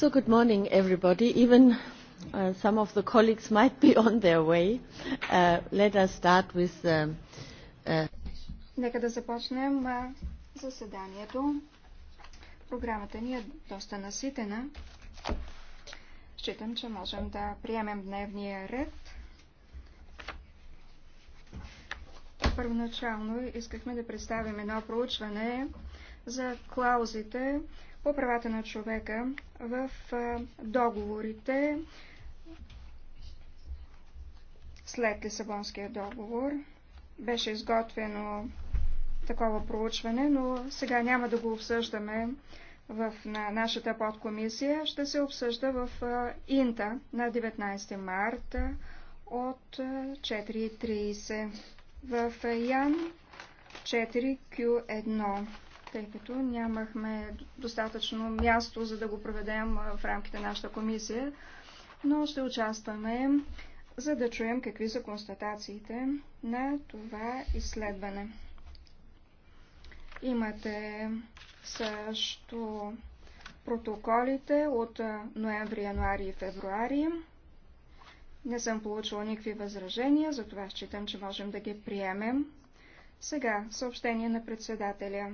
So good morning, everybody. Even uh, some of the colleagues might be on their way. Uh, let us start with the... Um, uh, Нека да започнем заседанието. Програмата ни е доста наситена. Считам, че можем да приемем дневния ред. Първоначално искахме да представим едно проучване за клаузите по правата на човека в договорите след Лисабонския договор. Беше изготвено такова проучване, но сега няма да го обсъждаме в на нашата подкомисия. Ще се обсъжда в Инта на 19 марта от 4.30 в Ян 4Q1 тъй като нямахме достатъчно място, за да го проведем в рамките на нашата комисия, но ще участваме, за да чуем какви са констатациите на това изследване. Имате също протоколите от ноември, януари и февруари. Не съм получила никакви възражения, затова считам, че можем да ги приемем. Сега съобщение на председателя.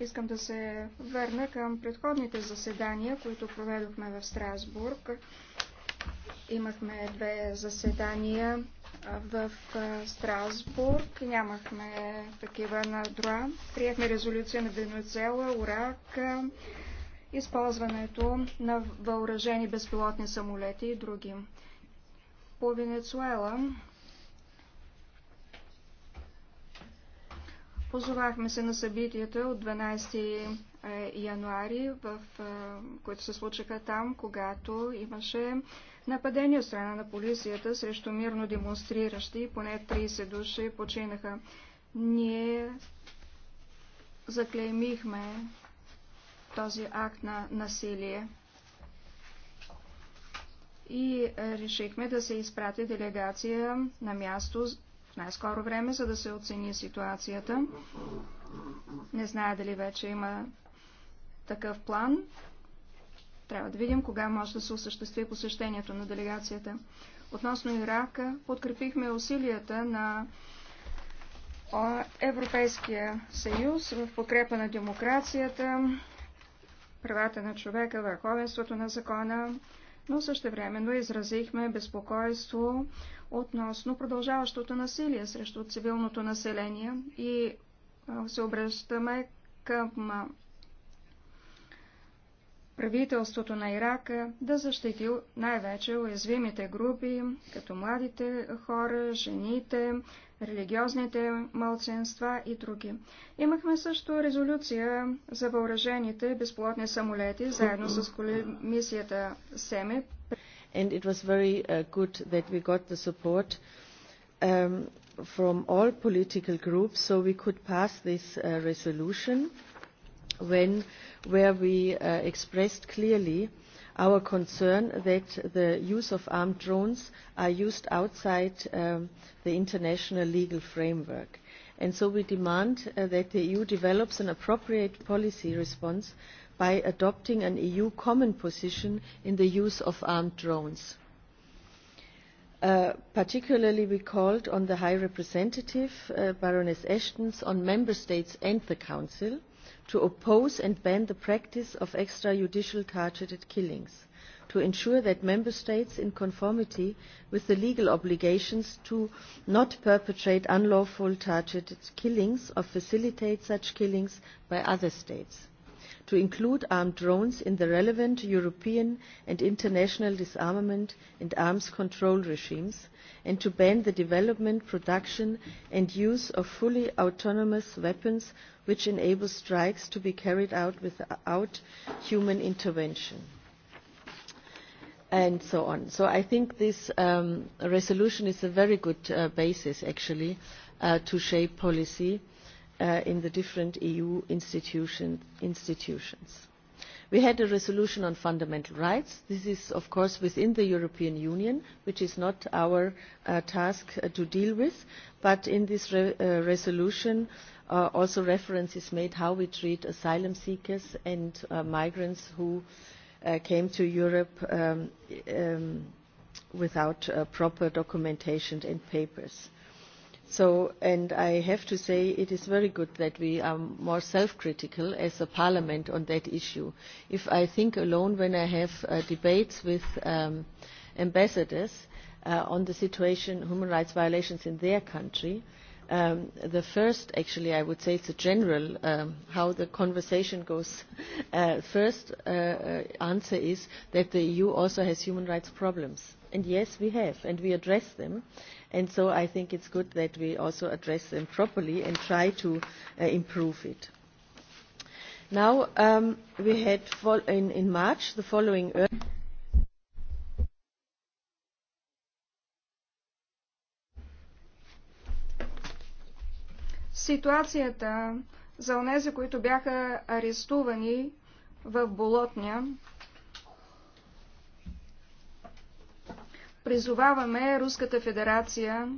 Искам да се върна към предходните заседания, които проведохме в Страсбург. Имахме две заседания в Страсбург. Нямахме такива на Друа. Приехме резолюция на Венецела, Урак, използването на въоръжени безпилотни самолети и други. По Венецуела Позовахме се на събитията от 12 е, януари, в, е, които се случиха там, когато имаше нападение от страна на полицията срещу мирно демонстриращи. Поне 30 души починаха. Ние заклеймихме този акт на насилие и решихме да се изпрати делегация на място в най-скоро време, за да се оцени ситуацията. Не зная дали вече има такъв план. Трябва да видим кога може да се осъществи посещението на делегацията. Относно Ирака, подкрепихме усилията на Европейския съюз в подкрепа на демокрацията, правата на човека, върховенството на закона, но също времено изразихме безпокойство относно продължаващото насилие срещу цивилното население и се обръщаме към правителството на Ирака да защити най-вече уязвимите групи, като младите хора, жените, религиозните малцинства и други. Имахме също резолюция за въоръжените безплотни самолети, заедно с комисията СЕМЕ and it was very good that we got the support from all political groups so we could pass this resolution where we expressed clearly our concern that the use of armed drones are used outside the international legal framework. And so we demand that the EU develops an appropriate policy response by adopting an EU common position in the use of armed drones. particularly, we called on the High Representative, Baroness Ashton, on Member States and the Council to oppose and ban the practice of extrajudicial targeted killings, to ensure that Member States, in conformity with the legal obligations to not perpetrate unlawful targeted killings or facilitate such killings by other states to include armed drones in the relevant European and international disarmament and arms control regimes, and to ban the development, production and use of fully autonomous weapons which enable strikes to be carried out without human intervention and so on. So I think this resolution is a very good basis, actually, to shape policy in the different EU institutions. We had a resolution on fundamental rights. This is, of course, within the European Union, which is not our task to deal with. But in this resolution, also reference is made how we treat asylum seekers and migrants who came to Europe without proper documentation and papers So, and I have to say it is very good that we are more self-critical as a parliament on that issue. If I think alone when I have uh, debates with ambassadors on the situation, of human rights violations in their country, the first, actually, I would say it's a general, how the conversation goes. first answer is that the EU also has human rights problems. And yes, we have, and we address them and so I think it's good that we also address them properly and try to uh, improve it. Now, um, we had fol- in, in March the following. Ситуацията за онези, които бяха арестувани в Болотния призоваваме Руската федерация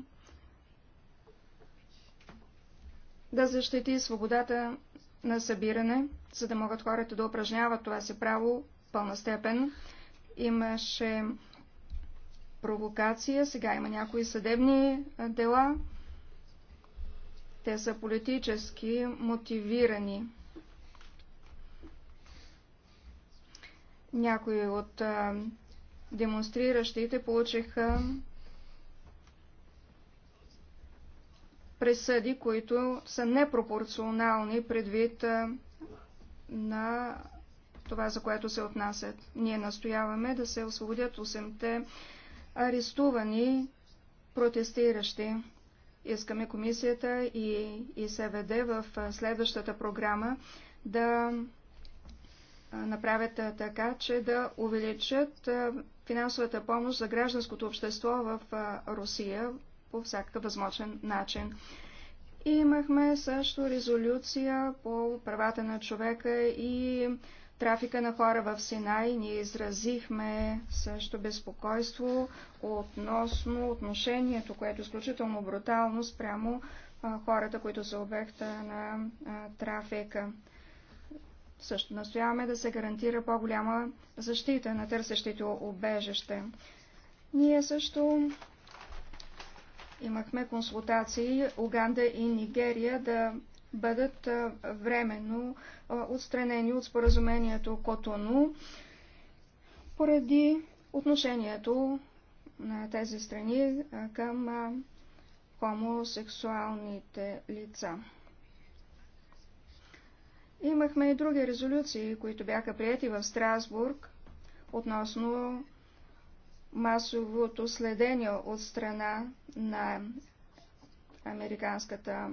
да защити свободата на събиране, за да могат хората да упражняват това си право в пълна степен. Имаше провокация, сега има някои съдебни дела. Те са политически мотивирани. Някои от демонстриращите получиха пресъди, които са непропорционални предвид на това, за което се отнасят. Ние настояваме да се освободят 8-те арестувани протестиращи. Искаме комисията и, и СВД в следващата програма да направят така, че да увеличат финансовата помощ за гражданското общество в Русия по всякакъв възможен начин. И имахме също резолюция по правата на човека и трафика на хора в Синай. Ние изразихме също безпокойство относно отношението, което е изключително брутално спрямо хората, които са обекта на трафика. Също настояваме да се гарантира по-голяма защита на търсещите обежище. Ние също имахме консултации Уганда и Нигерия да бъдат временно отстранени от споразумението Котону поради отношението на тези страни към хомосексуалните лица. Имахме и други резолюции, които бяха прияти в Страсбург относно масовото следение от страна на Американската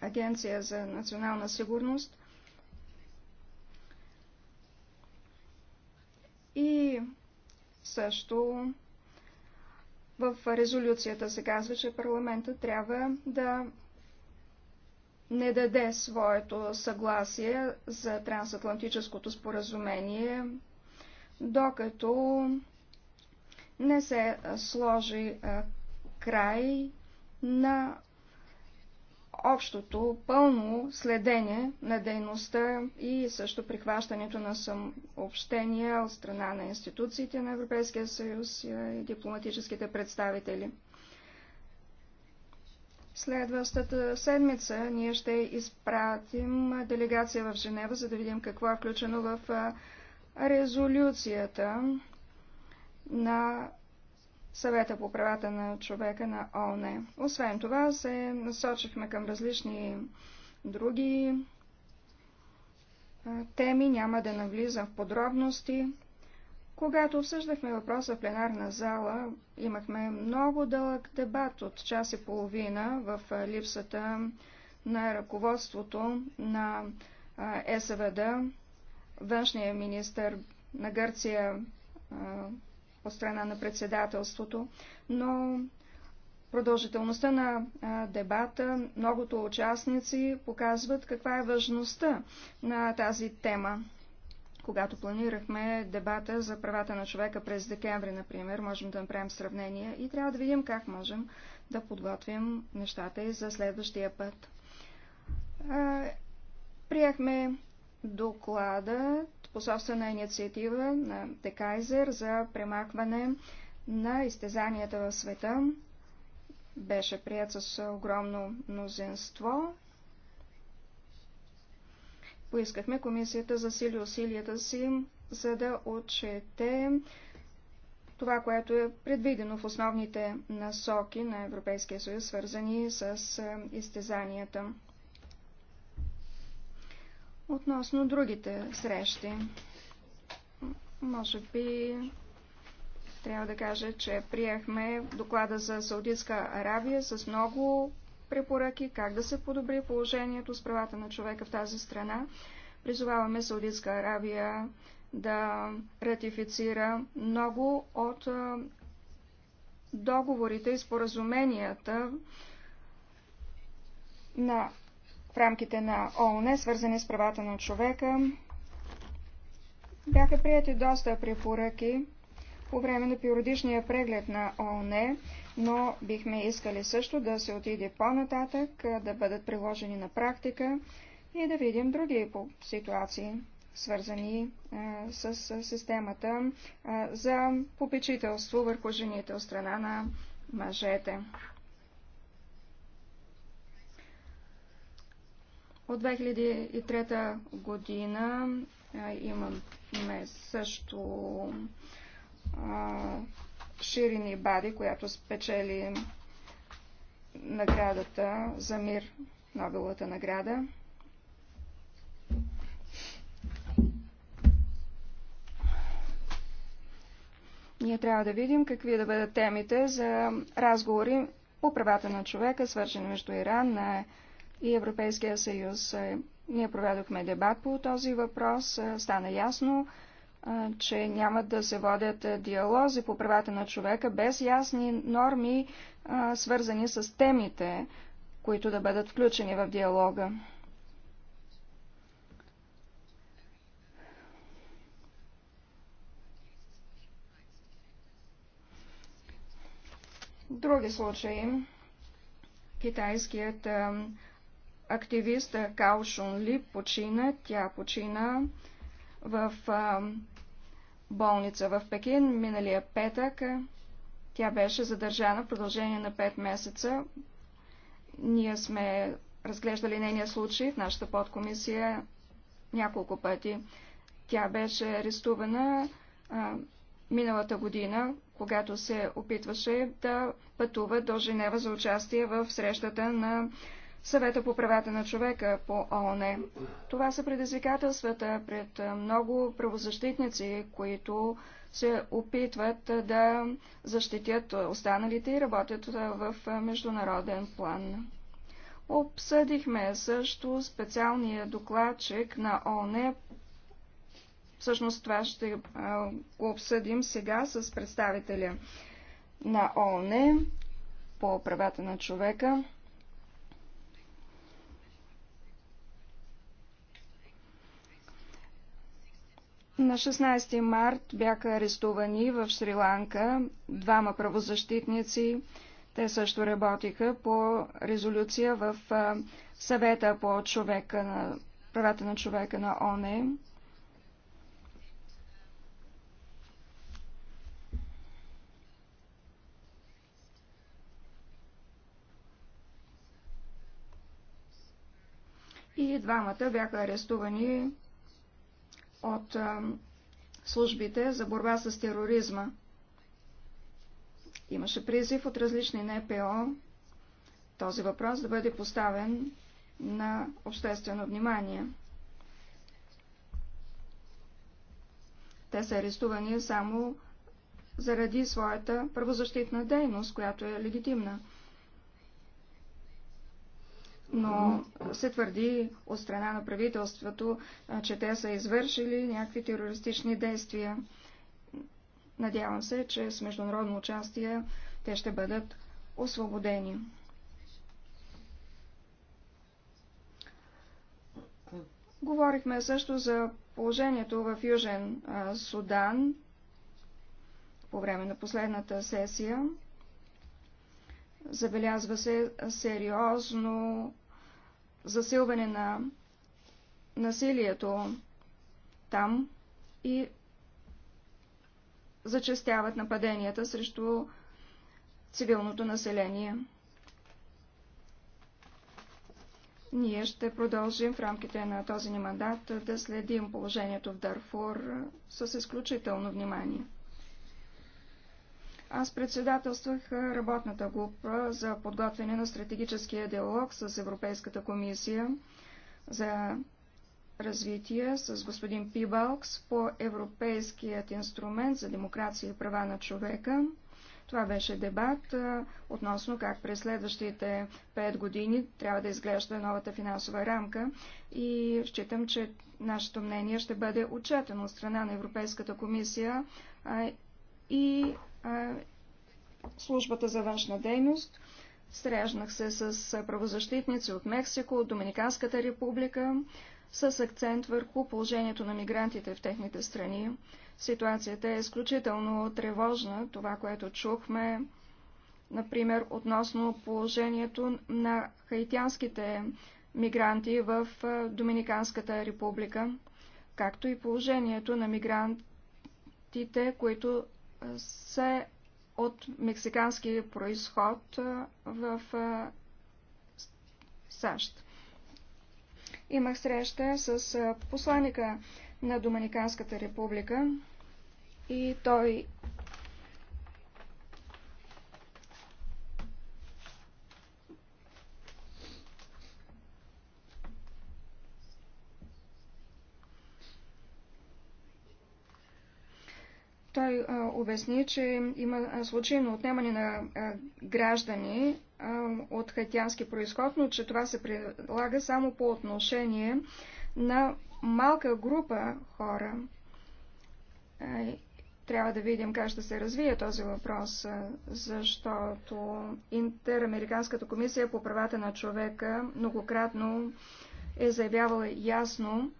агенция за национална сигурност. И също в резолюцията се казва, че парламента трябва да не даде своето съгласие за трансатлантическото споразумение, докато не се сложи край на общото пълно следение на дейността и също прихващането на съобщения от страна на институциите на Европейския съюз и дипломатическите представители. Следващата седмица ние ще изпратим делегация в Женева, за да видим какво е включено в резолюцията на съвета по правата на човека на ООН. Освен това се насочихме към различни други теми, няма да навлизам в подробности. Когато обсъждахме въпроса в пленарна зала, имахме много дълъг дебат от час и половина в липсата на ръководството на СВД. Външният министр на Гърция от страна на председателството, но продължителността на дебата, многото участници показват каква е важността на тази тема когато планирахме дебата за правата на човека през декември, например, можем да направим сравнение и трябва да видим как можем да подготвим нещата и за следващия път. Приехме доклада по собствена инициатива на Декайзер за премахване на изтезанията в света. Беше прият с огромно мнозинство Поискахме комисията за сили усилията си, за да отчете това, което е предвидено в основните насоки на Европейския съюз, свързани с изтезанията. Относно другите срещи, може би трябва да кажа, че приехме доклада за Саудитска Аравия с много препоръки как да се подобри положението с правата на човека в тази страна. Призоваваме Саудитска Аравия да ратифицира много от договорите и споразуменията на, в рамките на ООН, свързани с правата на човека. Бяха прияти доста препоръки по време на периодичния преглед на ООН но бихме искали също да се отиде по-нататък, да бъдат приложени на практика и да видим други ситуации, свързани с системата за попечителство върху жените от страна на мъжете. От 2003 година имаме също Ширини Бади, която спечели наградата за мир, Нобеловата награда. Ние трябва да видим какви да бъдат темите за разговори по правата на човека, свържени между Иран и Европейския съюз. Ние проведохме дебат по този въпрос. Стана ясно, че няма да се водят диалози по правата на човека без ясни норми, свързани с темите, които да бъдат включени в диалога. Други случаи. Китайският активист Као Шунли почина. Тя почина в болница в Пекин миналия петък. Тя беше задържана в продължение на 5 месеца. Ние сме разглеждали нейния случай в нашата подкомисия няколко пъти. Тя беше арестувана а, миналата година, когато се опитваше да пътува до Женева за участие в срещата на съвета по правата на човека по ООН. Това са предизвикателствата пред много правозащитници, които се опитват да защитят останалите и работят в международен план. Обсъдихме също специалния докладчик на ООН. Всъщност това ще го обсъдим сега с представителя на ООН по правата на човека. На 16 март бяха арестувани в Шри-Ланка двама правозащитници. Те също работиха по резолюция в съвета по човека на, правата на човека на ОНЕ. И двамата бяха арестувани от службите за борба с тероризма. Имаше призив от различни НПО този въпрос да бъде поставен на обществено внимание. Те са арестувани само заради своята правозащитна дейност, която е легитимна но се твърди от страна на правителството, че те са извършили някакви терористични действия. Надявам се, че с международно участие те ще бъдат освободени. Говорихме също за положението в Южен Судан по време на последната сесия. Забелязва се сериозно засилване на насилието там и зачастяват нападенията срещу цивилното население. Ние ще продължим в рамките на този ни мандат да следим положението в Дарфур с изключително внимание. Аз председателствах работната група за подготвяне на стратегическия диалог с Европейската комисия за развитие с господин Пибалкс по Европейският инструмент за демокрация и права на човека. Това беше дебат относно как през следващите 5 години трябва да изглежда новата финансова рамка и считам, че нашето мнение ще бъде отчетено от страна на Европейската комисия и службата за външна дейност. Срежнах се с правозащитници от Мексико, от Доминиканската република, с акцент върху положението на мигрантите в техните страни. Ситуацията е изключително тревожна, това, което чухме, например, относно положението на хаитянските мигранти в Доминиканската република, както и положението на мигрантите, които са от мексикански происход в САЩ. Имах среща с посланика на Доминиканската република и той Той обясни, че има случаи на отнемане на граждани от хайтянски происход, но че това се прилага само по отношение на малка група хора. Трябва да видим как ще се развие този въпрос, защото Интерамериканската комисия по правата на човека многократно е заявявала ясно,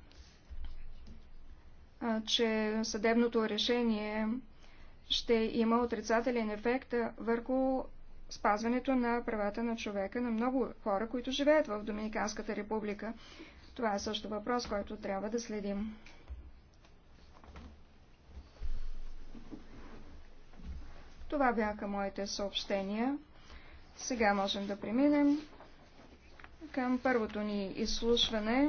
че съдебното решение ще има отрицателен ефект върху спазването на правата на човека на много хора, които живеят в Доминиканската република. Това е също въпрос, който трябва да следим. Това бяха моите съобщения. Сега можем да преминем към първото ни изслушване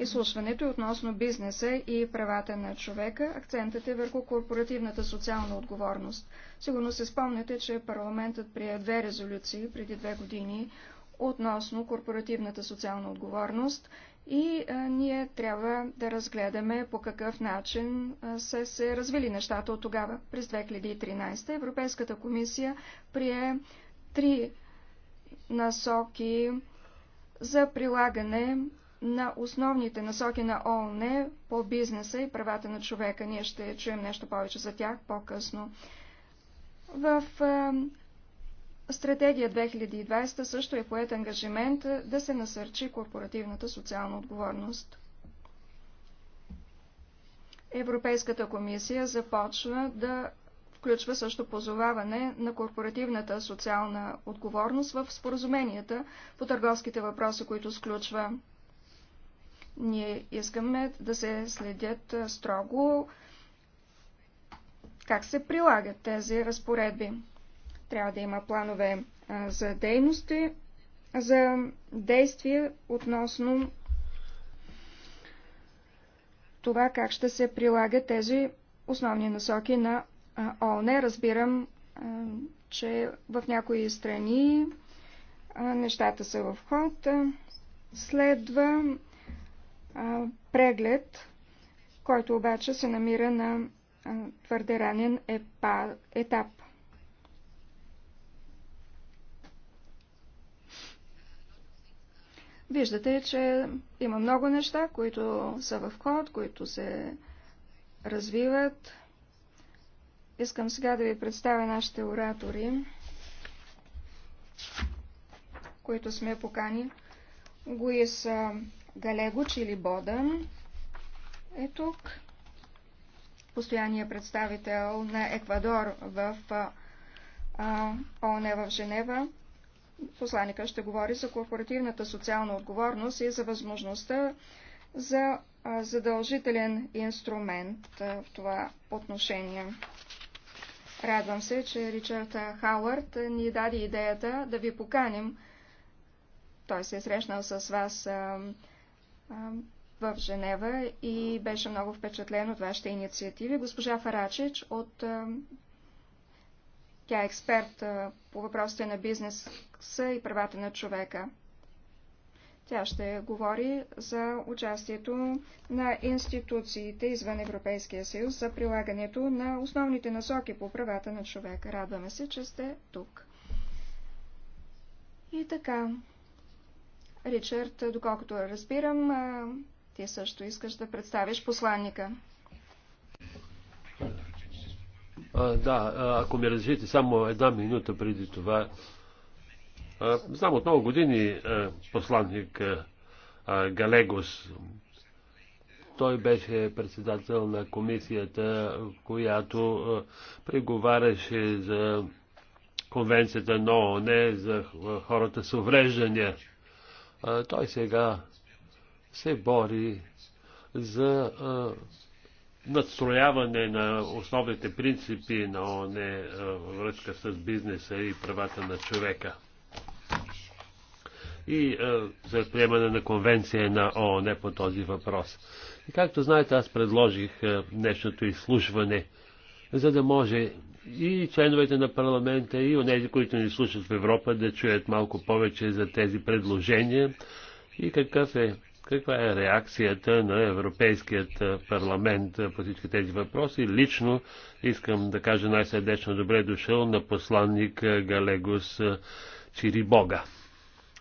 Изслушването е относно бизнеса и правата на човека. Акцентът е върху корпоративната социална отговорност. Сигурно се спомняте, че парламентът прие две резолюции преди две години относно корпоративната социална отговорност и а, ние трябва да разгледаме по какъв начин а, са се развили нещата от тогава. През 2013 Европейската комисия прие три насоки за прилагане на основните насоки на ООН по бизнеса и правата на човека. Ние ще чуем нещо повече за тях по-късно. В е, Стратегия 2020 също е поет ангажимент да се насърчи корпоративната социална отговорност. Европейската комисия започва да включва също позоваване на корпоративната социална отговорност в споразуменията по търговските въпроси, които сключва. Ние искаме да се следят строго как се прилагат тези разпоредби. Трябва да има планове за дейности, за действия относно това как ще се прилагат тези основни насоки на ООН. Разбирам, че в някои страни нещата са в ход. Следва преглед, който обаче се намира на твърде ранен етап. Виждате, че има много неща, които са в ход, които се развиват. Искам сега да ви представя нашите оратори, които сме покани. Гуис Галегоч или Бодън е тук. Постоянният представител на Еквадор в ООН е в Женева. Посланика ще говори за корпоративната социална отговорност и за възможността за задължителен инструмент в това отношение. Радвам се, че Ричард Хауърд ни даде идеята да ви поканим. Той се е срещнал с вас в Женева и беше много впечатлен от вашите инициативи. Госпожа Фарачич от тя е експерт по въпросите на бизнеса и правата на човека. Тя ще говори за участието на институциите извън Европейския съюз за прилагането на основните насоки по правата на човека. Радваме се, че сте тук. И така, Ричард, доколкото разбирам, ти също искаш да представиш посланника. А, да, ако ми разрешите само една минута преди това. А, знам от много години а, посланник а, Галегос. Той беше председател на комисията, която а, преговаряше за конвенцията на не за хората с увреждания той сега се бори за а, надстрояване на основните принципи на ОНЕ връзка с бизнеса и правата на човека. И а, за приемане на конвенция на ООН по този въпрос. И както знаете, аз предложих а, днешното изслушване, за да може и членовете на парламента и онези, които ни слушат в Европа, да чуят малко повече за тези предложения и какъв е, каква е реакцията на Европейският парламент по всички тези въпроси. Лично искам да кажа най-сърдечно добре дошъл на посланник Галегос Чирибога.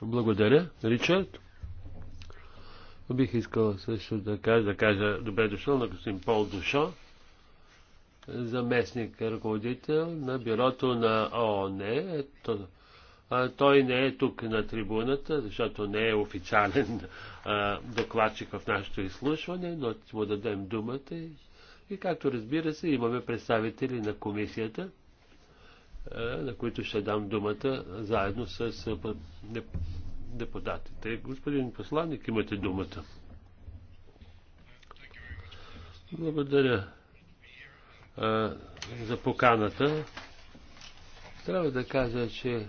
Благодаря, Ричард. Бих искал също да кажа, да кажа добре дошъл на господин Пол Душо заместник ръководител на бюрото на ООН. Той не е тук на трибуната, защото не е официален докладчик в нашето изслушване, но ще му дадем думата. И както разбира се, имаме представители на комисията, на които ще дам думата заедно с депутатите. Господин посланник, имате думата. Благодаря, за поканата. Трябва да кажа, че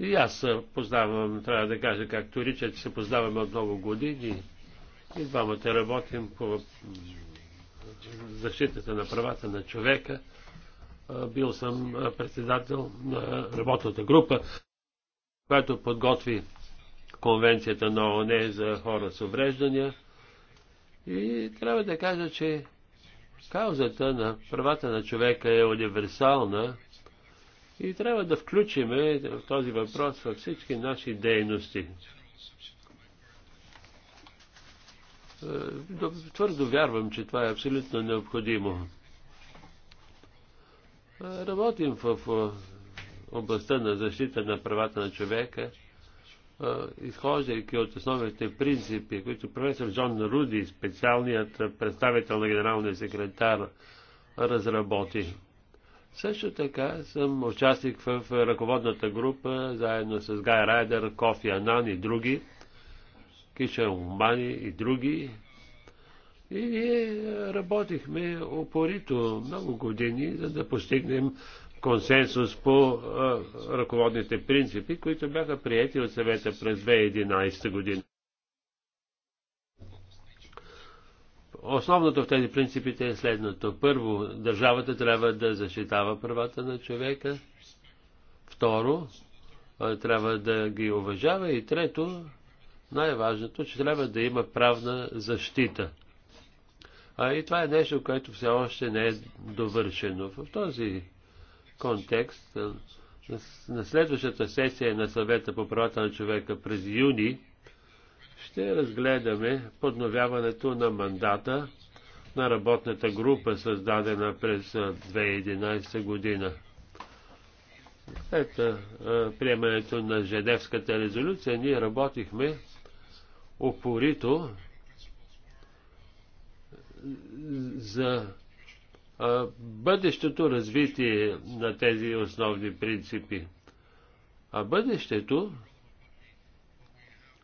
и аз познавам, трябва да кажа, както рича, че се познаваме от много години и двамата работим по защитата на правата на човека. Бил съм председател на работната група, която подготви конвенцията на ОНЕ за хора с увреждания. И трябва да кажа, че Каузата на правата на човека е универсална и трябва да включим този въпрос във всички наши дейности. Е, твърдо вярвам, че това е абсолютно необходимо. Е, работим в областта на защита на правата на човека – изхождайки от основните принципи, които професор Джон Руди, специалният представител на генералния секретар, разработи. Също така съм участник в ръководната група, заедно с Гай Райдер, Кофи Анан и други, Киша Умбани и други. И ние работихме опорито много години, за да постигнем консенсус по а, ръководните принципи, които бяха приети от съвета през 2011 година. Основното в тези принципите е следното. Първо, държавата трябва да защитава правата на човека. Второ, трябва да ги уважава. И трето, най-важното, че трябва да има правна защита. А и това е нещо, което все още не е довършено. В този контекст на следващата сесия на съвета по правата на човека през юни ще разгледаме подновяването на мандата на работната група, създадена през 2011 година. След приемането на Женевската резолюция ние работихме упорито за бъдещето развитие на тези основни принципи. А бъдещето,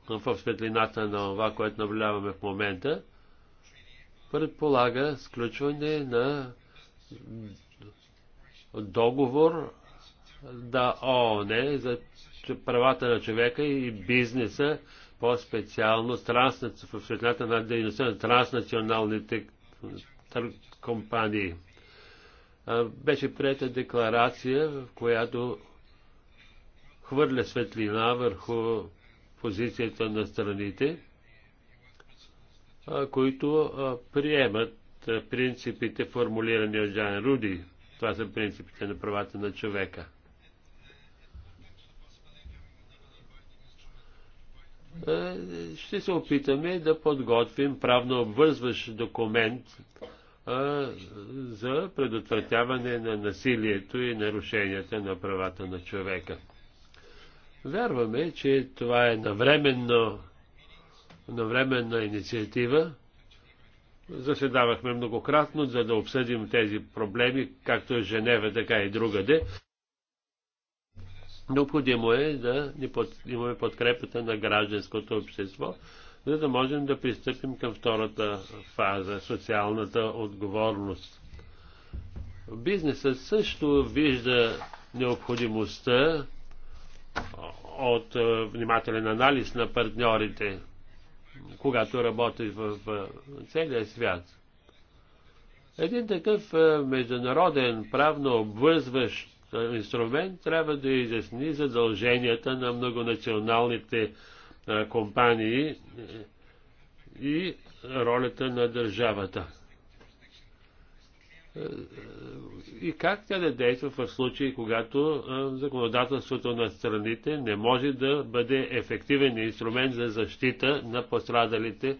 в светлината на това, което наблюдаваме в момента, предполага сключване на договор да ООН за правата на човека и бизнеса, по-специално в светлината на дейността на транснационалните компании. Беше прията декларация, в която хвърля светлина върху позицията на страните, които приемат принципите, формулирани от Жан Руди. Това са принципите на правата на човека. Ще се опитаме да подготвим правно обвързващ документ за предотвратяване на насилието и нарушенията на правата на човека. Вярваме, че това е навременно, навременна инициатива. Заседавахме многократно, за да обсъдим тези проблеми, както е в Женева, така и другаде. Необходимо е да имаме подкрепата на гражданското общество, за да можем да пристъпим към втората фаза социалната отговорност. Бизнесът също вижда необходимостта от е, внимателен анализ на партньорите, когато работи в целия свят. Един такъв е, международен правно обвързващ е, инструмент трябва да изясни задълженията на многонационалните компании е, и ролята на държавата. Е, е, и как тя да действа в случай, когато законодателството на страните не може да бъде ефективен инструмент за защита на пострадалите.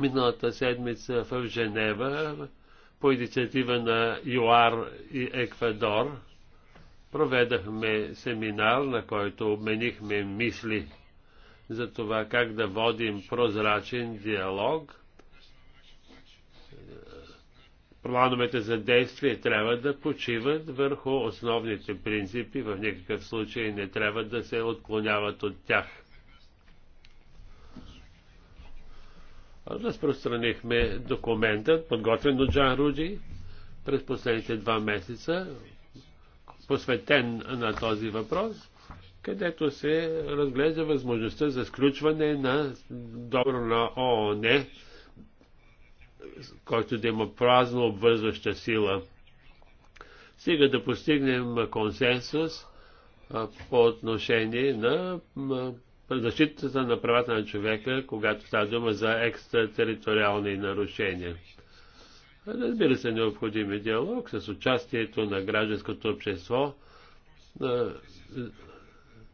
Миналата седмица в Женева по инициатива на ЮАР и Еквадор проведахме семинар, на който обменихме мисли за това как да водим прозрачен диалог. Плановете за действие трябва да почиват върху основните принципи, в никакъв случай не трябва да се отклоняват от тях. Разпространихме документът, подготвен от Джан Руджи през последните два месеца, посветен на този въпрос където се разглежда възможността за сключване на добро на ООН, който да има празно обвързваща сила. Стига да постигнем консенсус по отношение на защитата на правата на човека, когато става дума за екстратериториални нарушения. Разбира се, необходим е диалог с участието на гражданското общество,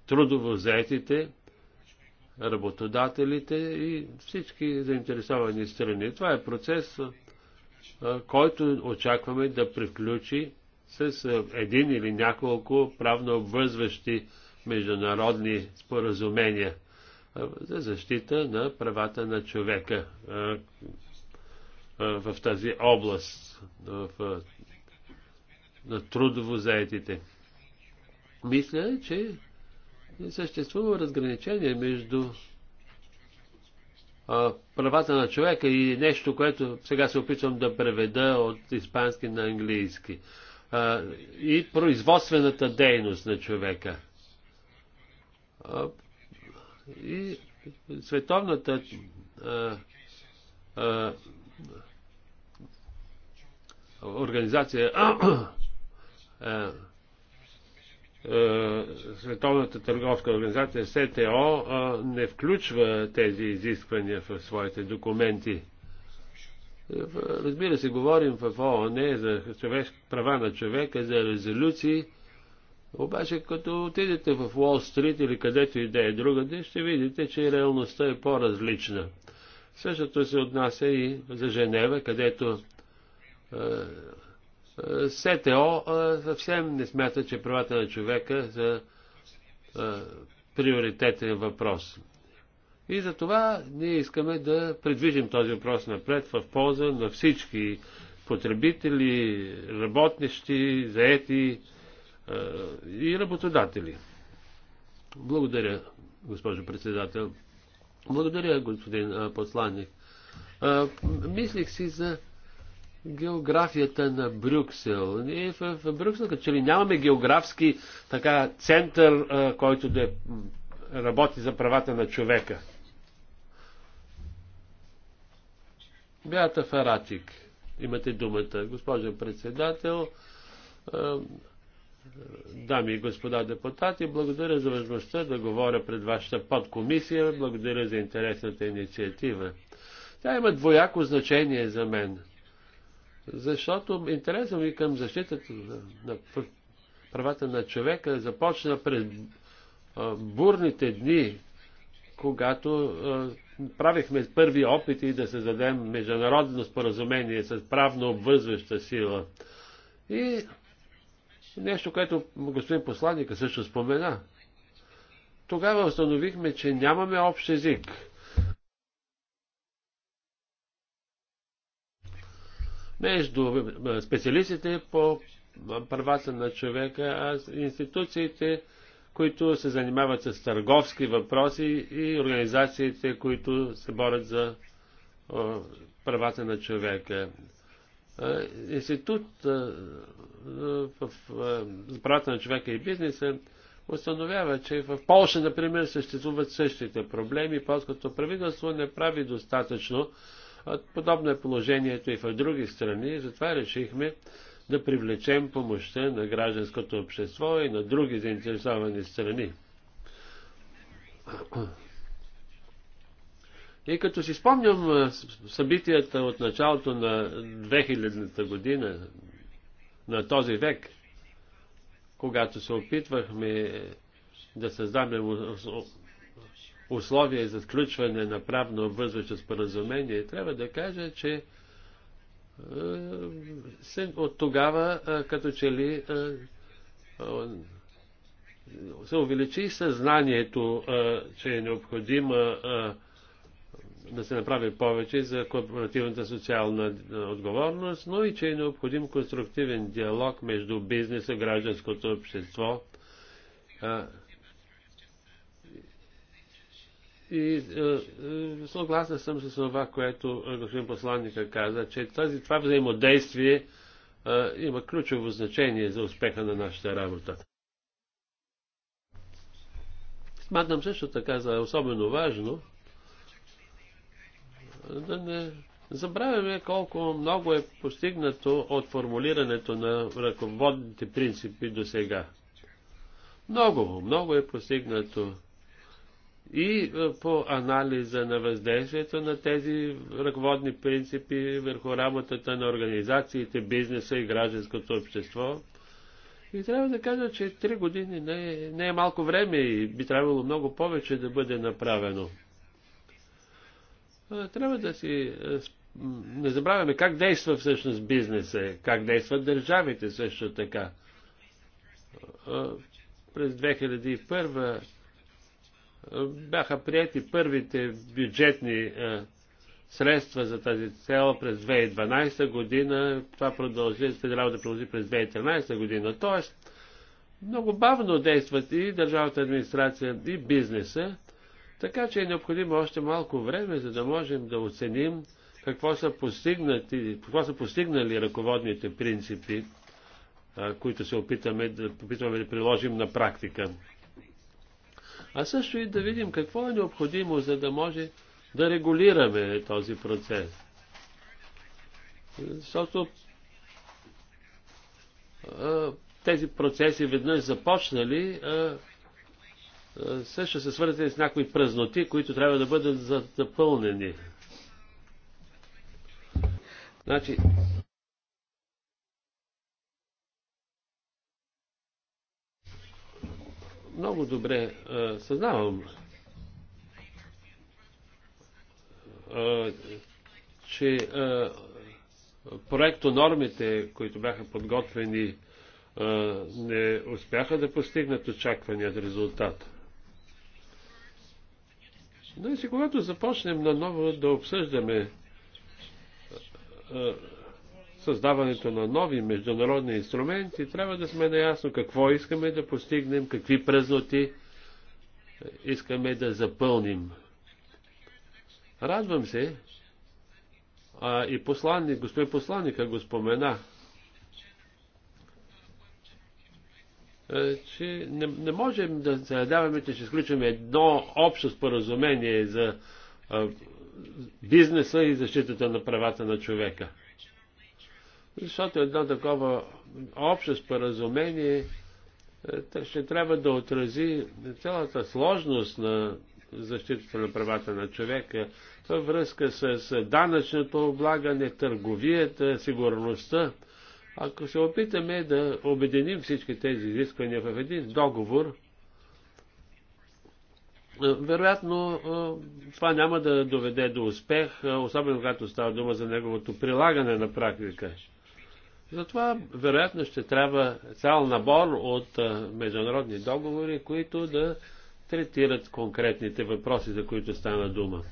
трудово заетите, работодателите и всички заинтересовани страни. Това е процес, който очакваме да приключи с един или няколко правно обвързващи международни споразумения за защита на правата на човека в тази област, в, на трудово заетите. Мисля, че съществува разграничение между а, правата на човека и нещо, което сега се опитвам да преведа от испански на английски. А, и производствената дейност на човека. А, и световната организация е, Световната търговска организация СТО е, не включва тези изисквания в своите документи. Е, разбира се, говорим в ООН за човеш, права на човека, за резолюции, обаче като отидете в Уолл Стрит или където и да е другаде, ще видите, че реалността е по-различна. Същото се отнася и за Женева, където СТО съвсем не смята, че правата на човека са приоритетен въпрос. И за това ние искаме да предвижим този въпрос напред в полза на всички потребители, работнищи, заети и работодатели. Благодаря, госпожо председател. Благодаря, господин посланник. Мислих си за географията на Брюксел. Ние в, в Брюксел като че ли нямаме географски така център, а, който да работи за правата на човека. Бята Фаратик, имате думата. Госпожо председател, дами и господа депутати, благодаря за възможността да говоря пред вашата подкомисия, благодаря за интересната инициатива. Тя има двояко значение за мен – защото интересът ми към защитата на правата на човека започна през бурните дни, когато правихме първи опити да се създадем международно споразумение с правно обвързваща сила. И нещо, което господин посланника също спомена. Тогава установихме, че нямаме общ език. между е, специалистите по правата на човека, а институциите, които се занимават с търговски въпроси и организациите, които се борят за е, правата на човека. Е, институт в правата на човека и бизнеса установява, че в Польша, например, съществуват същите проблеми. Полското правителство не прави достатъчно, Подобно е положението и в други страни, затова решихме да привлечем помощта на гражданското общество и на други заинтересовани страни. И като си спомням събитията от началото на 2000-та година, на този век, когато се опитвахме да създадем условия за сключване на правно обвързващо споразумение, трябва да кажа, че е, от тогава е, като че ли е, се увеличи съзнанието, че е необходимо да се направи повече за корпоративната социална отговорност, но и че е необходим конструктивен диалог между бизнеса, гражданското общество и е, е, съгласен съм с това, което е, господин посланника каза, че тази, това взаимодействие е, има ключово значение за успеха на нашата работа. Смятам също така за особено важно е, да не забравяме колко много е постигнато от формулирането на ръководните принципи до сега. Много, много е постигнато и е, по анализа на въздействието на тези ръководни принципи върху работата на организациите, бизнеса и гражданското общество. И трябва да кажа, че три години не е, не е малко време и би трябвало много повече да бъде направено. Е, трябва да си е, не забравяме как действа всъщност бизнеса, как действат държавите също така. През 2001 бяха прияти първите бюджетни е, средства за тази цел през 2012 година. Това продължи, трябва да продължи през 2013 година. Тоест, много бавно действат и държавната администрация, и бизнеса, така че е необходимо още малко време, за да можем да оценим какво са, постигнати, какво са постигнали ръководните принципи, които се опитаме да, опитваме да приложим на практика а също и да видим какво е необходимо, за да може да регулираме този процес. Защото тези процеси веднъж започнали, също се свързани с някои празноти, които трябва да бъдат запълнени. Значи, много добре а, съзнавам, а, че а, нормите, които бяха подготвени, а, не успяха да постигнат очакваният резултат. Но и си, когато започнем наново да обсъждаме а, създаването на нови международни инструменти, трябва да сме наясно какво искаме да постигнем, какви празноти искаме да запълним. Радвам се, а и посланник, господин посланника го спомена, че не, не можем да се надяваме, че ще изключим едно общо споразумение за а, бизнеса и защитата на правата на човека. Защото едно такова общо споразумение е, ще трябва да отрази цялата сложност на защитата на правата на човека във връзка с данъчното облагане, търговията, сигурността. Ако се опитаме да обединим всички тези изисквания в един договор, е, вероятно е, това няма да доведе до успех, особено когато става дума за неговото прилагане на практика. Затова вероятно ще трябва цял набор от международни договори, които да третират конкретните въпроси, за които стана дума.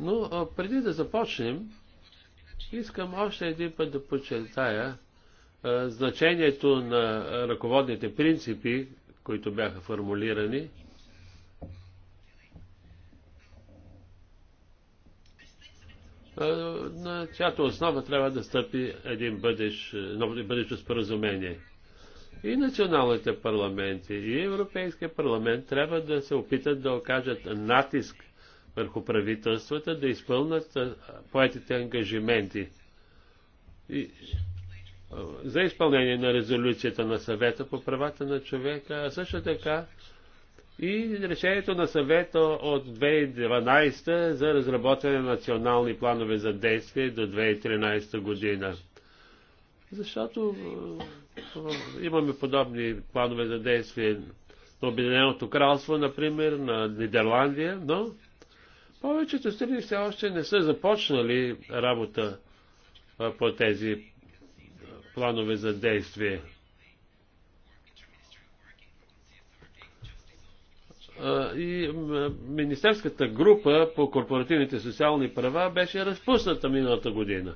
Но преди да започнем, искам още един път да подчертая значението на ръководните принципи, които бяха формулирани на чиято основа трябва да стъпи един бъдещ, е, бъдещо споразумение. И националните парламенти, и Европейския парламент трябва да се опитат да окажат натиск върху правителствата да изпълнат поетите ангажименти. И, за изпълнение на резолюцията на съвета по правата на човека, а също така и решението на съвета от 2012 за разработване на национални планове за действие до 2013 година. Защото е, е, имаме подобни планове за действие на Обединеното кралство, например, на Нидерландия, но повечето страни все още не са започнали работа е, по тези планове за действие. и Министерската група по корпоративните социални права беше разпусната миналата година.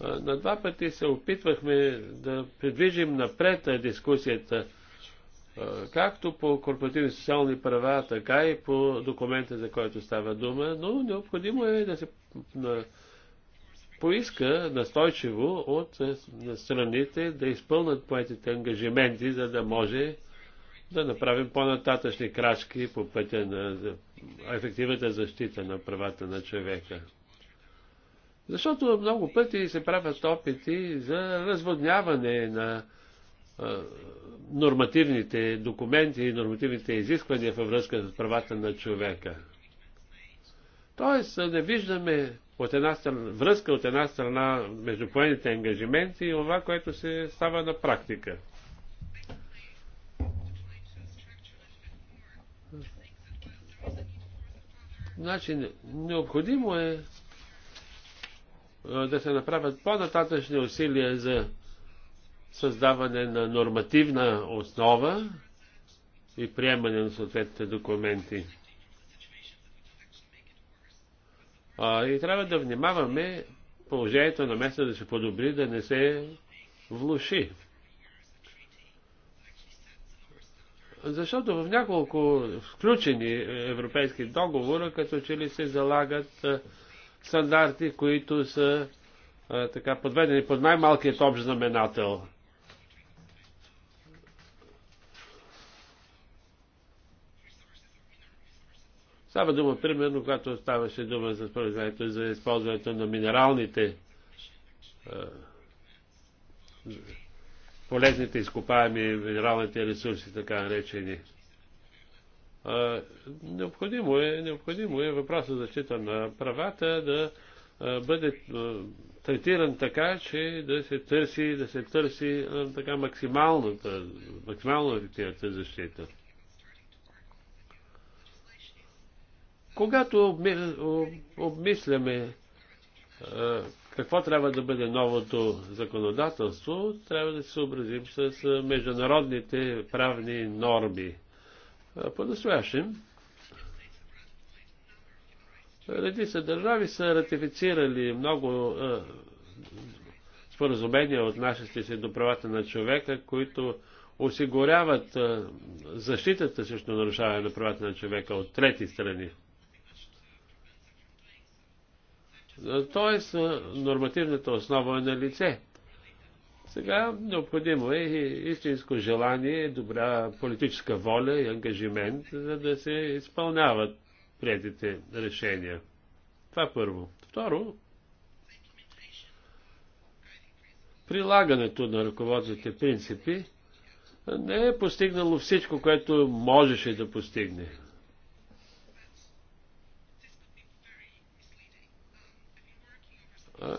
На два пъти се опитвахме да придвижим напред дискусията както по корпоративни социални права, така и по документа, за който става дума, но необходимо е да се поиска настойчиво от страните да изпълнат поетите ангажименти, за да може да направим по-нататъчни крачки по пътя на ефективната защита на правата на човека. Защото много пъти се правят опити за разводняване на нормативните документи и нормативните изисквания във връзка с правата на човека. Тоест, не виждаме от една страна, връзка от една страна между поените ангажименти и това, което се става на практика. Значи, необходимо е да се направят по-нататъчни усилия за създаване на нормативна основа и приемане на съответните документи. А, и трябва да внимаваме положението на место да се подобри, да не се влуши. Защото в няколко включени европейски договора, като че ли се залагат стандарти, които са така подведени под най-малкият общ знаменател. Става дума, примерно, когато ставаше дума за споразумението за използването на минералните полезните изкопаеми минералните ресурси, така наречени. Необходимо е, необходимо е въпросът за защита на правата да бъде третиран така, че да се търси, да се търси така максималната, максималната защита. Когато обмисляме какво трябва да бъде новото законодателство, трябва да се съобразим с международните правни норми. По-настоящем редица държави са ратифицирали много споразумения, нашите си до правата на човека, които осигуряват защитата срещу нарушаване на правата на човека от трети страни. Тоест, нормативната основа е на лице. Сега необходимо е истинско желание, добра политическа воля и ангажимент, за да се изпълняват предите решения. Това първо. Второ, прилагането на ръководните принципи не е постигнало всичко, което можеше да постигне.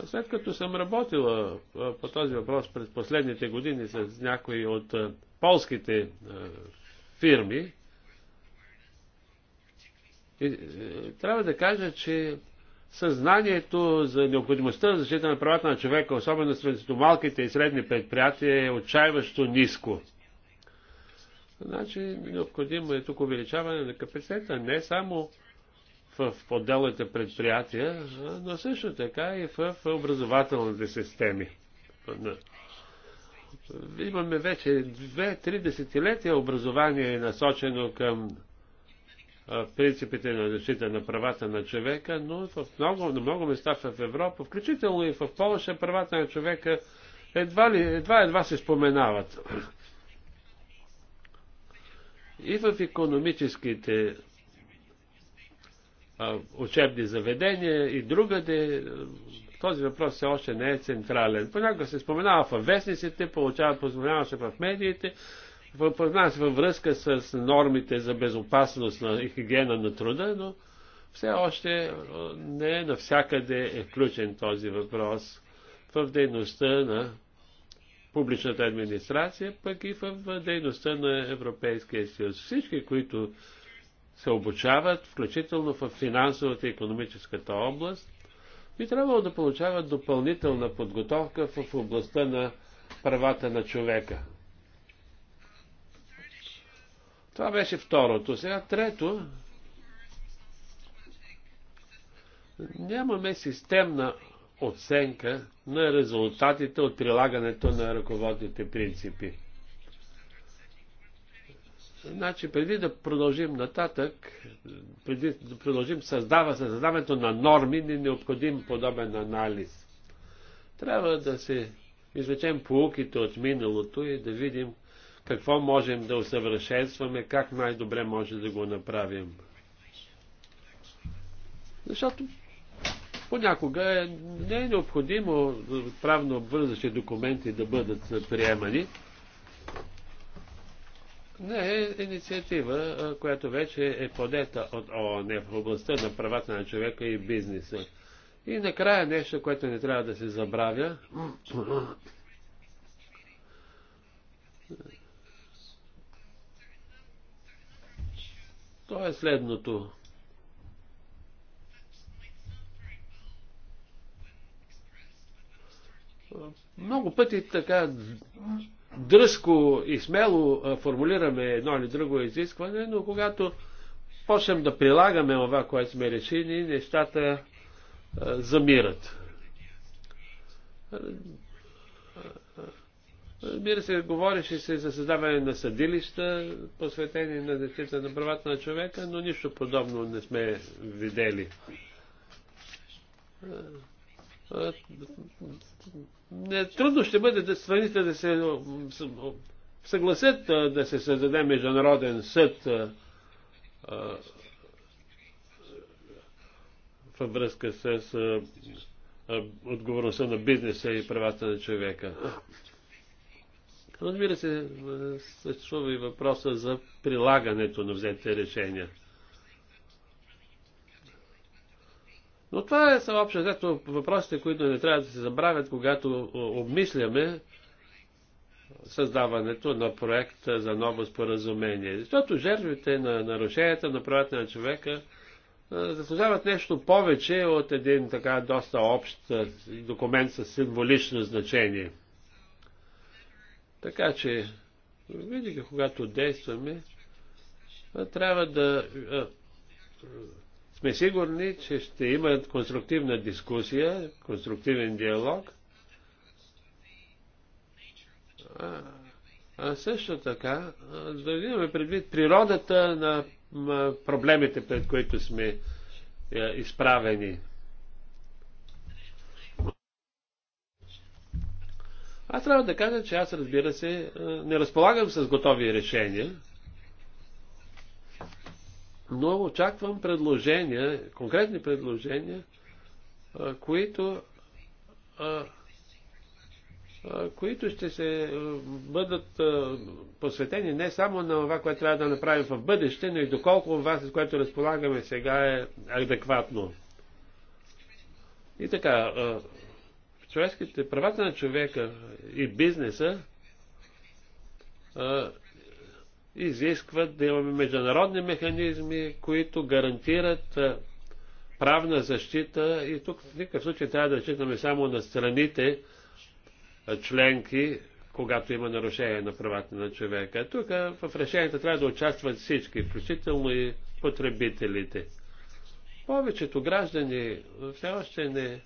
След като съм работила по този въпрос през последните години с някои от полските фирми, е, трябва да кажа, че съзнанието за необходимостта за защита на правата на човека, особено срещу малките и средни предприятия, е отчаиващо ниско. Значи, необходимо е тук увеличаване на капацитета, не само в отделните предприятия, но също така и в образователните системи. Имаме вече две-три десетилетия образование е насочено към принципите на защита на правата на човека, но в много, на много места в Европа, включително и в Польша, правата на човека едва, ли, едва, едва се споменават. И в економическите учебни заведения и другаде, този въпрос все още не е централен. Понякога се споменава в вестниците, получава, позволява се в медиите, познава се във връзка с нормите за безопасност на, и хигиена на труда, но все още не е навсякъде е включен този въпрос в дейността на публичната администрация, пък и в дейността на Европейския съюз. Всички, които се обучават, включително в финансовата и економическата област, би трябвало да получават допълнителна подготовка в областта на правата на човека. Това беше второто. Сега трето. Нямаме системна оценка на резултатите от прилагането на ръководните принципи. Значи, преди да продължим нататък, преди да продължим създава, създаването на норми, ни е необходим подобен анализ. Трябва да се извлечем полуките от миналото и да видим какво можем да усъвършенстваме, как най-добре може да го направим. Защото понякога е, не е необходимо правно обвързащи документи да бъдат приемани не е инициатива, която вече е подета от ООН в областта на правата на човека и бизнеса. И накрая нещо, което не трябва да се забравя. То е следното. Много пъти така дръско и смело формулираме едно или друго изискване, но когато почнем да прилагаме това, което сме решили, нещата замират. Разбира се, говореше се за създаване на съдилища, посветени на защита на правата на човека, но нищо подобно не сме видели не, трудно ще бъде да страните да се съгласят да се създаде международен съд във връзка с отговорността на бизнеса и правата на човека. Разбира се, съществува и въпроса за прилагането на взетите решения. Но това е само общо взето въпросите, които не трябва да се забравят, когато обмисляме създаването на проект за ново споразумение. Защото жертвите на нарушенията на правата на човека заслужават нещо повече от един така доста общ документ с символично значение. Така че, видите, когато действаме, трябва да сме сигурни, че ще има конструктивна дискусия, конструктивен диалог. А, а също така, да имаме предвид природата на проблемите, пред които сме е, изправени. Аз трябва да кажа, че аз разбира се не разполагам с готови решения но очаквам предложения, конкретни предложения, които, които ще се бъдат посветени не само на това, което трябва да направим в бъдеще, но и доколко това, с което разполагаме сега е адекватно. И така, човешките, правата на човека и бизнеса изискват да имаме международни механизми, които гарантират правна защита и тук в никакъв случай трябва да считаме само на страните членки, когато има нарушение на правата на човека. Тук в решението трябва да участват всички, включително и потребителите. Повечето граждани все още не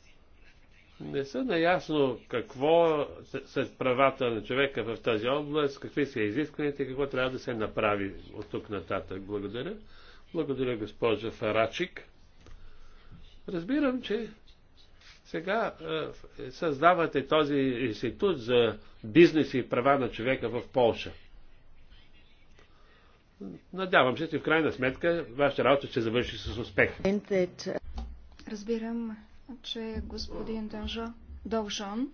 не са наясно какво са правата на човека в тази област, какви са изискваните и какво трябва да се направи от тук нататък. Благодаря. Благодаря, госпожа Фарачик. Разбирам, че сега е, създавате този институт за бизнес и права на човека в Полша. Надявам се, че в крайна сметка вашата работа ще завърши с успех. Разбирам, че господин Дължо, Дължон,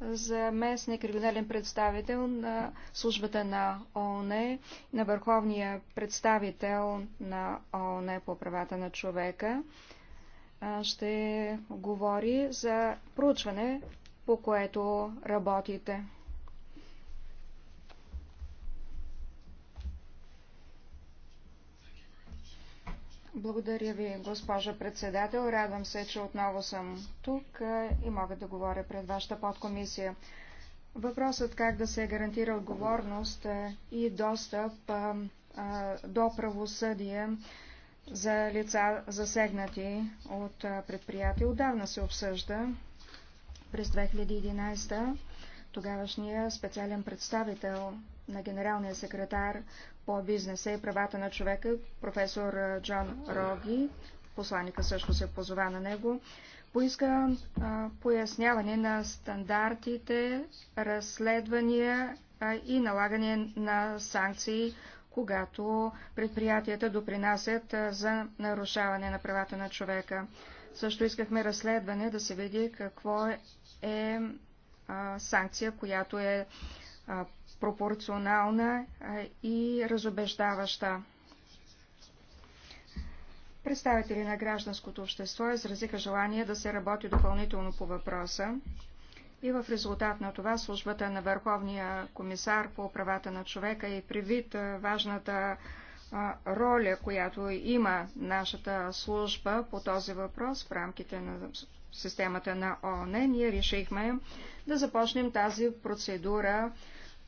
заместник регионален представител на службата на ООН, на върховния представител на ООН по правата на човека, ще говори за проучване, по което работите. Благодаря ви, госпожа председател. Радвам се, че отново съм тук и мога да говоря пред вашата подкомисия. Въпросът как да се гарантира отговорност и достъп до правосъдие за лица засегнати от предприятия отдавна се обсъжда. През 2011 тогавашния специален представител на генералния секретар по бизнеса и правата на човека, професор Джон Роги, посланника също се позова на него, поиска а, поясняване на стандартите, разследвания а, и налагане на санкции, когато предприятията допринасят а, за нарушаване на правата на човека. Също искахме разследване да се види какво е а, санкция, която е а, пропорционална и разобеждаваща. Представители на гражданското общество изразиха желание да се работи допълнително по въпроса и в резултат на това службата на Върховния комисар по правата на човека и привид важната роля, която има нашата служба по този въпрос в рамките на системата на ООН, ние решихме да започнем тази процедура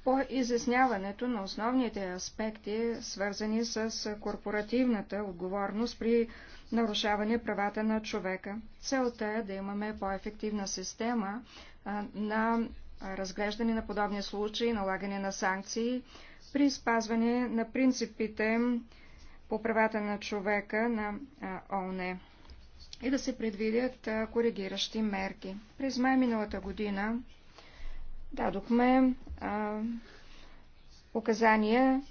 по изясняването на основните аспекти, свързани с корпоративната отговорност при нарушаване правата на човека. Целта е да имаме по-ефективна система на разглеждане на подобни случаи, налагане на санкции при спазване на принципите по правата на човека на ООН и да се предвидят коригиращи мерки. През май миналата година дадохме а, указания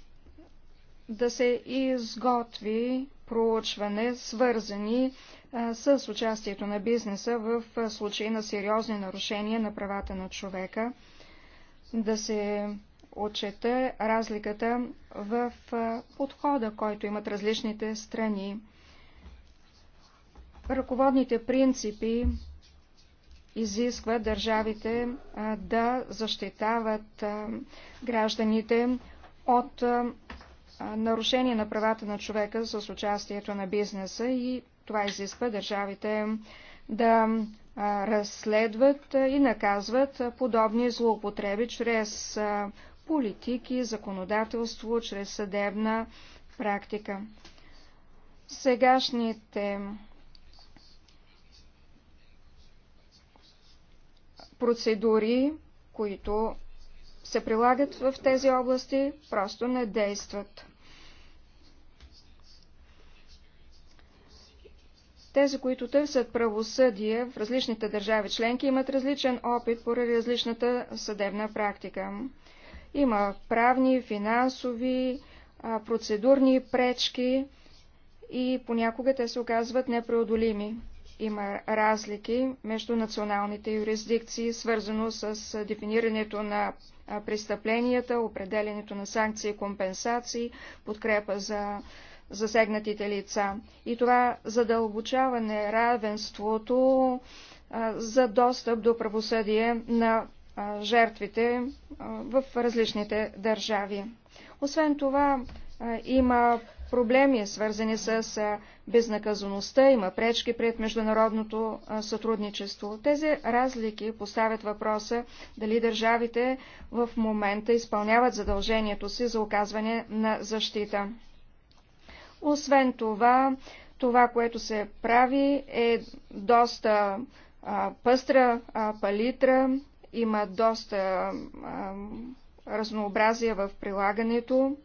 да се изготви проучване, свързани а, с участието на бизнеса в случай на сериозни нарушения на правата на човека, да се отчета разликата в а, подхода, който имат различните страни. Ръководните принципи изисква държавите да защитават гражданите от нарушение на правата на човека с участието на бизнеса и това изисква държавите да разследват и наказват подобни злоупотреби чрез политики, законодателство, чрез съдебна практика. Сегашните процедури, които се прилагат в тези области, просто не действат. Тези, които търсят правосъдие в различните държави членки, имат различен опит поради различната съдебна практика. Има правни, финансови, процедурни пречки и понякога те се оказват непреодолими. Има разлики между националните юрисдикции, свързано с дефинирането на престъпленията, определенето на санкции и компенсации, подкрепа за засегнатите лица. И това задълбочаване равенството за достъп до правосъдие на жертвите в различните държави. Освен това, има проблеми, свързани с безнаказаността, има пречки пред международното сътрудничество. Тези разлики поставят въпроса дали държавите в момента изпълняват задължението си за оказване на защита. Освен това, това, което се прави е доста а, пъстра а, палитра, има доста а, разнообразие в прилагането.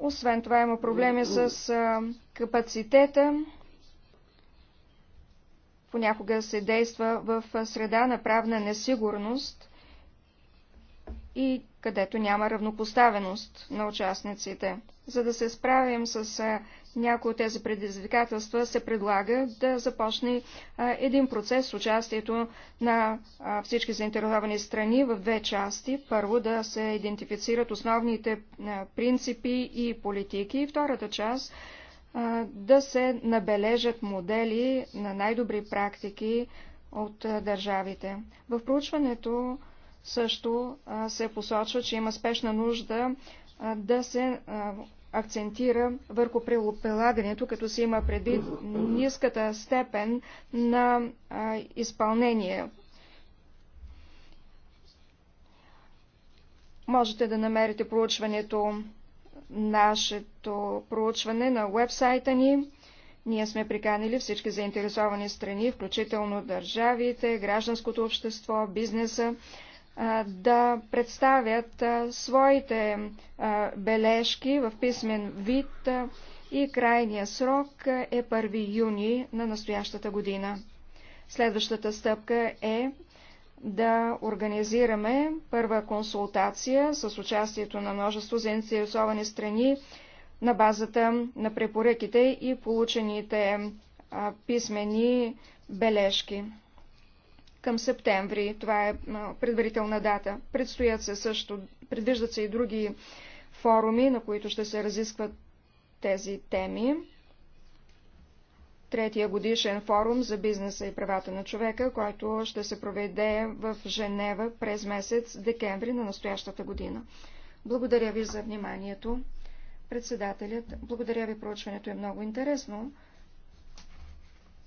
Освен това има проблеми с капацитета. Понякога се действа в среда на правна несигурност и където няма равнопоставеност на участниците. За да се справим с някои от тези предизвикателства се предлага да започне един процес с участието на всички заинтересовани страни в две части. Първо да се идентифицират основните принципи и политики и втората част да се набележат модели на най-добри практики от държавите. В проучването също се посочва, че има спешна нужда да се акцентира върху прилагането, като се има предвид ниската степен на а, изпълнение. Можете да намерите проучването, нашето проучване на вебсайта ни. Ние сме приканили всички заинтересовани страни, включително държавите, гражданското общество, бизнеса, да представят своите бележки в писмен вид и крайния срок е 1 юни на настоящата година. Следващата стъпка е да организираме първа консултация с участието на множество заинтересовани страни на базата на препоръките и получените писмени бележки към септември. Това е предварителна дата. Предстоят се също, предвиждат се и други форуми, на които ще се разискват тези теми. Третия годишен форум за бизнеса и правата на човека, който ще се проведе в Женева през месец декември на настоящата година. Благодаря ви за вниманието. Председателят, благодаря ви, проучването е много интересно.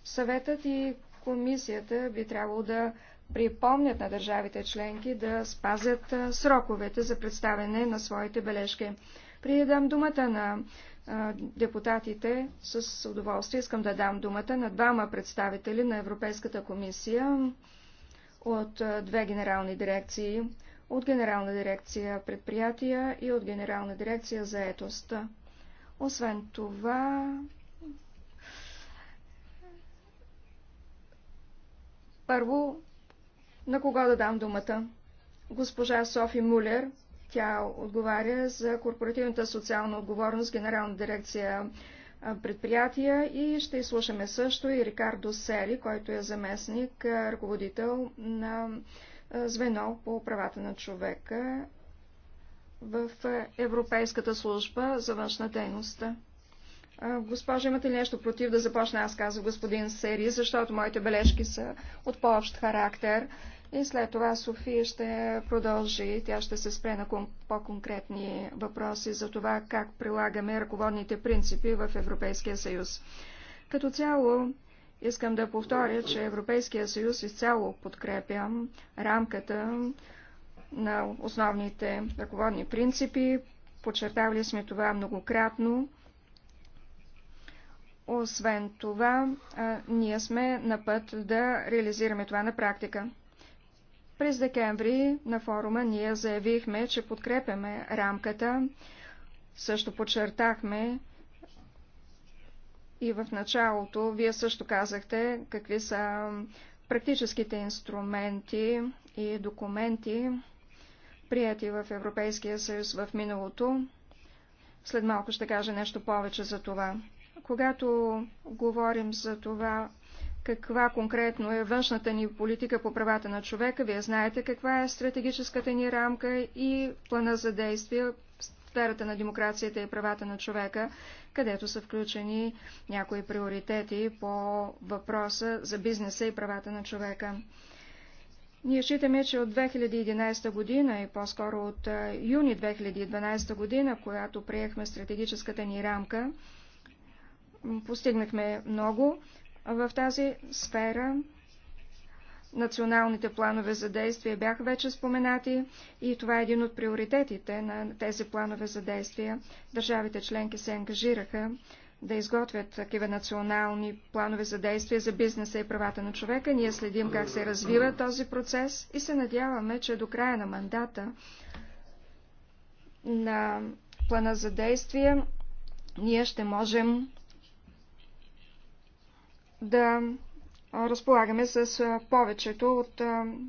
Съветът и комисията би трябвало да припомнят на държавите членки да спазят сроковете за представяне на своите бележки. При дам думата на депутатите, с удоволствие искам да дам думата на двама представители на Европейската комисия от две генерални дирекции, от Генерална дирекция предприятия и от Генерална дирекция заетост. Освен това, Първо, на кого да дам думата? Госпожа Софи Мулер. Тя отговаря за корпоративната социална отговорност, генерална дирекция предприятия и ще изслушаме също и Рикардо Сери, който е заместник, ръководител на звено по правата на човека в Европейската служба за външна дейност. Госпожа, имате ли нещо против да започна аз, каза господин Сери, защото моите бележки са от по-общ характер. И след това София ще продължи. Тя ще се спре на по-конкретни въпроси за това как прилагаме ръководните принципи в Европейския съюз. Като цяло, искам да повторя, че Европейския съюз изцяло подкрепя рамката на основните ръководни принципи. Подчертавали сме това многократно освен това, ние сме на път да реализираме това на практика. През декември на форума ние заявихме, че подкрепяме рамката. Също подчертахме и в началото, вие също казахте какви са практическите инструменти и документи, прияти в Европейския съюз в миналото. След малко ще кажа нещо повече за това. Когато говорим за това, каква конкретно е външната ни политика по правата на човека, вие знаете каква е стратегическата ни рамка и плана за действие в сферата на демокрацията и правата на човека, където са включени някои приоритети по въпроса за бизнеса и правата на човека. Ние считаме, че от 2011 година и по-скоро от юни 2012 година, която приехме стратегическата ни рамка, постигнахме много в тази сфера. Националните планове за действие бяха вече споменати и това е един от приоритетите на тези планове за действие. Държавите членки се ангажираха да изготвят такива национални планове за действие за бизнеса и правата на човека. Ние следим как се развива този процес и се надяваме, че до края на мандата на плана за действие ние ще можем да разполагаме с повечето от,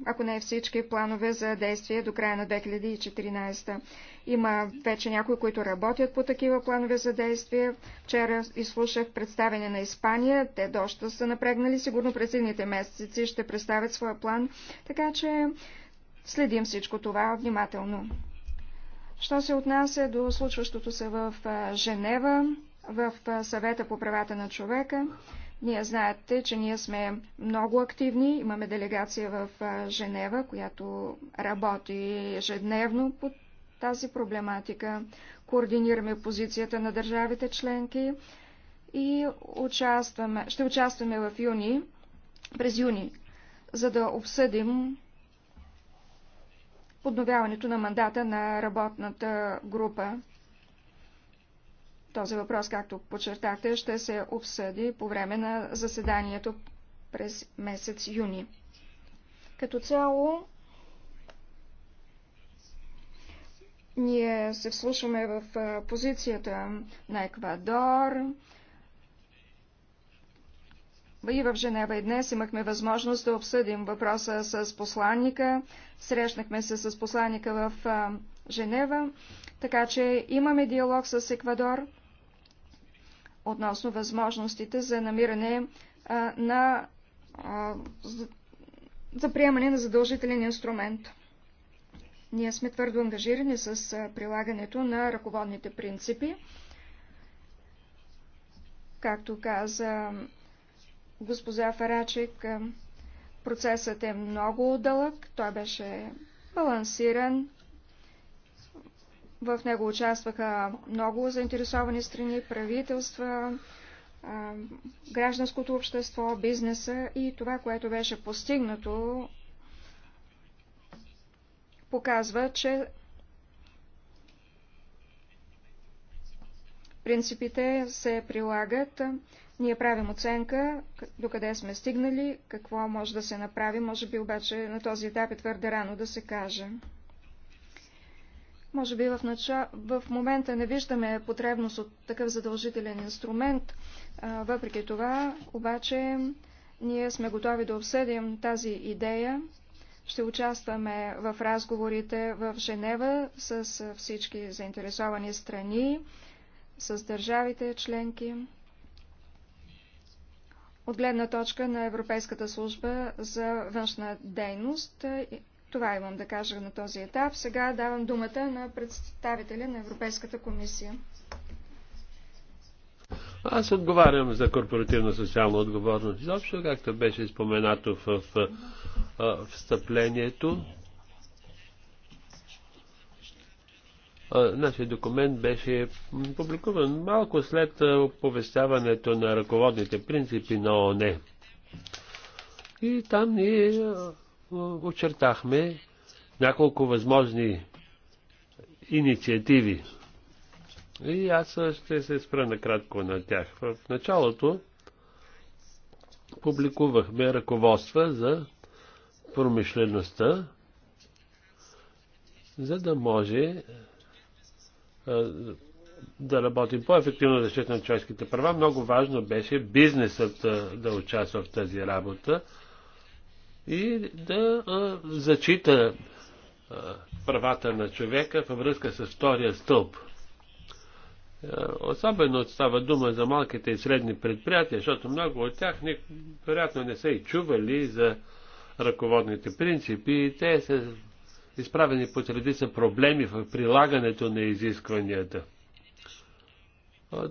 ако не всички, планове за действие до края на 2014. Има вече някои, които работят по такива планове за действие. Вчера изслушах представяне на Испания. Те доста са напрегнали. Сигурно през едните месеци ще представят своя план. Така че следим всичко това внимателно. Що се отнася до случващото се в Женева, в съвета по правата на човека, ние знаете, че ние сме много активни. Имаме делегация в Женева, която работи ежедневно по тази проблематика. Координираме позицията на държавите членки и участваме, ще участваме в юни, през юни, за да обсъдим подновяването на мандата на работната група. Този въпрос, както подчертахте, ще се обсъди по време на заседанието през месец юни. Като цяло, ние се вслушваме в позицията на Еквадор. И в Женева и днес имахме възможност да обсъдим въпроса с посланника. Срещнахме се с посланника в Женева, така че имаме диалог с Еквадор относно възможностите за намиране а, на, а, за, за приемане на задължителен инструмент. Ние сме твърдо ангажирани с прилагането на ръководните принципи. Както каза госпожа Фарачек, процесът е много дълъг, той беше балансиран, в него участваха много заинтересовани страни, правителства, гражданското общество, бизнеса и това, което беше постигнато, показва, че принципите се прилагат. Ние правим оценка, докъде сме стигнали, какво може да се направи, може би обаче на този етап е твърде рано да се каже. Може би в, нача... в момента не виждаме потребност от такъв задължителен инструмент. Въпреки това, обаче, ние сме готови да обсъдим тази идея. Ще участваме в разговорите в Женева с всички заинтересовани страни, с държавите членки. От гледна точка на Европейската служба за външна дейност това имам да кажа на този етап. Сега давам думата на представителя на Европейската комисия. Аз отговарям за корпоративна социална отговорност. Изобщо, както беше споменато в, в, в встъплението, нашия документ беше публикуван малко след оповестяването на ръководните принципи на ОНЕ. И там ние очертахме няколко възможни инициативи. И аз ще се спра накратко на тях. В началото публикувахме ръководства за промишлеността, за да може да работим по-ефективно защита на човешките права. Много важно беше бизнесът да участва в тази работа и да а, зачита а, правата на човека във връзка с втория стълб. Особено става дума за малките и средни предприятия, защото много от тях не, вероятно не са и чували за ръководните принципи и те са изправени по редица проблеми в прилагането на изискванията.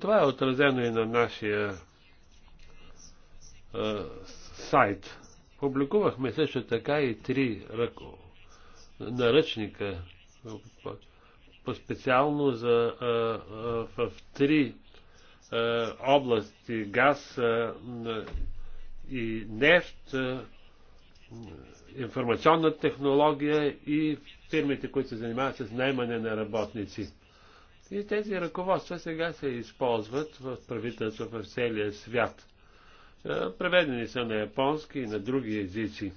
Това е отразено и на нашия сайт. Публикувахме също така и три ръко, наръчника по-специално за, а, а, в три а, области газ а, и нефт, а, информационна технология и фирмите, които се занимават с наймане на работници. И тези ръководства сега се използват в правителства в целия свят. Е, преведени са на японски и на други езици.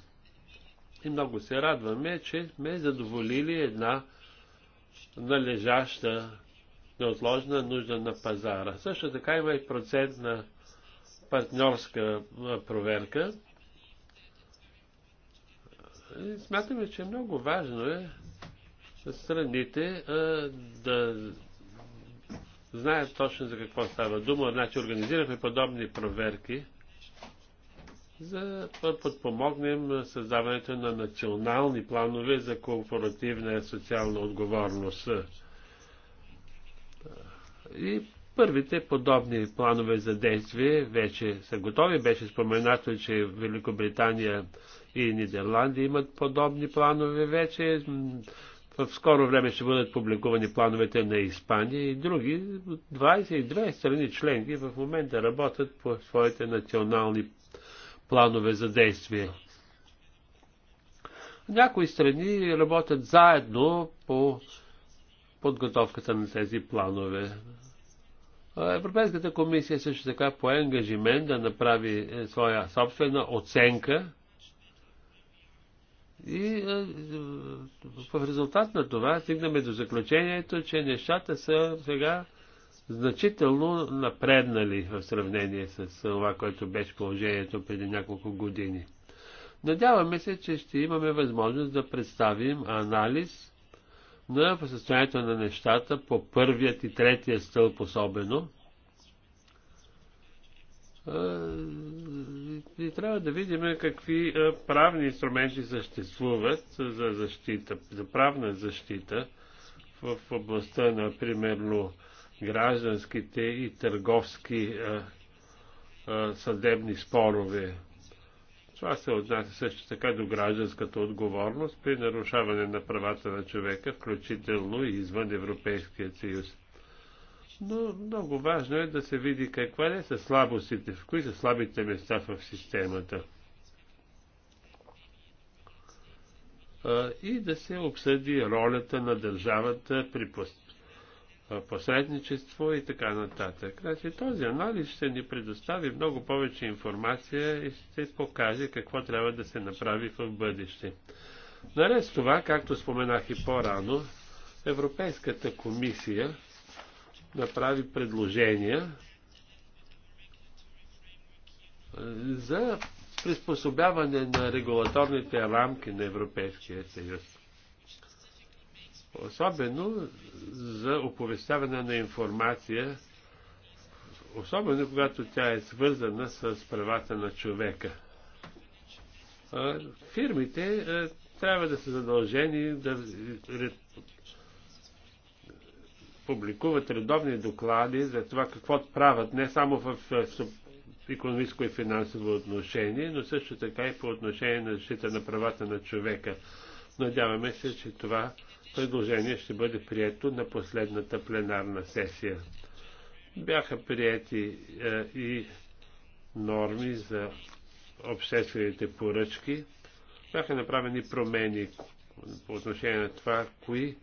И много се радваме, че сме задоволили една належаща, неотложна нужда на пазара. Също така има и процент на партньорска проверка. И смятаме, че много важно е страните а, да знаят точно за какво става дума. Значи организирахме подобни проверки за да подпомогнем създаването на национални планове за корпоративна и социална отговорност. И първите подобни планове за действие вече са готови. Беше споменато, че Великобритания и Нидерланди имат подобни планове вече. В скоро време ще бъдат публикувани плановете на Испания и други. 22 страни членки в момента работят по своите национални планове за действие. Някои страни работят заедно по подготовката на тези планове. Европейската комисия също така по ангажимент да направи е, своя собствена оценка и е, в резултат на това стигнаме до заключението, че нещата са сега значително напреднали в сравнение с това, което беше положението преди няколко години. Надяваме се, че ще имаме възможност да представим анализ на състоянието на нещата по първият и третия стълб особено. И трябва да видим какви правни инструменти съществуват за защита, за правна защита в областта на, примерно, гражданските и търговски а, а, съдебни спорове. Това се отнася също така до гражданската отговорност при нарушаване на правата на човека, включително и извън Европейския съюз. Но много важно е да се види каква не са слабостите, в кои са слабите места в системата. И да се обсъди ролята на държавата при посредничество и така нататък. Значи този анализ ще ни предостави много повече информация и ще покаже какво трябва да се направи в бъдеще. Наред с това, както споменах и по-рано, Европейската комисия направи предложения за приспособяване на регулаторните рамки на Европейския съюз. Особено за оповестяване на информация, особено когато тя е свързана с правата на човека. Фирмите трябва да са задължени да публикуват редовни доклади за това какво правят не само в економическо и финансово отношение, но също така и по отношение на защита на правата на човека. Надяваме се, че това предложение ще бъде прието на последната пленарна сесия. Бяха прияти е, и норми за обществените поръчки. Бяха направени промени по отношение на това, кои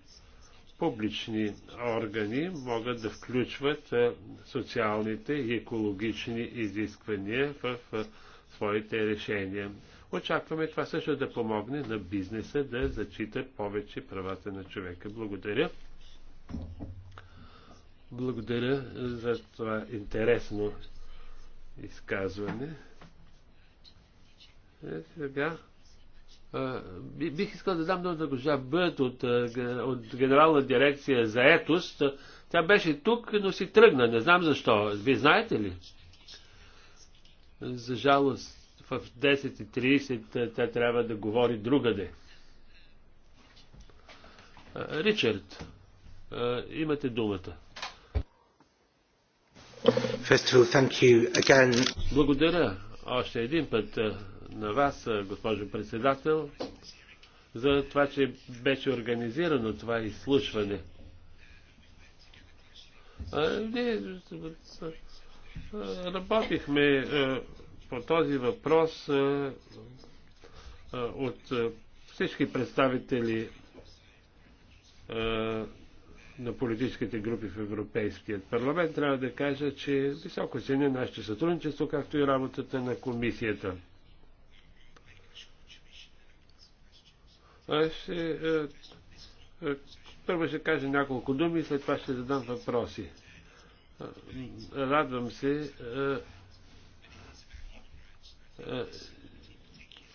публични органи могат да включват е, социалните и екологични изисквания в е, своите решения. Очакваме това също да помогне на бизнеса да зачита повече правата на човека. Благодаря. Благодаря за това интересно изказване. Е, сега бих искал да дам много на госпожа Бът от, от Генерална дирекция за етост. Тя беше тук, но си тръгна. Не знам защо. Вие знаете ли? За жалост в 10.30 тя трябва да говори другаде. Ричард, имате думата. All, Благодаря още един път на вас, госпожо председател, за това, че беше организирано това изслушване. Ние работихме по този въпрос от всички представители на политическите групи в Европейският парламент, трябва да кажа, че високо ценя нашето сътрудничество, както и работата на комисията. Ще, първо ще кажа няколко думи, след това ще задам въпроси. Радвам се,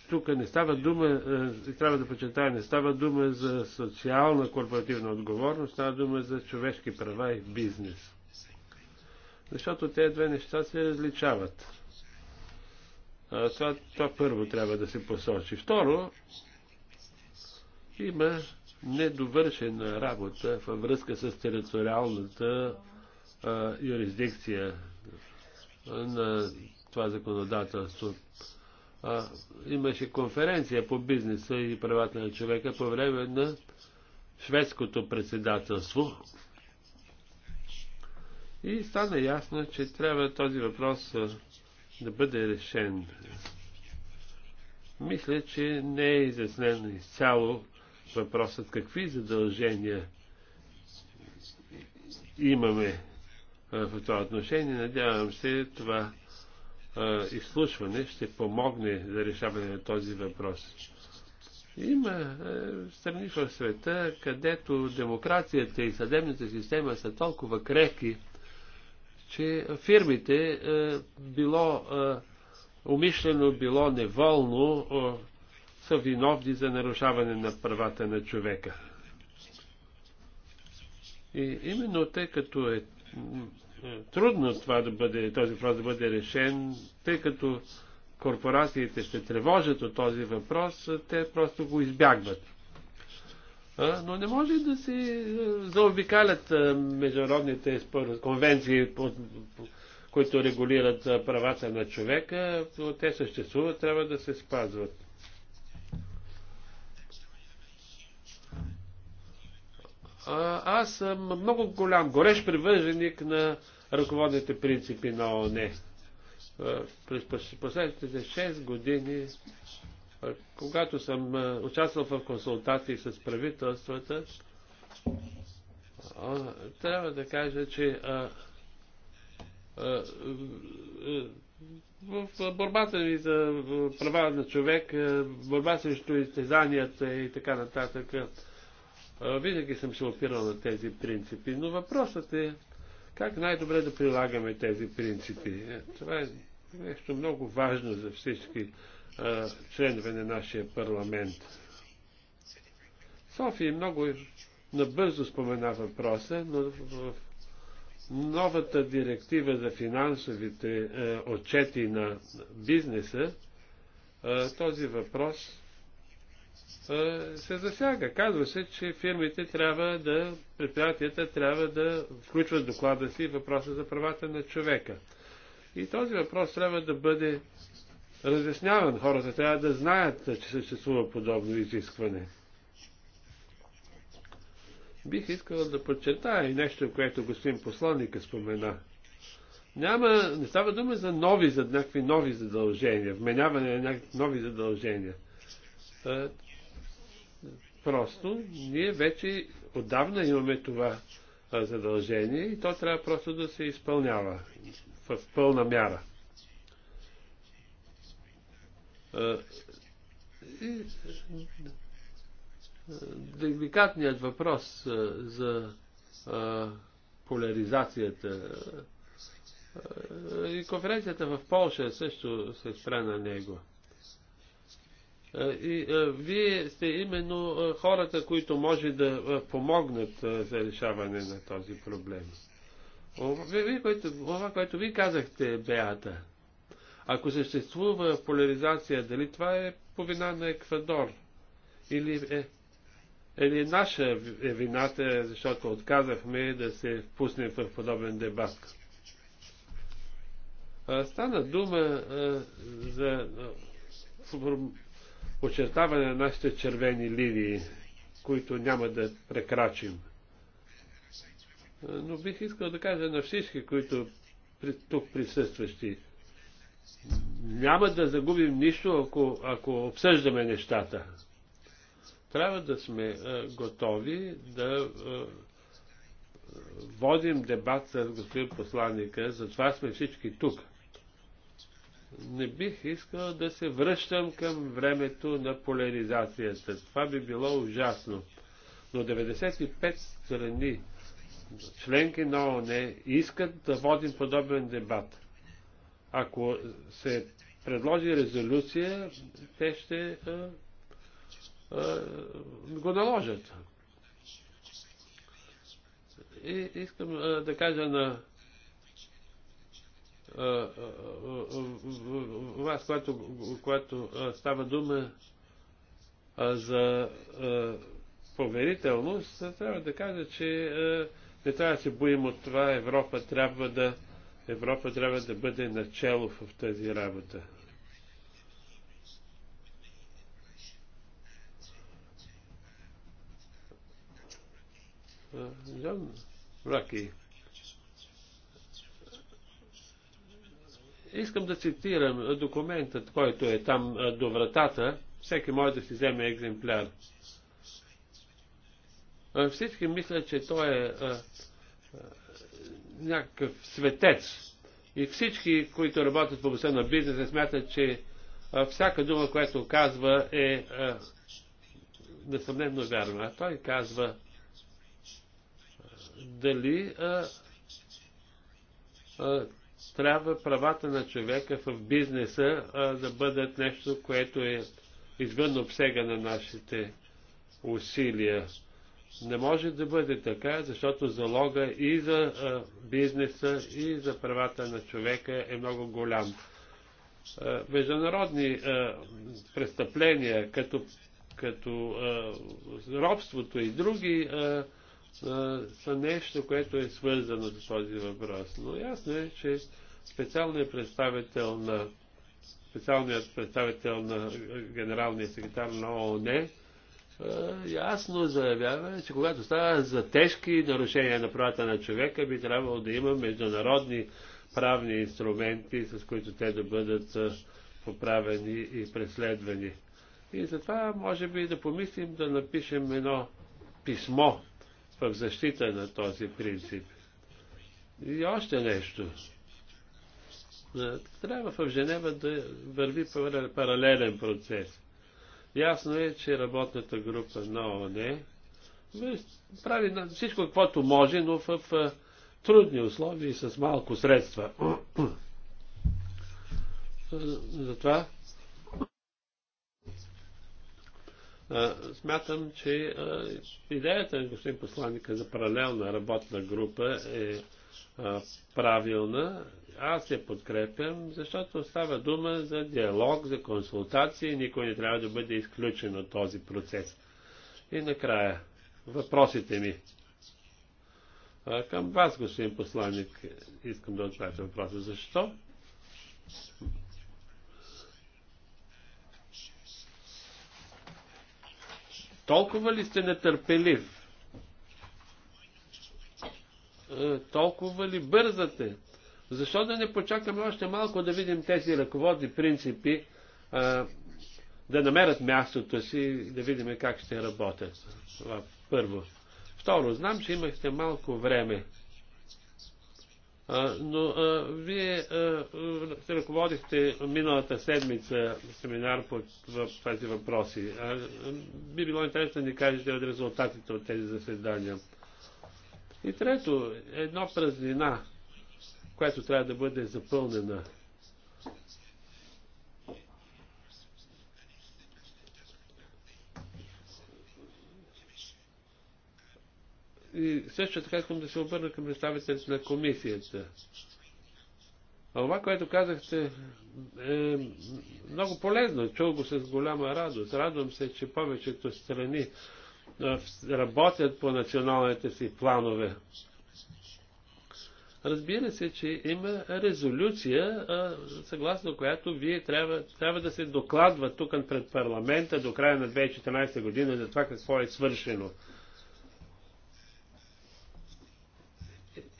тук не става дума, трябва да подчертая, не става дума за социална корпоративна отговорност, става дума за човешки права и бизнес. Защото тези две неща се различават. Това, това първо трябва да се посочи. Второ, има недовършена работа във връзка с териториалната а, юрисдикция на това законодателство. А, имаше конференция по бизнеса и правата на човека по време на шведското председателство. И стана ясно, че трябва този въпрос да бъде решен. Мисля, че не е изяснен изцяло въпросът какви задължения имаме в това отношение. Надявам се това изслушване ще помогне за решаване на този въпрос. Има е, страни в света, където демокрацията и съдебната система са толкова крехки, че фирмите е, било е, умишлено, било неволно са виновни за нарушаване на правата на човека. И именно тъй като е е, трудно това да бъде, този въпрос да бъде решен, тъй като корпорациите ще тревожат от този въпрос, те просто го избягват. Но не може да се е, заобикалят е, международните конвенции, които регулират правата на човека. Те съществуват, трябва да се спазват. аз съм много голям, горещ привърженик на ръководните принципи на ООН. Е, през последните 6 години, е, когато съм е, участвал в консултации с правителствата, трябва да кажа, че в борбата ми за права на човек, борба срещу изтезанията и така нататък, винаги съм се опирал на тези принципи. Но въпросът е как най-добре да прилагаме тези принципи? Е, това е нещо много важно за всички а, е, членове на нашия парламент. София много набързо спомена въпроса, но в новата директива за финансовите е, отчети на бизнеса, е, този въпрос се засяга. Казва се, че фирмите трябва да, предприятията трябва да включват доклада си въпроса за правата на човека. И този въпрос трябва да бъде разясняван. Хората трябва да знаят, че съществува подобно изискване. Бих искал да подчертая и нещо, което господин посланника спомена. Няма, не става дума за нови, за някакви нови задължения, вменяване на някакви нови задължения Просто ние вече отдавна имаме това задължение и то трябва просто да се изпълнява в пълна мяра. деликатният въпрос за поляризацията и конференцията в Польша също се спря на него. Е, и е, вие сте именно е, хората, които може да помогнат за решаване на този проблем. Това, което ви казахте, Беата, ако съществува поляризация, дали това е повина на Еквадор? Или е, или наша е вината, защото отказахме да се впуснем в подобен дебат? Стана дума за очертаване на нашите червени линии, които няма да прекрачим. Но бих искал да кажа на всички, които тук присъстващи, няма да загубим нищо, ако, ако обсъждаме нещата. Трябва да сме е, готови да е, водим дебат с господин посланника, затова сме всички тук не бих искал да се връщам към времето на поляризацията. Това би било ужасно. Но 95 страни, членки на ООН, искат да водим подобен дебат. Ако се предложи резолюция, те ще а, а, го наложат. И искам а, да кажа на вас, което, което става дума за поверителност, трябва да кажа, че не трябва да се боим от това. Европа трябва да, Европа трябва да бъде начало в тази работа. Жан Раки. Искам да цитирам документът, който е там до вратата. Всеки може да си вземе екземпляр. Всички мислят, че той е някакъв светец. И всички, които работят в областта на бизнеса, смятат, че всяка дума, която казва, е несъмнено вярна. А той казва, дали трябва правата на човека в бизнеса а, да бъдат нещо, което е извън обсега на нашите усилия. Не може да бъде така, защото залога и за а, бизнеса, и за правата на човека е много голям. А, международни а, престъпления, като, като а, робството и други, а, са нещо, което е свързано с този въпрос. Но ясно е, че специалният представител на специалният представител на генералния секретар на ООН е, ясно заявява, че когато става за тежки нарушения на правата на човека, би трябвало да има международни правни инструменти, с които те да бъдат е, поправени и преследвани. И затова може би да помислим да напишем едно писмо в защита на този принцип. И още нещо. Трябва в Женева да върви паралелен процес. Ясно е, че работната група на ООН е, прави всичко, каквото може, но в е, трудни условия и с малко средства. Затова смятам, че идеята на господин посланника за паралелна работна група е правилна. Аз я подкрепям, защото става дума за диалог, за консултации. Никой не трябва да бъде изключен от този процес. И накрая, въпросите ми. Към вас, господин посланник, искам да отправя въпроса. Защо? Толкова ли сте нетърпелив? Е, толкова ли бързате? Защо да не почакаме още малко да видим тези ръководни принципи, е, да намерят мястото си и да видим как ще работят? Това първо. Второ, знам, че имахте малко време, но вие се ръководихте миналата седмица семинар по тези въпроси. Би било интересно да ни кажете от резултатите от тези заседания. И трето, едно празнина, която трябва да бъде запълнена. И също така искам да се обърна към представителите на комисията. А това, което казахте, е много полезно. Чул го с голяма радост. Радвам се, че повечето страни работят по националните си планове. Разбира се, че има резолюция, съгласно която вие трябва, трябва да се докладва тук пред парламента до края на 2014 година за това какво е свършено.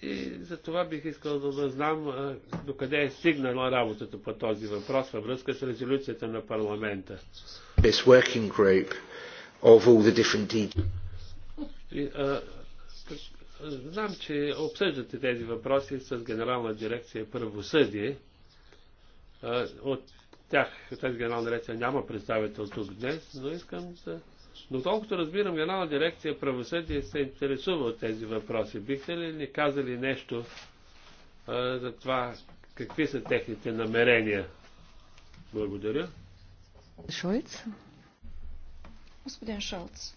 И за това бих искал да знам докъде е стигнала работата по този въпрос във връзка с резолюцията на парламента. This working group of all the different details. Знам, че обсъждате тези въпроси с Генерална дирекция От тях тази генерална дирекция няма представител тук днес, но искам да... Но колкото разбирам, Генерална дирекция Правосъдие се интересува от тези въпроси. Бихте ли ни казали нещо а, за това, какви са техните намерения? Благодаря. Шойц. Господин Шолц.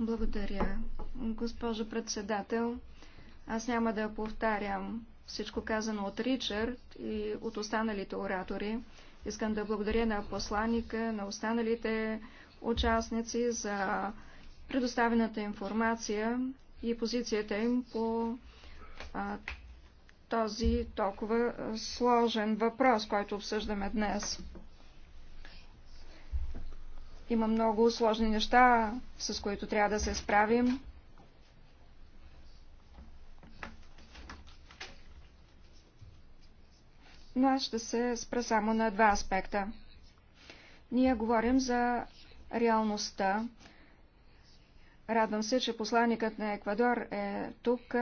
Благодаря, госпожо председател. Аз няма да повтарям всичко казано от Ричард и от останалите оратори. Искам да благодаря на посланника, на останалите участници за предоставената информация и позицията им по а, този толкова сложен въпрос, който обсъждаме днес. Има много сложни неща, с които трябва да се справим. Но аз ще се спра само на два аспекта. Ние говорим за реалността. Радвам се, че посланникът на Еквадор е тук.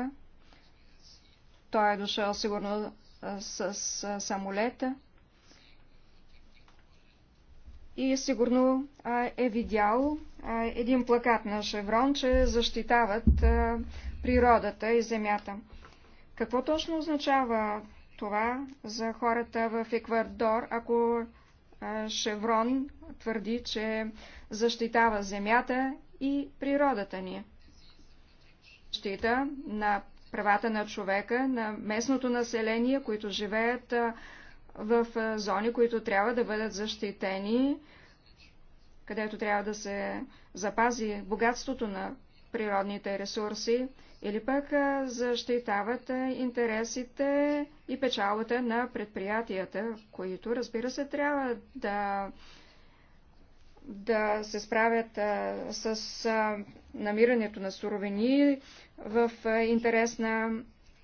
Той е дошъл сигурно с самолета и сигурно е видял един плакат на Шеврон, че защитават природата и земята. Какво точно означава това за хората в Еквадор, ако Шеврон твърди, че защитава земята и природата ни? Защита на правата на човека, на местното население, които живеят в е, зони, които трябва да бъдат защитени, където трябва да се запази богатството на природните ресурси, или пък е, защитават е, интересите и печалбата на предприятията, които, разбира се, трябва да, да се справят с намирането на суровини в интерес на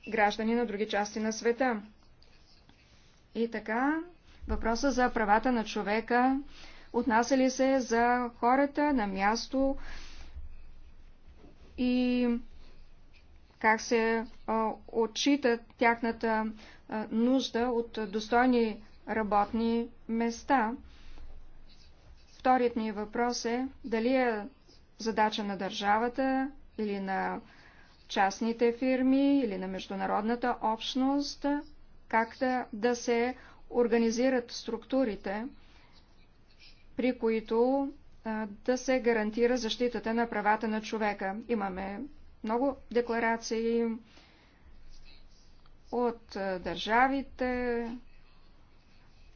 граждани на други части на света. И така, въпроса за правата на човека, отнася ли се за хората на място и как се отчита тяхната нужда от достойни работни места. Вторият ми въпрос е дали е задача на държавата или на частните фирми или на международната общност как да, да се организират структурите, при които а, да се гарантира защитата на правата на човека. Имаме много декларации от а, държавите,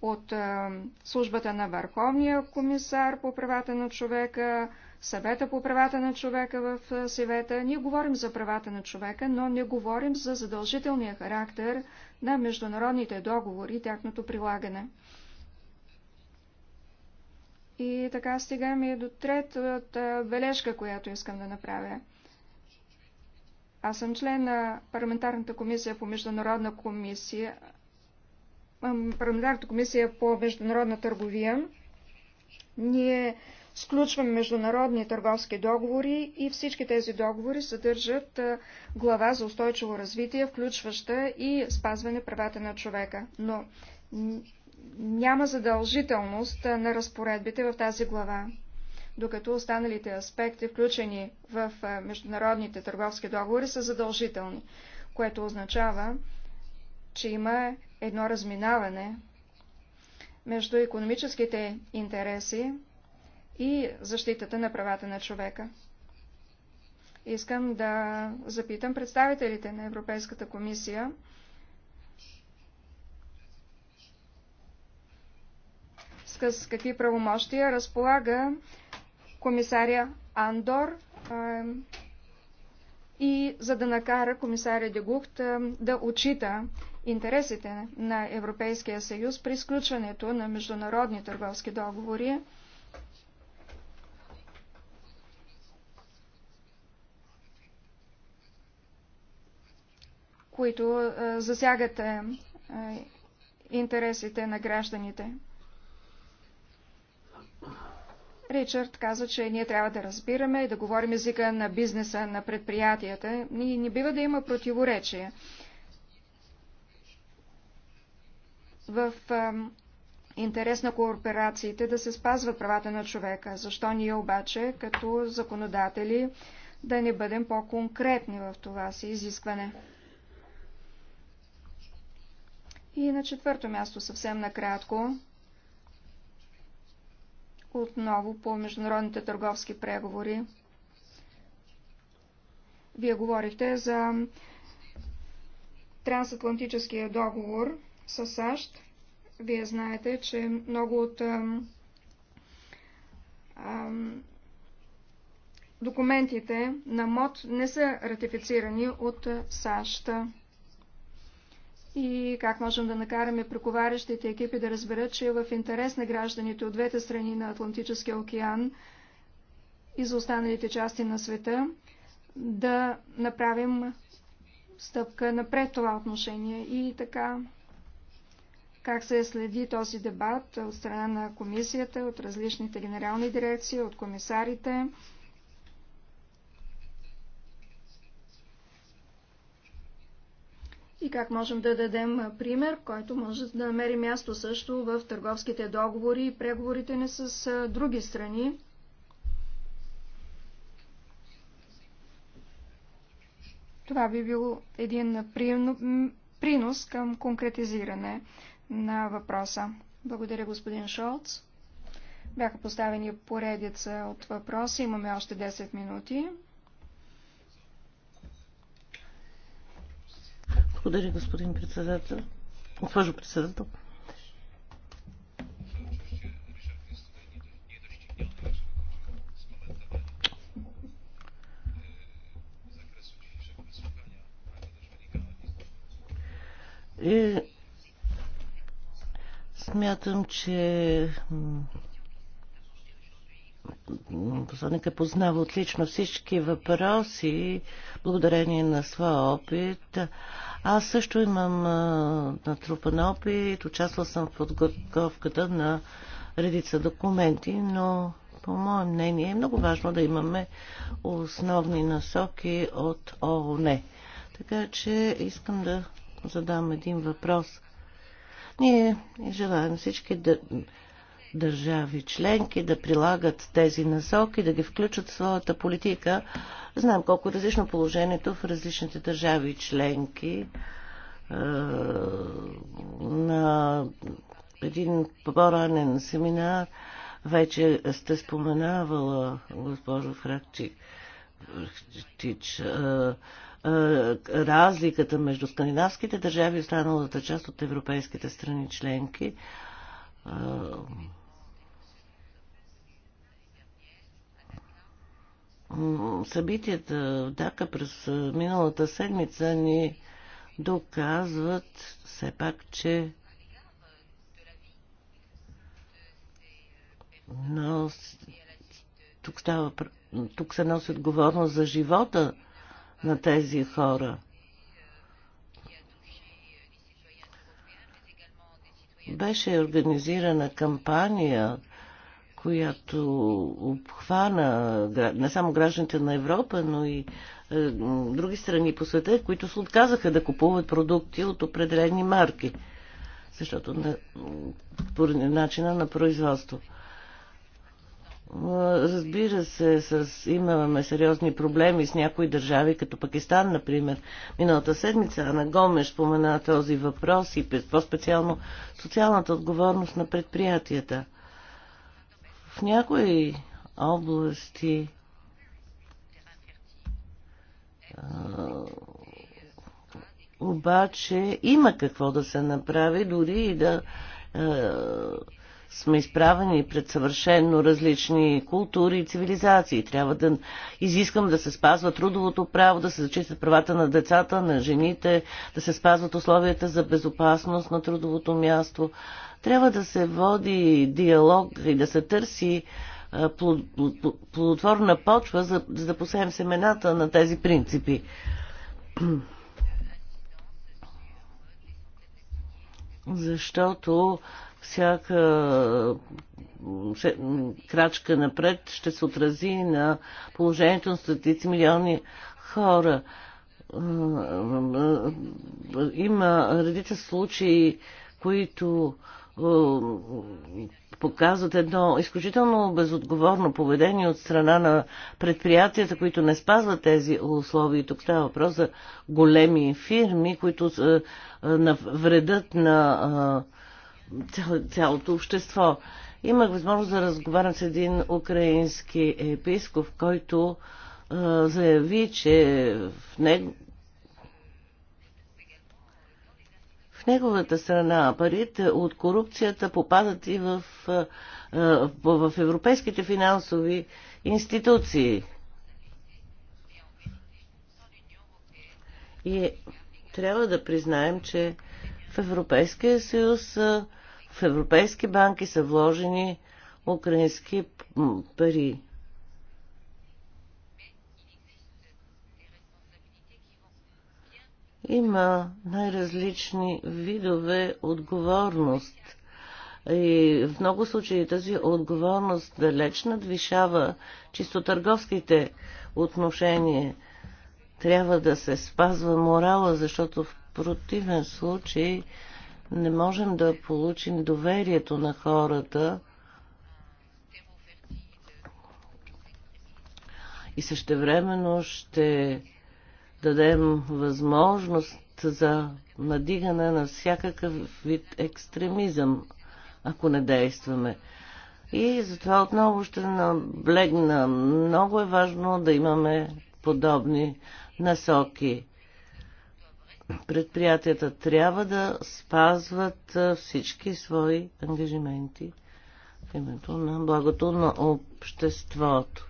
от а, службата на Върховния комисар по правата на човека, съвета по правата на човека в съвета. Ние говорим за правата на човека, но не говорим за задължителния характер на международните договори и тяхното прилагане. И така стигаме и до третата бележка, която искам да направя. Аз съм член на парламентарната комисия по международна комисия, парламентарната комисия по международна търговия. Ние сключваме международни търговски договори и всички тези договори съдържат глава за устойчиво развитие, включваща и спазване правата на човека. Но няма задължителност на разпоредбите в тази глава, докато останалите аспекти, включени в международните търговски договори, са задължителни, което означава, че има едно разминаване между економическите интереси и защитата на правата на човека. Искам да запитам представителите на Европейската комисия, с какви правомощия разполага комисаря Андор и за да накара комисаря Дегухт да отчита интересите на Европейския съюз при сключването на международни търговски договори които е, засягат е, е, интересите на гражданите. Ричард каза, че ние трябва да разбираме и да говорим езика на бизнеса, на предприятията. Ние не бива да има противоречия. В интерес на кооперациите да се спазват правата на човека. Защо ние обаче, като законодатели, да не бъдем по-конкретни в това си изискване? И на четвърто място, съвсем накратко, отново по международните търговски преговори. Вие говорихте за трансатлантическия договор с САЩ. Вие знаете, че много от ам, ам, документите на МОД не са ратифицирани от САЩ и как можем да накараме прековарящите екипи да разберат, че е в интерес на гражданите от двете страни на Атлантическия океан и за останалите части на света да направим стъпка напред това отношение и така как се следи този дебат от страна на комисията, от различните генерални дирекции, от комисарите. и как можем да дадем пример, който може да намери място също в търговските договори и преговорите ни с други страни. Това би бил един принос към конкретизиране на въпроса. Благодаря, господин Шолц. Бяха поставени поредица от въпроси. Имаме още 10 минути. Благодаря, господин председател. Госпожо председател. И е, смятам, че е познава отлично всички въпроси, благодарение на своя опит. Аз също имам натрупан опит, участвал съм в подготовката на редица документи, но по мое мнение е много важно да имаме основни насоки от ООН. Така че искам да задам един въпрос. Ние желаем всички да държави членки да прилагат тези насоки, да ги включат в своята политика. Знам колко е различно положението в различните държави членки е, на един по-ранен семинар вече сте споменавала, госпожо Фракчик, е, разликата между скандинавските държави и останалата част от европейските страни членки. събитията в Дака през миналата седмица ни доказват все пак, че но тук, става, тук се носи отговорност за живота на тези хора. Беше организирана кампания която обхвана не само гражданите на Европа, но и е, други страни по света, които се отказаха да купуват продукти от определени марки, защото на, поради начина на производство. Е, разбира се, с, имаме сериозни проблеми с някои държави, като Пакистан, например. Миналата седмица Ана Гомеш спомена този въпрос и по-специално социалната отговорност на предприятията – в някои области обаче има какво да се направи, дори и да сме изправени пред съвършенно различни култури и цивилизации. Трябва да изискам да се спазва трудовото право, да се зачитат правата на децата, на жените, да се спазват условията за безопасност на трудовото място. Трябва да се води диалог и да се търси плодотворна почва, за, за да посеем семената на тези принципи. Защото всяка крачка напред ще се отрази на положението на стотици милиони хора. Има редица случаи, които е, показват едно изключително безотговорно поведение от страна на предприятията, които не спазват тези условия. Тук става въпрос за големи фирми, които вредят е, на е, цялото общество. Имах възможност да разговарям с един украински епископ, който заяви, че в него, в неговата страна. Парите от корупцията попадат и в, в европейските финансови институции. И трябва да признаем, че в Европейския съюз, в европейски банки са вложени украински пари. Има най-различни видове отговорност. И в много случаи тази отговорност далеч надвишава чисто търговските отношения. Трябва да се спазва морала, защото в противен случай не можем да получим доверието на хората и същевременно ще дадем възможност за надигане на всякакъв вид екстремизъм, ако не действаме. И затова отново ще наблегна. Много е важно да имаме подобни насоки. Предприятията трябва да спазват всички свои ангажименти в името на благото на обществото.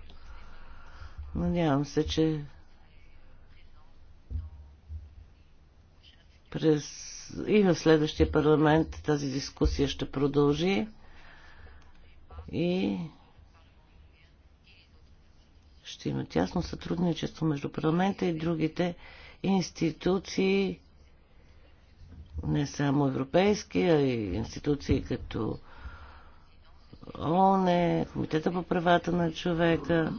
Надявам се, че През и в следващия парламент тази дискусия ще продължи и ще има тясно сътрудничество между парламента и другите институции, не само европейски, а и институции като ОНЕ, Комитета по правата на човека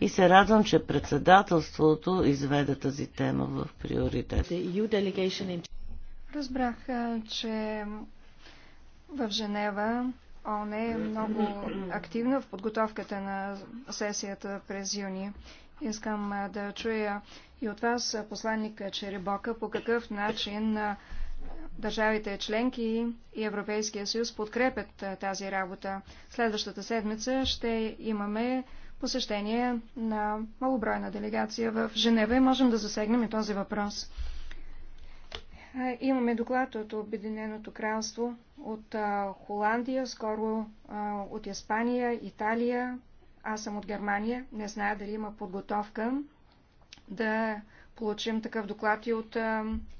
и се радвам, че председателството изведе тази тема в приоритет. Разбрах, че в Женева ООН е много активна в подготовката на сесията през юни. Искам да чуя и от вас посланника Черебока по какъв начин Държавите членки и Европейския съюз подкрепят тази работа. Следващата седмица ще имаме посещение на малобройна делегация в Женева и можем да засегнем и този въпрос. Имаме доклад от Обединеното кралство, от Холандия, скоро от Испания, Италия. Аз съм от Германия. Не зная дали има подготовка да получим такъв доклад и от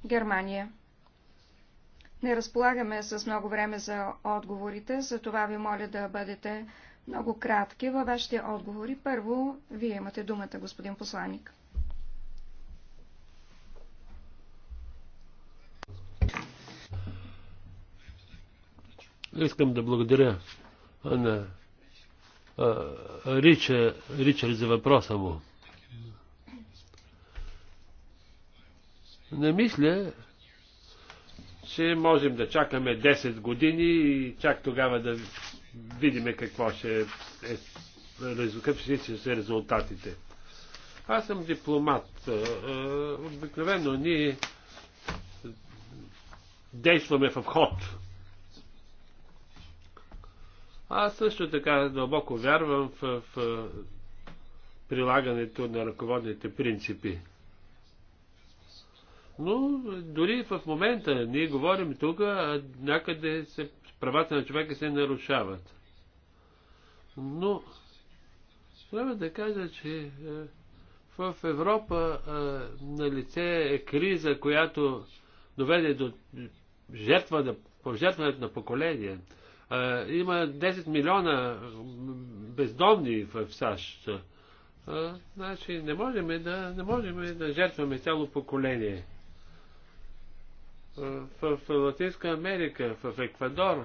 Германия. Не разполагаме с много време за отговорите, затова ви моля да бъдете много кратки във вашите отговори. Първо, вие имате думата, господин посланник. Искам да благодаря на Рича, Ричард за въпроса му. Не мисля, ще можем да чакаме 10 години и чак тогава да видим какво ще, е, какъв ще са резултатите. Аз съм дипломат. Обикновено ние действаме в ход. Аз също така дълбоко вярвам в, в прилагането на ръководните принципи. Но дори в момента ние говорим тук, а някъде се, правата на човека се нарушават. Но трябва да кажа, че е, в Европа е, на лице е криза, която доведе до жертва, да, пожертването на поколение. Има 10 милиона бездомни в САЩ. Е, значи не можем да, не можем да жертваме цяло поколение в Латинска Америка, в Еквадор,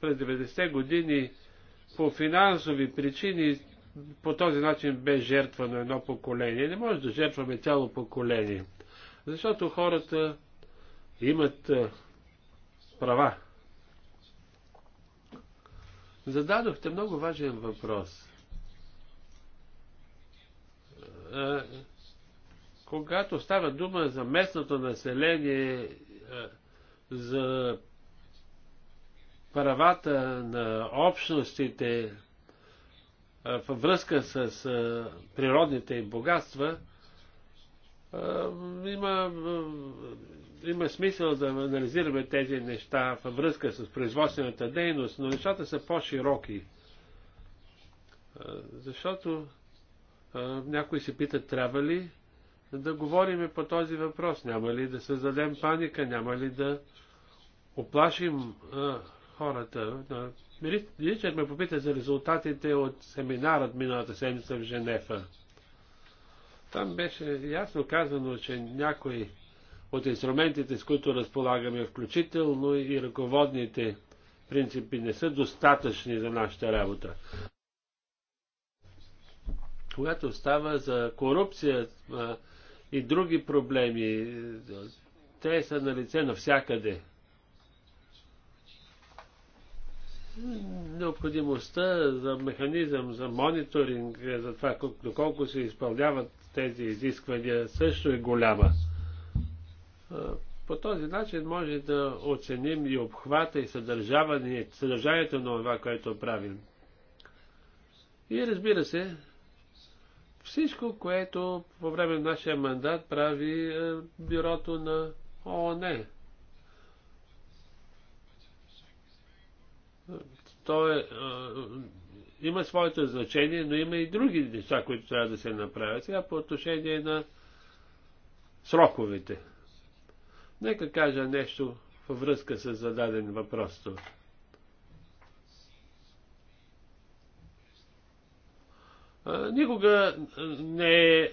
през 90-те години по финансови причини по този начин бе жертва на едно поколение. Не може да жертваме цяло поколение, защото хората имат е, права. Зададохте много важен въпрос. Е, когато става дума за местното население за правата на общностите във връзка с природните им богатства, има, има смисъл да анализираме тези неща във връзка с производствената дейност, но нещата са по-широки. Защото някои се питат, трябва ли да говорим по този въпрос. Няма ли да създадем паника, няма ли да оплашим а, хората. Да. ме попита за резултатите от семинарът миналата седмица в Женефа. Там беше ясно казано, че някои от инструментите, с които разполагаме, включително и ръководните принципи, не са достатъчни за нашата работа. Когато става за корупция, и други проблеми. Е, те са на лице навсякъде. Необходимостта за механизъм, за мониторинг, е за това доколко се изпълняват тези изисквания също е голяма. По този начин може да оценим и обхвата и съдържанието на това, което правим. И разбира се, всичко, което по време на нашия мандат прави е, бюрото на ООН. Е, то е, е, има своето значение, но има и други неща, които трябва да се направят. Сега по отношение на сроковете. Нека кажа нещо във връзка с зададен въпрос. никога не е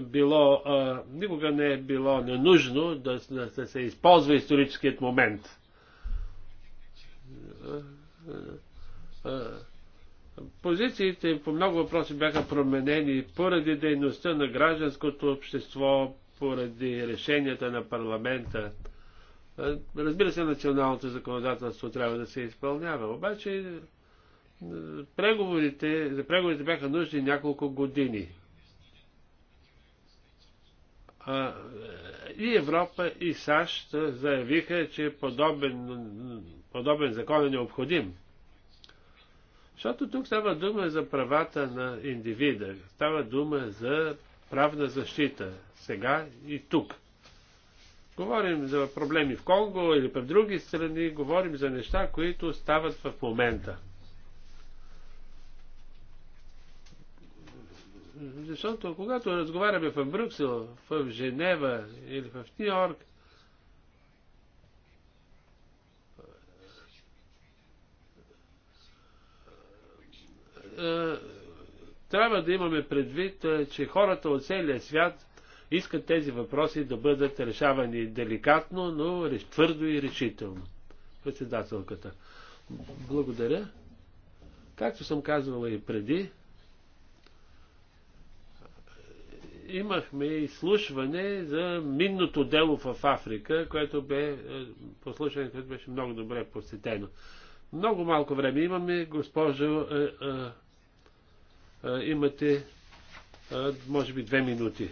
било, никога не е било ненужно да, да се използва историческият момент. Позициите по много въпроси бяха променени поради дейността на гражданското общество, поради решенията на парламента. Е, разбира се, националното законодателство трябва да се изпълнява, обаче е, преговорите, за преговорите бяха нужни няколко години. А, е, и Европа, и САЩ заявиха, че подобен, подобен закон е необходим. Защото тук става дума за правата на индивида, става дума за правна защита, сега и тук. Говорим за проблеми в Конго или в други страни, говорим за неща, които стават в момента. Защото когато разговаряме в Брюксел, в Женева или в Нью Йорк, е, трябва да имаме предвид, е, че хората от целия свят искат тези въпроси да бъдат решавани деликатно, но твърдо и решително. Председателката. Благодаря. Както съм казвала и преди, имахме изслушване за минното дело в Африка, което бе е, послушане, което беше много добре посетено. Много малко време имаме, госпожо, а, а, а, имате, е, може би, две минути.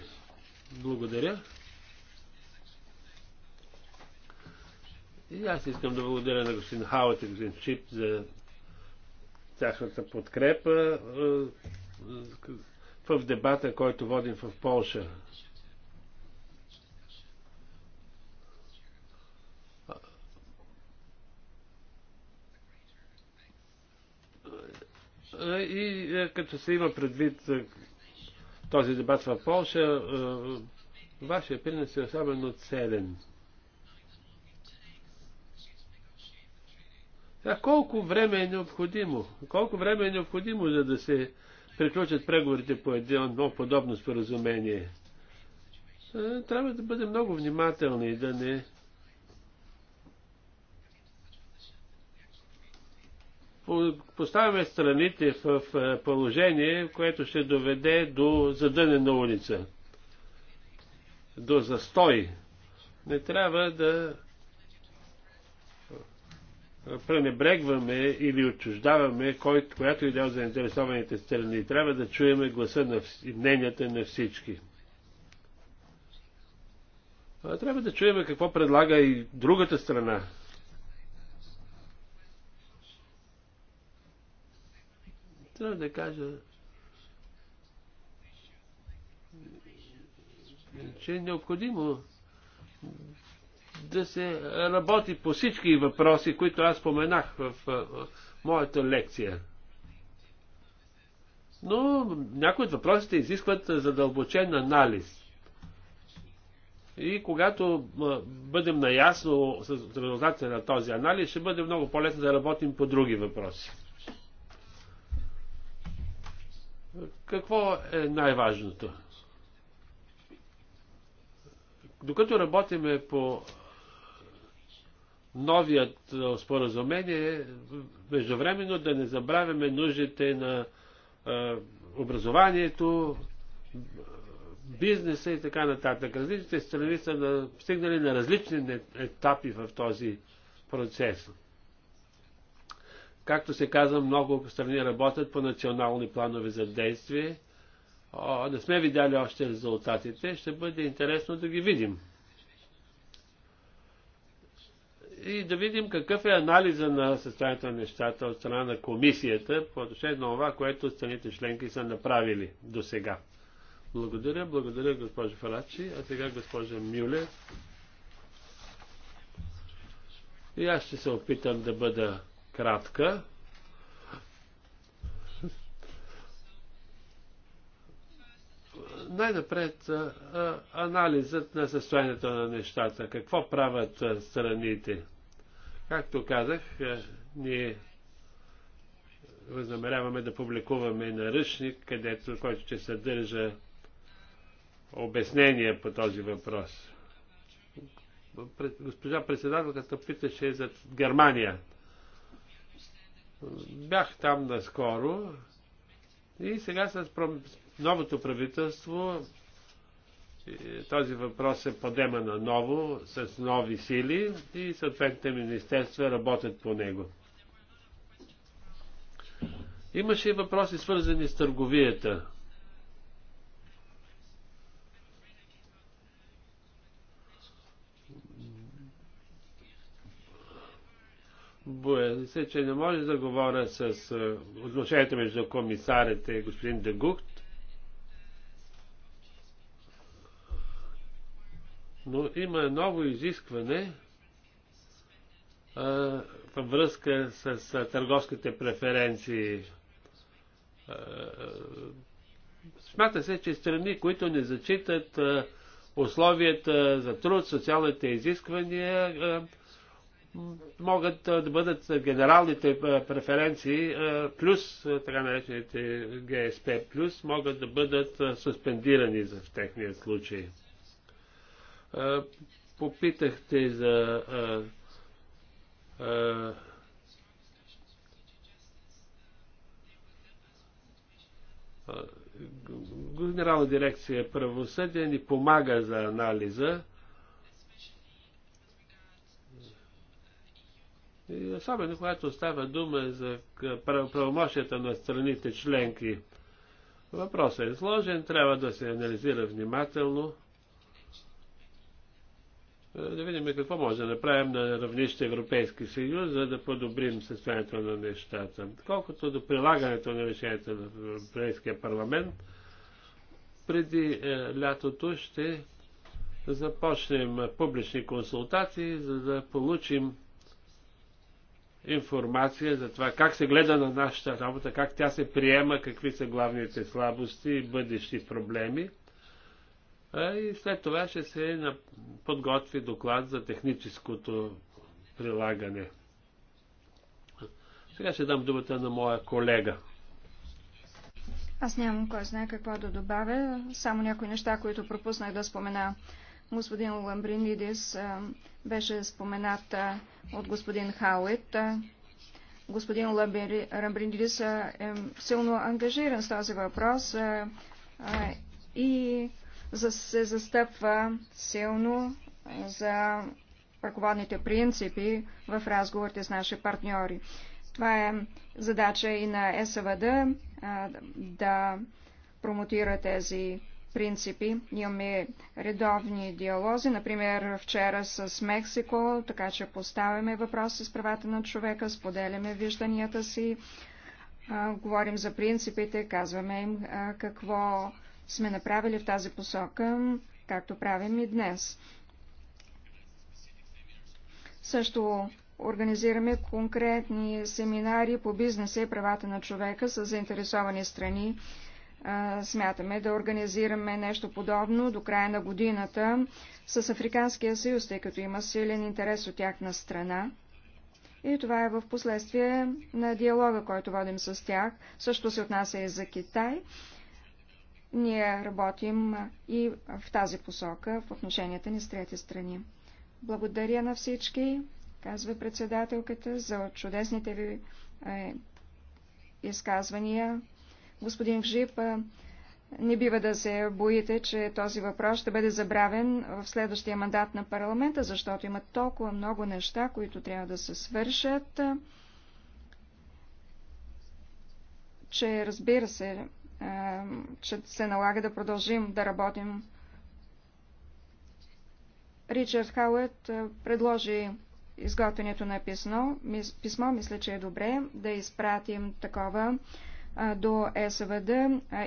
Благодаря. И аз искам да благодаря на господин Хауът и господин Чип за тяхната подкрепа е, е, в дебата, който водим в Полша. Е, и като се има предвид този дебат в Польша, е, вашия принос е особено целен. А колко време е необходимо? Колко време е необходимо, за да се приключат преговорите по едно подобно споразумение? Е, трябва да бъдем много внимателни, да не поставяме страните в е, положение, което ще доведе до задънена улица, до застой. Не трябва да е, пренебрегваме или отчуждаваме кой, която и да е заинтересованите страни. Трябва да чуеме гласа на мненията на всички. Трябва да чуеме какво предлага и другата страна Трябва да кажа, че е необходимо да се работи по всички въпроси, които аз споменах в моята лекция. Но някои от въпросите изискват задълбочен анализ. И когато бъдем наясно с резултатите на този анализ, ще бъде много по-лесно да работим по други въпроси. Какво е най-важното? Докато работиме по новият е, споразумение, междувременно да не забравяме нуждите на е, образованието, бизнеса и така нататък. Различните страни са на, стигнали на различни етапи в този процес. Както се казва, много страни работят по национални планове за действие. О, не сме видяли още резултатите. Ще бъде интересно да ги видим. И да видим какъв е анализа на състоянието на нещата от страна на комисията по отношение на това, което страните членки са направили до сега. Благодаря, благодаря госпожо Фарачи, а сега госпожа Мюле. И аз ще се опитам да бъда кратка. Най-напред анализът на състоянието на нещата. Какво правят страните? Както казах, ние възнамеряваме да публикуваме наръчник, където, който ще съдържа обяснение по този въпрос. Госпожа председателката питаше за Германия. Бях там наскоро и сега с новото правителство този въпрос се подема на ново, с нови сили и съответните министерства работят по него. Имаше и въпроси свързани с търговията. Боя се, че не може да говоря с е, отношението между комисарите и господин Дегухт, но има ново изискване е, във връзка с а, търговските преференции. А, е, смята се, че страни, които не зачитат условията за труд, социалните изисквания, могат да бъдат генералните преференции плюс така наречените ГСП плюс могат да бъдат суспендирани в техния случай. Попитахте за Генерална дирекция правосъдие ни помага за анализа И особено когато става дума за правомощията на страните членки. Въпросът е сложен, трябва да се анализира внимателно, е, да видим какво може да направим на равнище Европейски съюз, за да подобрим състоянието на нещата. Колкото до прилагането на решението на Европейския парламент, преди е, лятото ще започнем публични консултации, за да получим информация за това как се гледа на нашата работа, как тя се приема, какви са главните слабости и бъдещи проблеми. И след това ще се подготви доклад за техническото прилагане. Сега ще дам думата на моя колега. Аз нямам кой знае какво да добавя, само някои неща, които пропуснах да спомена господин Ламбринидис беше спомената от господин Хауит. Господин Ламбринидис е силно ангажиран с този въпрос и се застъпва силно за ръководните принципи в разговорите с наши партньори. Това е задача и на СВД да промотира тези принципи. Имаме редовни диалози, например вчера с Мексико, така че поставяме въпроси с правата на човека, споделяме вижданията си, а, говорим за принципите, казваме им а, какво сме направили в тази посока, както правим и днес. Също организираме конкретни семинари по бизнеса и правата на човека с заинтересовани страни смятаме да организираме нещо подобно до края на годината с Африканския съюз, тъй като има силен интерес от тяхна страна. И това е в последствие на диалога, който водим с тях. Също се отнася и за Китай. Ние работим и в тази посока в отношенията ни с трети страни. Благодаря на всички, казва председателката, за чудесните ви е, изказвания. Господин Вжип, не бива да се боите, че този въпрос ще бъде забравен в следващия мандат на парламента, защото има толкова много неща, които трябва да се свършат, че разбира се, че се налага да продължим да работим. Ричард Хаует предложи изготвянето на писмо. Писмо мисля, че е добре да изпратим такова до СВД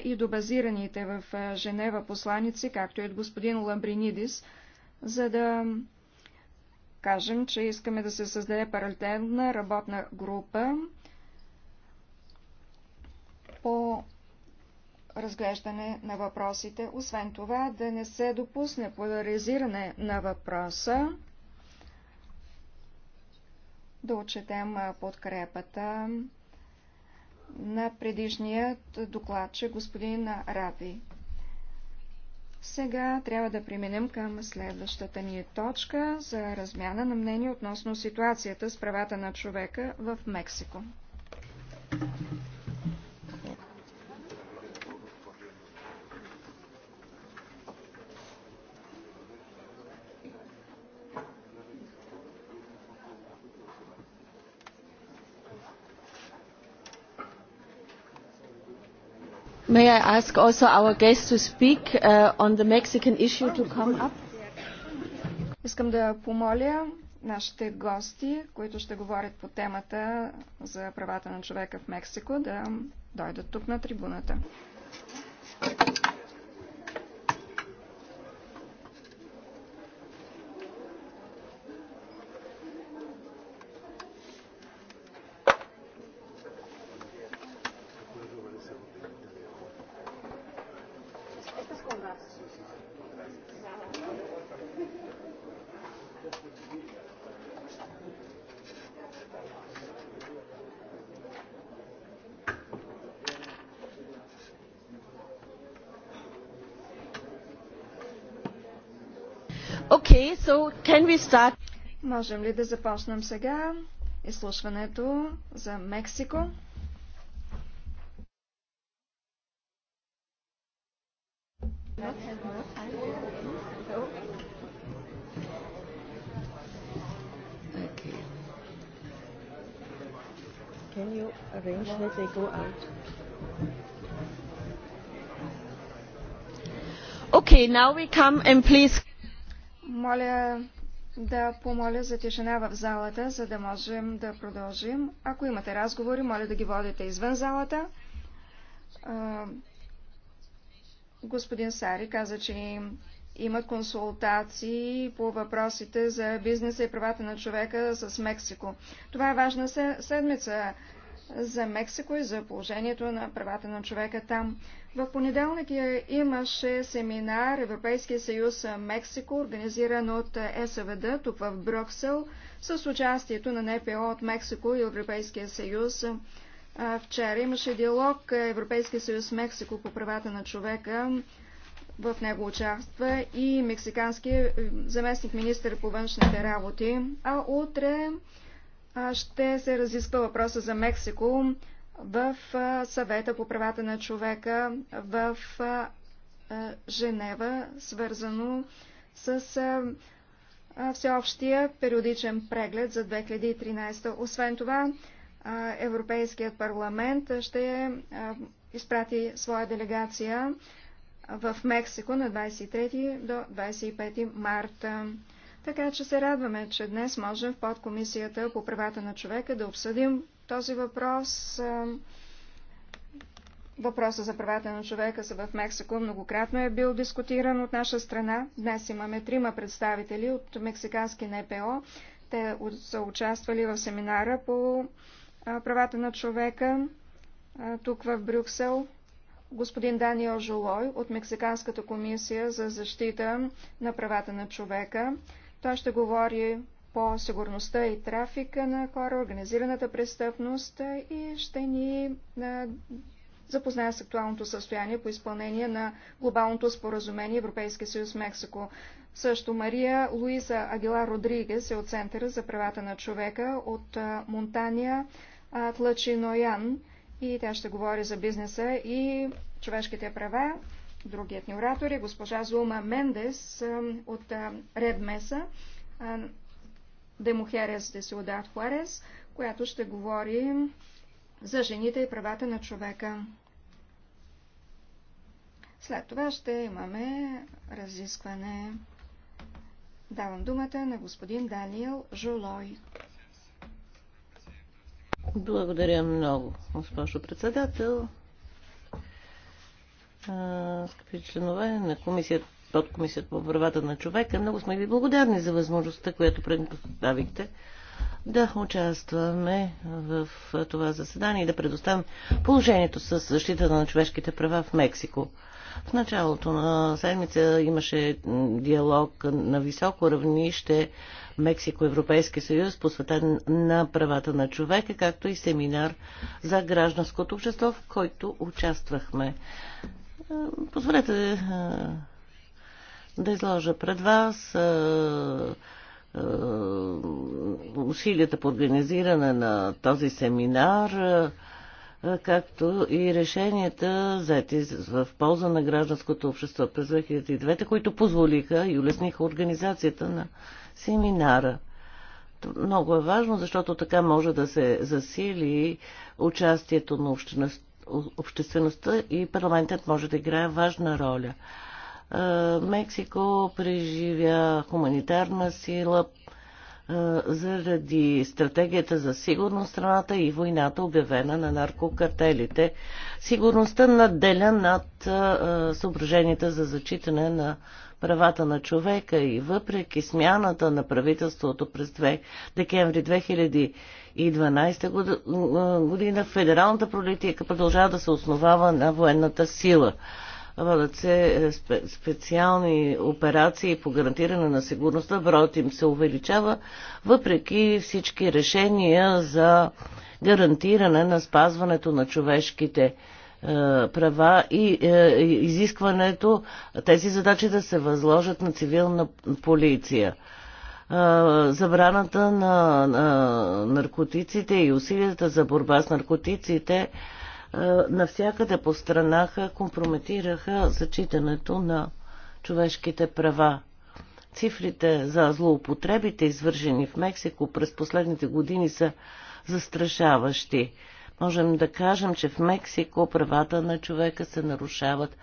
и до базираните в Женева посланици, както и от господин Ламбринидис, за да кажем, че искаме да се създаде паралитетна работна група по разглеждане на въпросите. Освен това, да не се допусне поляризиране на въпроса, да отчетем подкрепата на предишният докладче, господин Рапи, Сега трябва да преминем към следващата ни точка за размяна на мнение относно ситуацията с правата на човека в Мексико. May I ask also our guest to speak uh, on the Mexican issue to come up? Искам да помоля нашите гости, които ще говорят по темата за правата на човека в Мексико, да дойдат тук на трибуната. So, can we start? Можем ли да започнем сега изслушването за Мексико? Okay. Can you arrange that they go out? Okay, now we come and please моля да помоля за тишина в залата, за да можем да продължим. Ако имате разговори, моля да ги водите извън залата. Господин Сари каза, че имат консултации по въпросите за бизнеса и правата на човека с Мексико. Това е важна седмица за Мексико и за положението на правата на човека там. В понеделник имаше семинар Европейския съюз Мексико, организиран от СВД тук в Брюксел, с участието на НПО от Мексико и Европейския съюз. Вчера имаше диалог Европейския съюз Мексико по правата на човека. В него участва и мексикански заместник министър по външните работи. А утре ще се разисква въпроса за Мексико в съвета по правата на човека в Женева, свързано с всеобщия периодичен преглед за 2013. Освен това, Европейският парламент ще изпрати своя делегация в Мексико на 23 до 25 марта. Така че се радваме, че днес можем в подкомисията по правата на човека да обсъдим този въпрос. Въпросът за правата на човека са в Мексико многократно е бил дискутиран от наша страна. Днес имаме трима представители от мексикански НПО. Те са участвали в семинара по правата на човека тук в Брюксел. Господин Даниел Жолой от Мексиканската комисия за защита на правата на човека. Той ще говори по сигурността и трафика на хора, организираната престъпност и ще ни запозная с актуалното състояние по изпълнение на глобалното споразумение Европейския съюз Мексико. Също Мария Луиза Агила Родригес е от Центъра за правата на човека от Монтания Тлачиноян и тя ще говори за бизнеса и човешките права. Другият ни оратор е госпожа Зулма Мендес от Ред Меса, де Мухерес де Сеудат Хуарес, която ще говори за жените и правата на човека. След това ще имаме разискване. Давам думата на господин Даниел Жолой. Благодаря много, госпожо председател скъпи членове на комисията, под комисията по правата на човека, много сме ви благодарни за възможността, която предоставихте да участваме в това заседание и да предоставим положението с защита на човешките права в Мексико. В началото на седмица имаше диалог на високо равнище Мексико-Европейски съюз, посветен на правата на човека, както и семинар за гражданското общество, в който участвахме. Е, позволете е, да изложа пред вас е, усилията по организиране на този семинар, както и решенията взети в полза на гражданското общество през 2002, които позволиха и улесниха организацията на семинара. Много е важно, защото така може да се засили участието на общност, обществеността и парламентът може да играе важна роля. Мексико преживя хуманитарна сила заради стратегията за сигурност страната и войната, обявена на наркокартелите. Сигурността надделя над съображенията за зачитане на правата на човека и въпреки смяната на правителството през 2, декември 2012 година федералната политика продължава да се основава на военната сила. Водят се е, специални операции по гарантиране на сигурността, броят им се увеличава, въпреки всички решения за гарантиране на спазването на човешките е, права и е, изискването тези задачи да се възложат на цивилна полиция забраната на, наркотиците и усилията за борба с наркотиците навсякъде по странаха компрометираха зачитането на човешките права. Цифрите за злоупотребите, извършени в Мексико през последните години, са застрашаващи. Можем да кажем, че в Мексико правата на човека се нарушават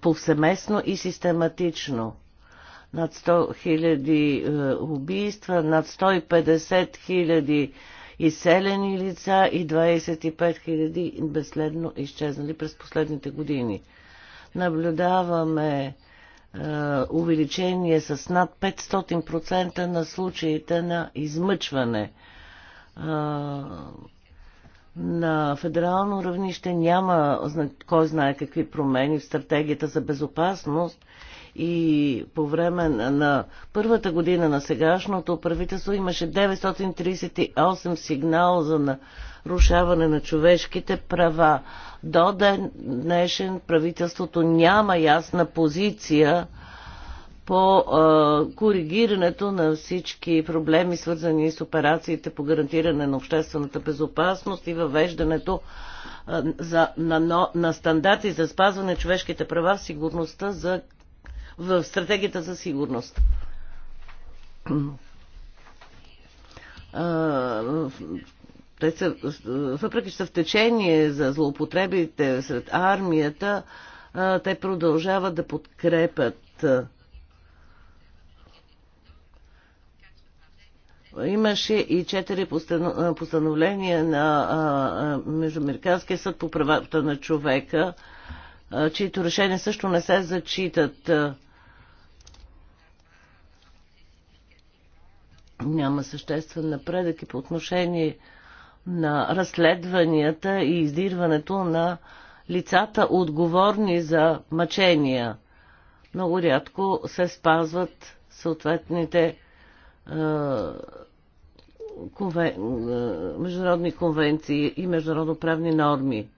повсеместно и систематично над 100 хиляди е, убийства, над 150 хиляди изселени лица и 25 хиляди безследно изчезнали през последните години. Наблюдаваме е, увеличение с над 500% на случаите на измъчване. Е, на федерално равнище няма кой знае какви промени в стратегията за безопасност и по време на първата година на сегашното правителство имаше 938 сигнал за нарушаване на човешките права. До ден днешен правителството няма ясна позиция по а, коригирането на всички проблеми, свързани с операциите по гарантиране на обществената безопасност и въвеждането а, за, на, на стандарти за спазване на човешките права в сигурността за в стратегията за сигурност. Те са, въпреки че са в течение за злоупотребите сред армията, те продължават да подкрепят Имаше и четири постановления на Междуамериканския съд по правата на човека, чието решения също не се зачитат. Няма съществен напредък и по отношение на разследванията и издирването на лицата, отговорни за мъчения. Много рядко се спазват съответните е, конвен... Е, международни конвенции и международноправни норми.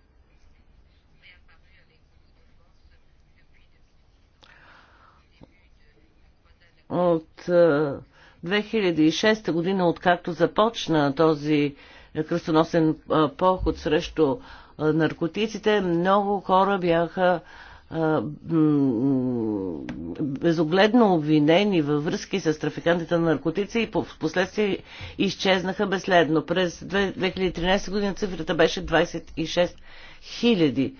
От е, 2006 година, откакто започна този кръстоносен поход срещу наркотиците, много хора бяха безогледно обвинени във връзки с трафикантите на наркотици и в последствие изчезнаха безследно. През 2013 година цифрата беше 26 хиляди.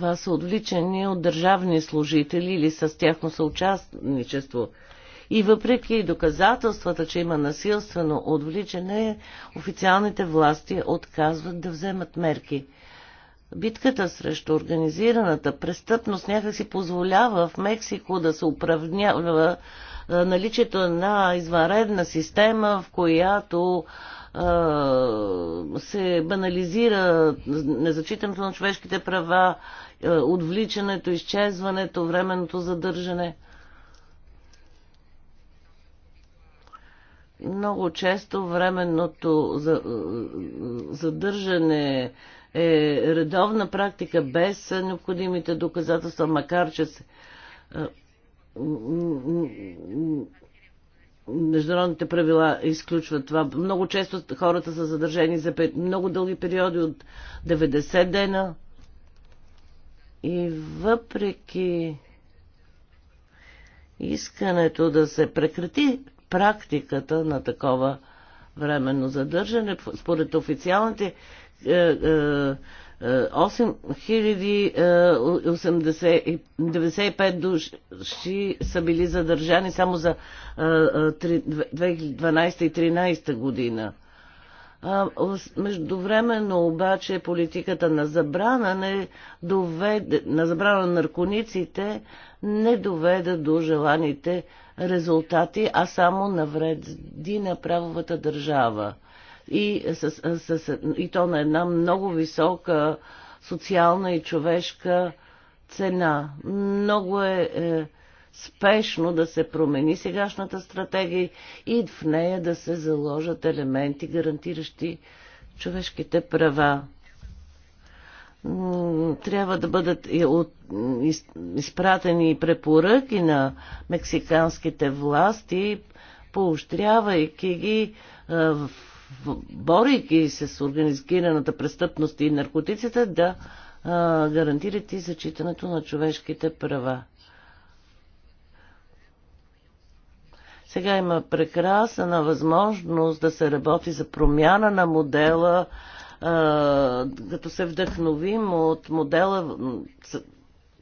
това са отвличани от държавни служители или с тяхно съучастничество. И въпреки доказателствата, че има насилствено отвличане, официалните власти отказват да вземат мерки. Битката срещу организираната престъпност някак си позволява в Мексико да се управлява наличието на извънредна система, в която се банализира незачитането на човешките права е, отвличането, изчезването, временното задържане. Много често временното е, задържане е редовна практика без необходимите доказателства, макар че се е, международните правила изключват това. Много често хората са задържани за много дълги периоди от 90 дена и въпреки искането да се прекрати практиката на такова временно задържане, според официалните 8095 е, е, е, души са били задържани само за 2012 и 2013 година. Междувременно обаче политиката на забрана, не доведе, на забрана на наркониците не доведе до желаните резултати, а само навреди на правовата държава. И, с, с, и то на една много висока социална и човешка цена. Много е, е спешно да се промени сегашната стратегия и в нея да се заложат елементи, гарантиращи човешките права. Трябва да бъдат изпратени препоръки на мексиканските власти, поощрявайки ги в борейки се с организираната престъпност и наркотиците, да гарантират и зачитането на човешките права. Сега има прекрасна възможност да се работи за промяна на модела, като се вдъхновим от модела,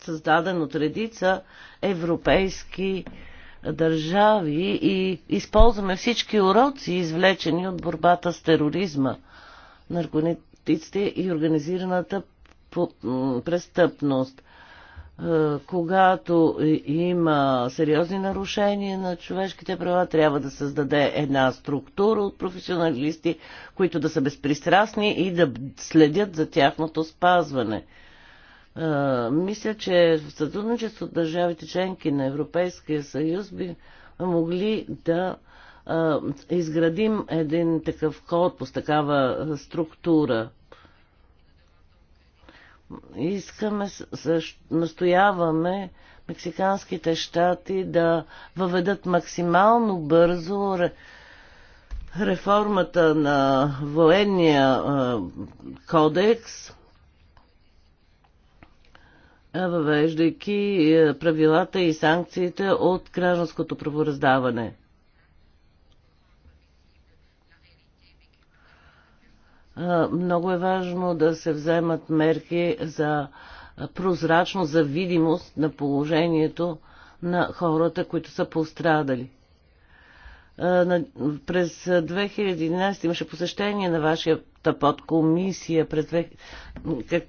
създаден от редица европейски държави и използваме всички уроци, извлечени от борбата с тероризма, наркотиците и организираната престъпност. Е, когато има сериозни нарушения на човешките права, трябва да създаде една структура от професионалисти, които да са безпристрастни и да следят за тяхното спазване. Е, мисля, че в сътрудничество от държавите членки на Европейския съюз би могли да е, изградим един такъв корпус, такава структура Искаме, настояваме мексиканските щати да въведат максимално бързо реформата на военния кодекс, въвеждайки правилата и санкциите от гражданското правораздаване. Много е важно да се вземат мерки за прозрачност, за видимост на положението на хората, които са пострадали. През 2011 имаше посещение на вашата подкомисия през 2000...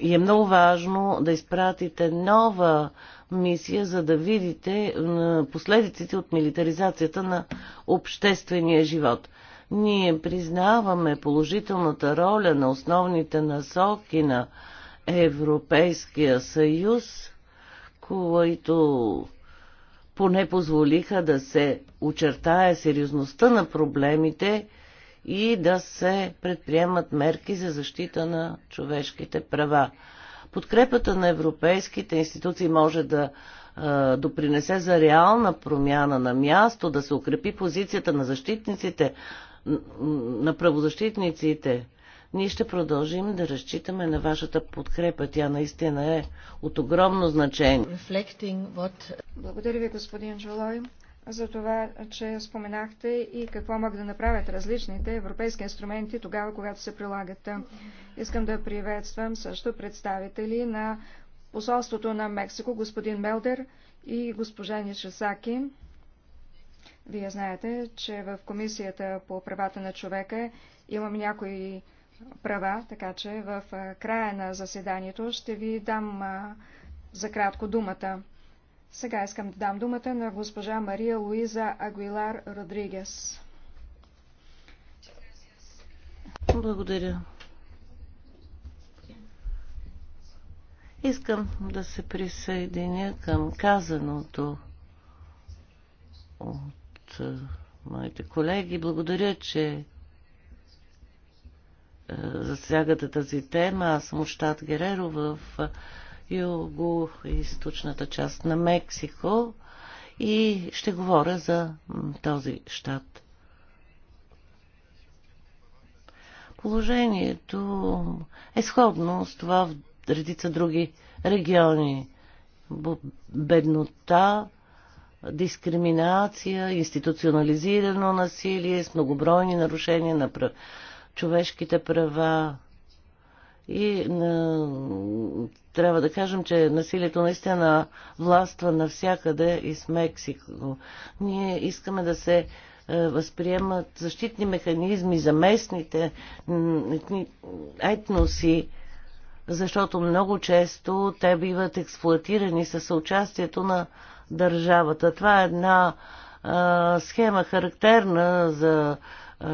и е много важно да изпратите нова мисия, за да видите последиците от милитаризацията на обществения живот. Ние признаваме положителната роля на основните насоки на Европейския съюз, които поне позволиха да се очертае сериозността на проблемите и да се предприемат мерки за защита на човешките права. Подкрепата на европейските институции може да е, допринесе за реална промяна на място, да се укрепи позицията на защитниците на правозащитниците. Ние ще продължим да разчитаме на вашата подкрепа. Тя наистина е от огромно значение. What... Благодаря ви, господин Джолой, за това, че споменахте и какво могат да направят различните европейски инструменти тогава, когато се прилагат. Искам да приветствам също представители на посолството на Мексико, господин Мелдер и госпожа Нишасаки. Вие знаете, че в Комисията по правата на човека имам някои права, така че в края на заседанието ще ви дам за кратко думата. Сега искам да дам думата на госпожа Мария Луиза Агуилар Родригес. Благодаря. Искам да се присъединя към казаното от моите колеги. Благодаря, че е, засягате тази тема. Аз съм от щат Гереро в е, юго-источната част на Мексико и ще говоря за този щат. Положението е сходно с това в редица други региони. Беднота, дискриминация, институционализирано насилие с многобройни нарушения на прав... човешките права. И на... трябва да кажем, че насилието наистина властва навсякъде и с Мексико. Ние искаме да се е, възприемат защитни механизми за местните етноси, защото много често те биват експлуатирани със съучастието на държавата. Това е една а, схема характерна за, а,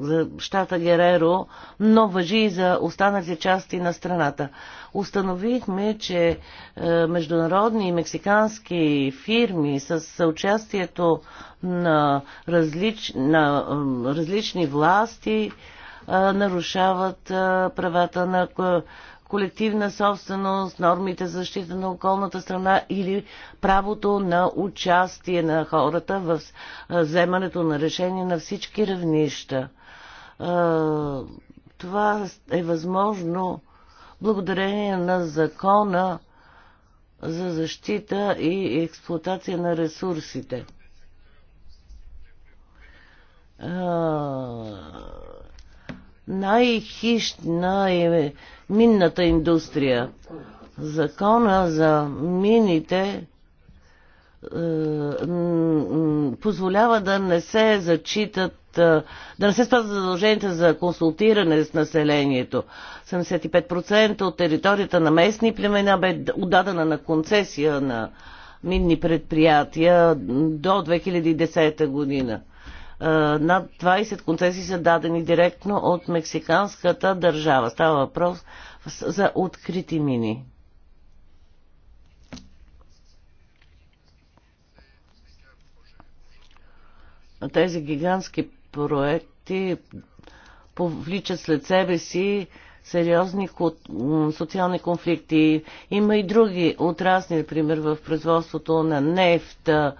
за щата Гереро, но въжи и за останалите части на страната. Установихме, че а, международни и мексикански фирми с съучастието на, различ, на а, различни власти а, нарушават а, правата на колективна собственост, нормите за защита на околната страна или правото на участие на хората в вземането на решение на всички равнища. Това е възможно благодарение на закона за защита и експлуатация на ресурсите най-хищна е минната индустрия. Закона за мините е, позволява да не се зачитат, е, да не се спазват задълженията за консултиране с населението. 75% от територията на местни племена бе отдадена на концесия на минни предприятия до 2010 година. Е, над 20 концесии са дадени директно от мексиканската държава. Става въпрос за открити мини. Тези гигантски проекти повличат след себе си сериозни социални конфликти. Има и други отрасли, например в производството на нефта,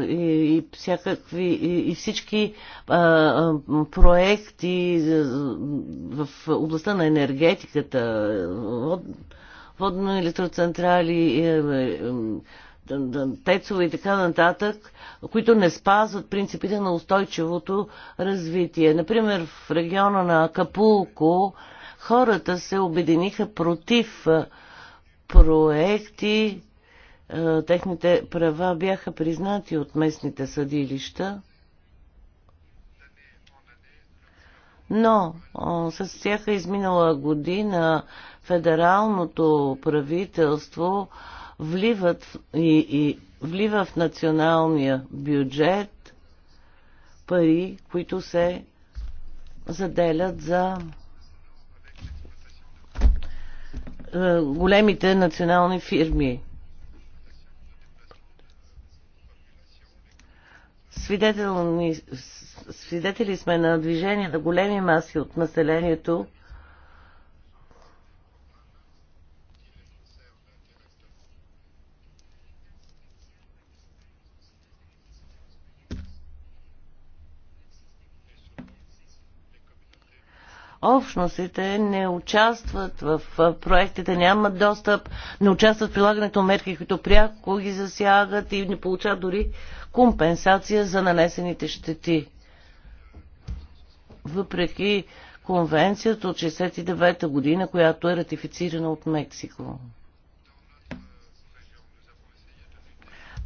и, и всякакви и, и всички а, а, проекти в областта на енергетиката, вод, водно електроцентрали, е, е, тецове и така нататък, които не спазват принципите на устойчивото развитие. Например, в региона на Капулко хората се обединиха против проекти, е, техните права бяха признати от местните съдилища, но с всяка е изминала година федералното правителство вливат и, и влива в националния бюджет пари, които се заделят за е, големите национални фирми. Свидетели, свидетели сме на движение на големи маси от населението, общностите не участват в проектите, нямат достъп, не участват в прилагането на мерки, които пряко ги засягат и не получават дори компенсация за нанесените щети. Въпреки конвенцията от 69-та година, която е ратифицирана от Мексико.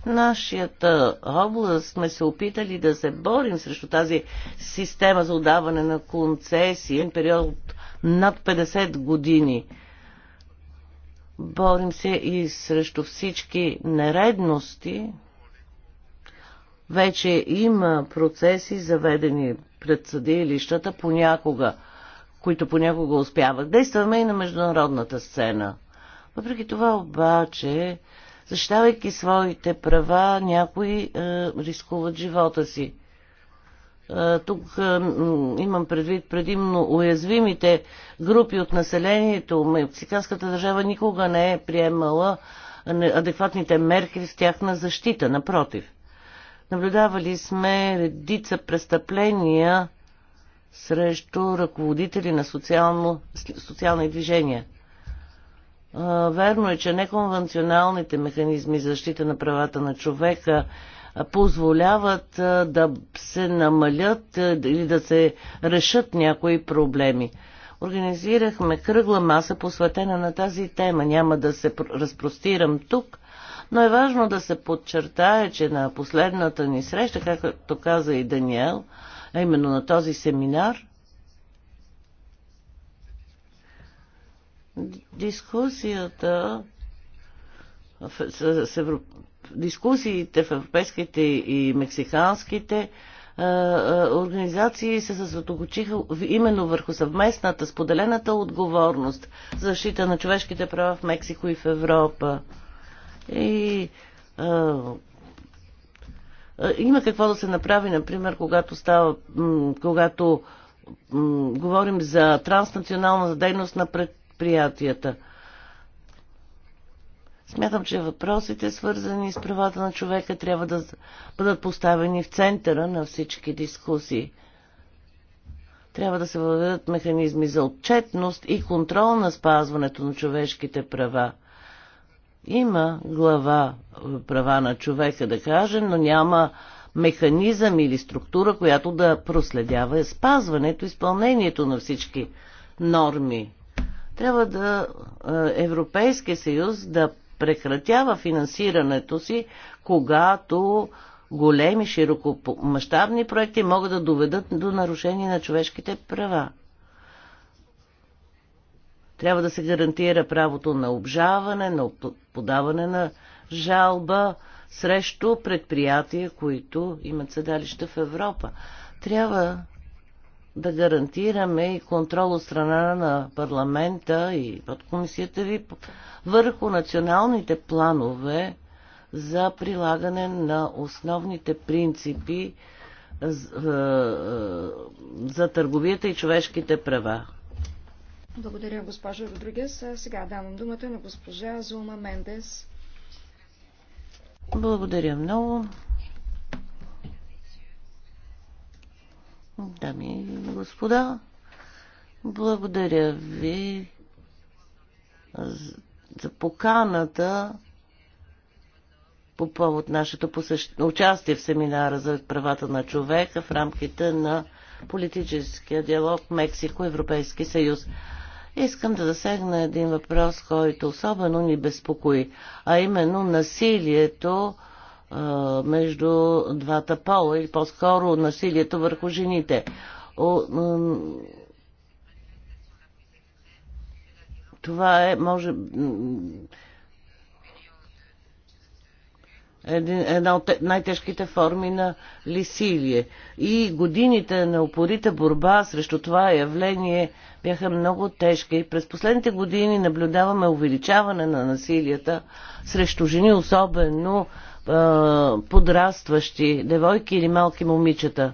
нашата област сме се опитали да се борим срещу тази система за отдаване на концесии, период от над 50 години. Борим се и срещу всички нередности. Вече има процеси, заведени пред съдилищата понякога, които понякога успяват. Действаме и на международната сцена. Въпреки това обаче защитавайки своите права, някои е, рискуват живота си. Е, тук е, имам предвид предимно уязвимите групи от населението. Мексиканската държава никога не е приемала адекватните мерки с тяхна защита, напротив. Наблюдавали сме редица престъпления срещу ръководители на социално, социални движения – Верно е, че неконвенционалните механизми за защита на правата на човека позволяват да се намалят или да се решат някои проблеми. Организирахме кръгла маса, посветена на тази тема. Няма да се разпростирам тук, но е важно да се подчертае, че на последната ни среща, както каза и Даниел, а именно на този семинар, Дискусията с Европ... дискусиите в европейските и мексиканските организации се съсредоточиха именно върху съвместната, споделената отговорност за защита на човешките права в Мексико и в Европа. И а, има какво да се направи, например, когато става, когато говорим за транснационална дейност на пред, възприятията. Смятам, че въпросите, свързани с правата на човека, трябва да бъдат поставени в центъра на всички дискусии. Трябва да се въведат механизми за отчетност и контрол на спазването на човешките права. Има глава е, права на човека, да кажем, но няма механизъм или структура, която да проследява спазването, изпълнението на всички норми. Трябва да е, Европейския съюз да прекратява финансирането си, когато големи, широкомащабни проекти могат да доведат до нарушение на човешките права. Трябва да се гарантира правото на обжаване, на подаване на жалба срещу предприятия, които имат седалище в Европа. Трябва да гарантираме и контрол от страна на парламента и подкомисията ви върху националните планове за прилагане на основните принципи е, е, за търговията и човешките права. Благодаря, госпожа Родригес. Сега давам думата на госпожа Зума Мендес. Благодаря много. Дами и господа, благодаря ви за поканата по повод нашето посещ... участие в семинара за правата на човека в рамките на политическия диалог Мексико-Европейски съюз. Искам да засегна един въпрос, който особено ни безпокои, а именно насилието между двата пола или по-скоро насилието върху жените. това е, може, една от най-тежките форми на лисивие. И годините на опорита борба срещу това явление бяха много тежки. И през последните години наблюдаваме увеличаване на насилията срещу жени, особено подрастващи девойки или малки момичета.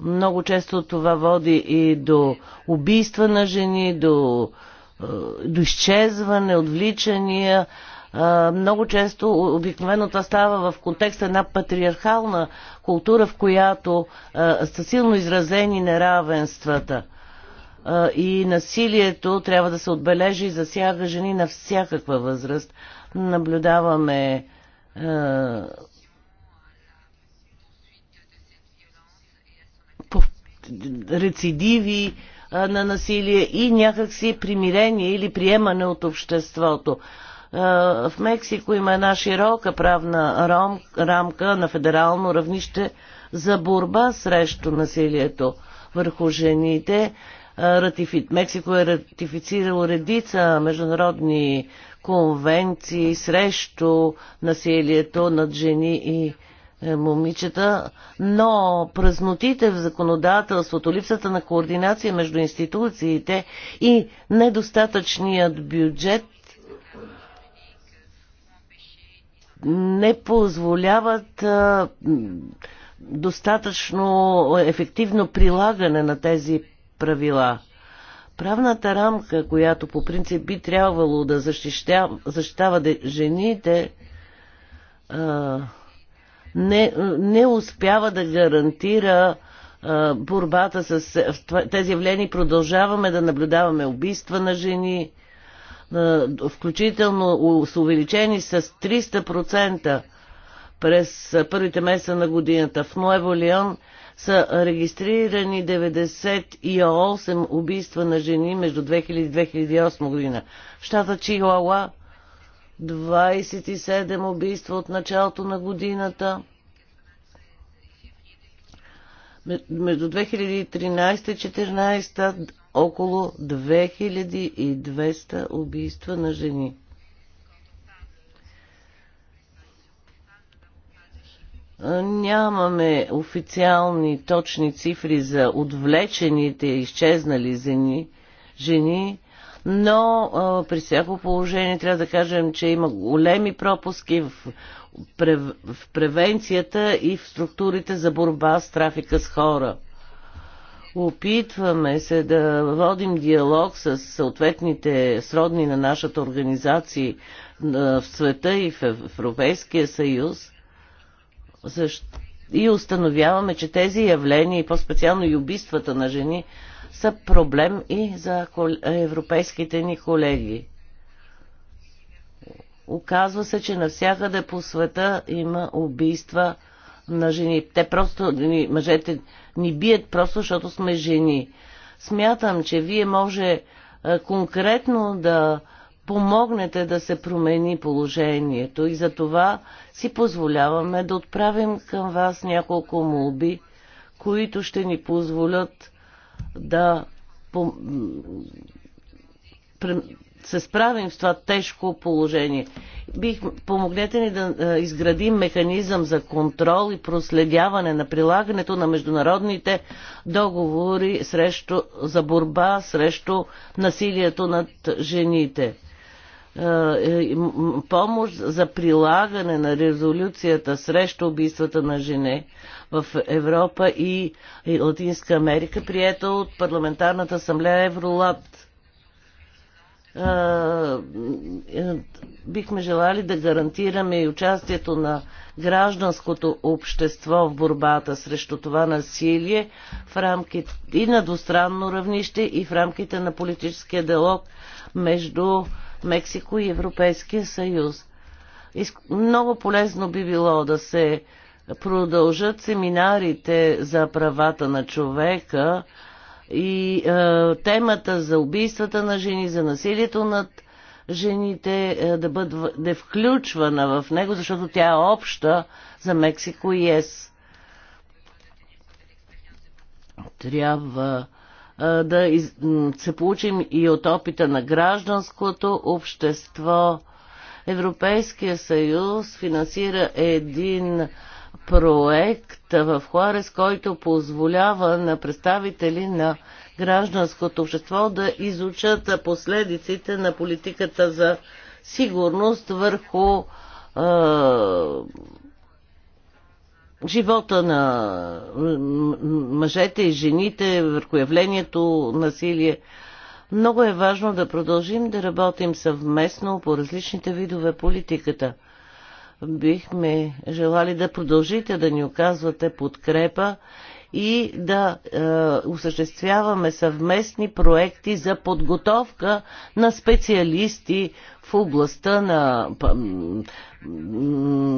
Много често това води и до убийства на жени, до, до изчезване, отвличания. Много често обикновено това става в контекста една патриархална култура, в която са силно изразени неравенствата и насилието трябва да се отбележи и засяга жени на всякаква възраст, Наблюдаваме е, рецидиви а, е, на насилие и някакси примирение или приемане от обществото. А, е, в Мексико има една широка правна ром, рамка на федерално равнище за борба срещу насилието върху жените. Е, ратифи... Мексико е ратифицирало редица международни конвенции срещу насилието над жени и е, момичета, но празнотите в законодателството, липсата на координация между институциите и недостатъчният бюджет не позволяват е, достатъчно ефективно прилагане на тези правила. Правната рамка, която по принцип би трябвало да защищава, защитава жените, не, не успява да гарантира борбата с тези явления. Продължаваме да наблюдаваме убийства на жени, включително с увеличени с 300% през първите месеца на годината. В Нуево Лион са регистрирани 98 убийства на жени между 2000 и 2008 година. В щата Чиуауа 27 убийства от началото на годината. Между 2013 и 2014 около 2200 убийства на жени. Нямаме официални точни цифри за отвлечените и изчезнали жени, жени но а, при всяко положение трябва да кажем, че има големи пропуски в, прев, в превенцията и в структурите за борба с трафика с хора. Опитваме се да водим диалог с съответните сродни на нашата организации в света и в Европейския съюз, защо? И установяваме, че тези явления и по-специално и убийствата на жени са проблем и за европейските ни колеги. Оказва се, че навсякъде по света има убийства на жени. Те просто, мъжете ни бият просто, защото сме жени. Смятам, че вие може конкретно да помогнете да се промени положението и за това си позволяваме да отправим към вас няколко молби, които ще ни позволят да се справим с това тежко положение. Бих, помогнете ни да е, изградим механизъм за контрол и проследяване на прилагането на международните договори срещу, за борба срещу насилието над жените. Е, е, помощ за прилагане на резолюцията срещу убийствата на жене в Европа и Латинска Америка, приета от Парламентарната асамблея Евролат. Е, бихме желали да гарантираме и участието на гражданското общество в борбата срещу това насилие в рамките и на двустранно равнище, и в рамките на политическия диалог между Мексико и Европейския съюз. Много полезно би било да се продължат семинарите за правата на човека и е, темата за убийствата на жени, за насилието над жените е, да бъде включвана в него, защото тя е обща за Мексико и ЕС. Трябва да из... се получим и от опита на гражданското общество. Европейския съюз финансира един проект в Хуарес, който позволява на представители на гражданското общество да изучат последиците на политиката за сигурност върху е, живота на мъжете и жените, върху явлението насилие. Много е важно да продължим да работим съвместно по различните видове политиката. Бихме желали да продължите да ни оказвате подкрепа и да е, осъществяваме съвместни проекти за подготовка на специалисти в областта на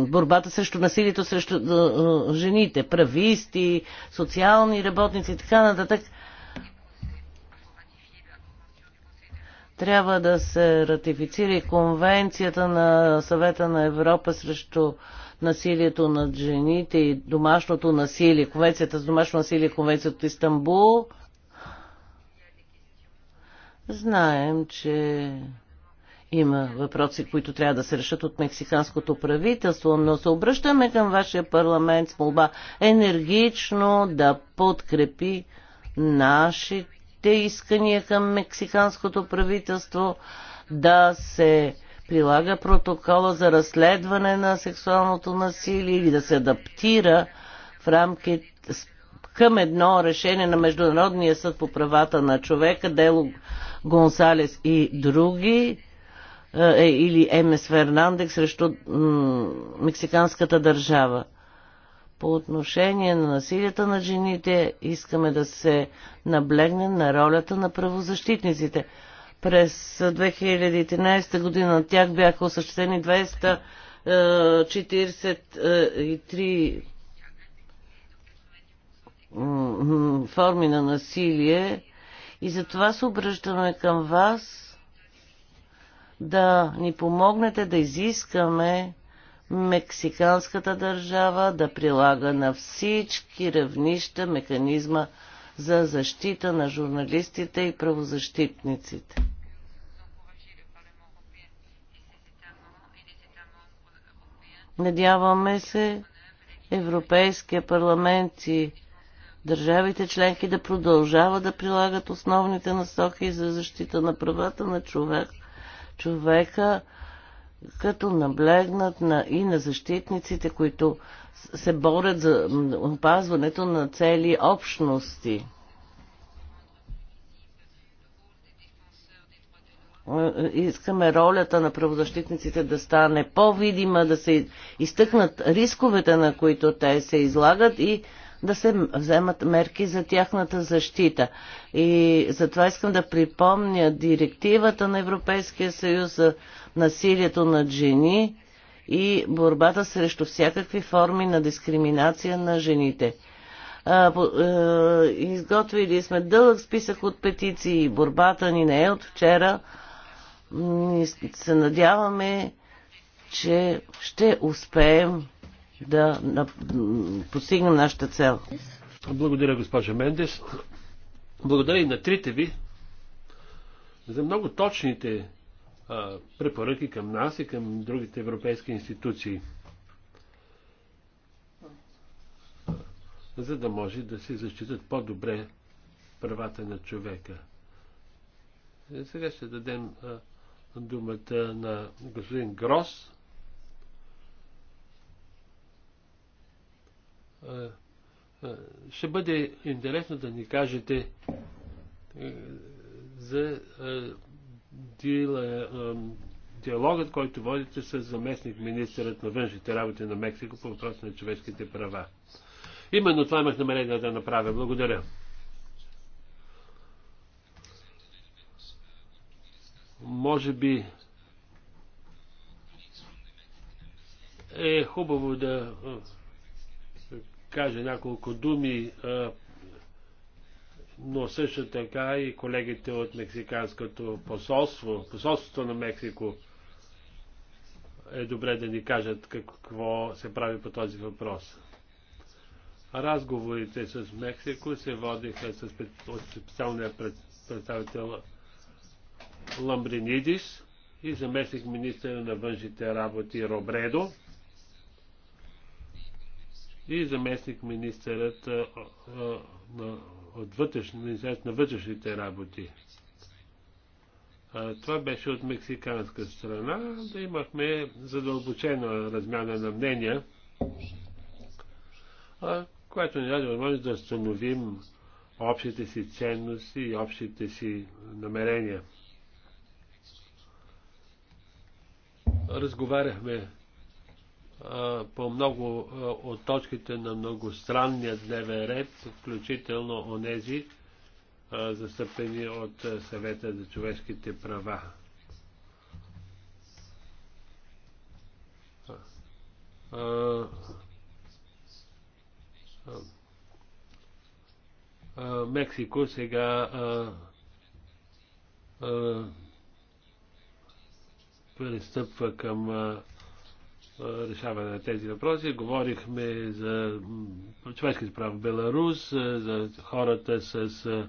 борбата срещу насилието срещу е, жените, прависти, социални работници и така нататък. Трябва да се ратифицира и конвенцията на съвета на Европа срещу насилието над жените и домашното насилие, конвенцията за домашно насилие, конвенцията от Истанбул, знаем, че има въпроси, които трябва да се решат от мексиканското правителство, но се обръщаме към вашия парламент с молба енергично да подкрепи нашите искания към мексиканското правителство да се прилага протокола за разследване на сексуалното насилие или да се адаптира в рамките към едно решение на Международния съд по правата на човека, дело Гонсалес и други, е, е, или МС Фернандек срещу мексиканската държава. По отношение на насилията на жените искаме да се наблегне на ролята на правозащитниците. През 2013 година от тях бяха осъществени 243 форми на насилие и затова се обръщаме към вас да ни помогнете да изискаме мексиканската държава да прилага на всички равнища механизма за защита на журналистите и правозащитниците. Надяваме се Европейския парламент и държавите членки да продължават да прилагат основните насоки за защита на правата на човек, човека, като наблегнат на, и на защитниците, които се борят за опазването на цели общности. Е, искаме ролята на правозащитниците да стане по-видима, да се изтъкнат рисковете, на които те се излагат и да се вземат мерки за тяхната защита. И затова искам да припомня директивата на Европейския съюз за насилието над жени и борбата срещу всякакви форми на дискриминация на жените. Е, изготвили сме дълъг списък от петиции. Борбата ни не е от вчера ние се надяваме, че ще успеем да постигнем нашата цел. Благодаря, госпожа Мендес. Благодаря и на трите ви за много точните а, препоръки към нас и към другите европейски институции. за да може да се защитат по-добре правата на човека. Е, сега ще дадем а, думата на господин Грос. Е, е, ще бъде интересно да ни кажете е, за диалогът, който водите с заместник министърът на външните работи на Мексико по въпроса на човешките права. Именно това имах намерение да направя. Благодаря. Може би е хубаво да кажа няколко думи, но също така и колегите от Мексиканското посолство, посолството на Мексико, е добре да ни кажат какво се прави по този въпрос. Разговорите с Мексико се водиха с специалния представител Ламбринидис и заместник министър на външните работи Робредо и заместник министърът на, от на вътрешните работи. А, това беше от мексиканска страна. Да имахме задълбочена размяна на мнения, а, която ни даде възможност да установим общите си ценности и общите си намерения. разговаряхме по много от точките на многостранния дневен ред, включително онези, застъпени от съвета за човешките права. Мексико сега пристъпва към решаване на тези въпроси. Говорихме за човешките права в Беларус, за хората с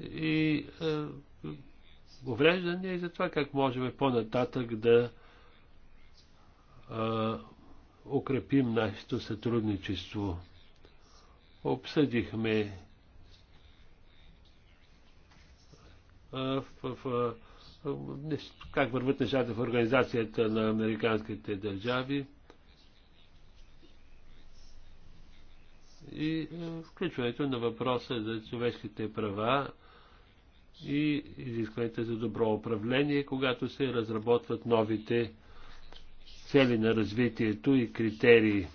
и увреждания и за това как можем по-нататък да а, укрепим нашето сътрудничество. Обсъдихме в, в, как върват нещата в организацията на американските държави и включването на въпроса за човешките права и изискването за добро управление, когато се разработват новите цели на развитието и критерии.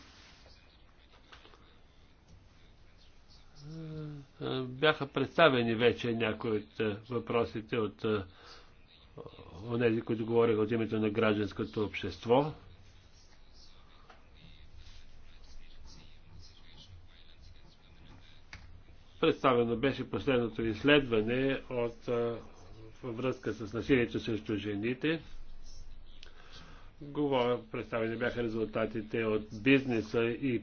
Е, бяха представени вече някои от е, въпросите от е, онези, които говориха от името на гражданското общество. Представено беше последното изследване от, във връзка с насилието срещу жените. Говоря, представени бяха резултатите от бизнеса и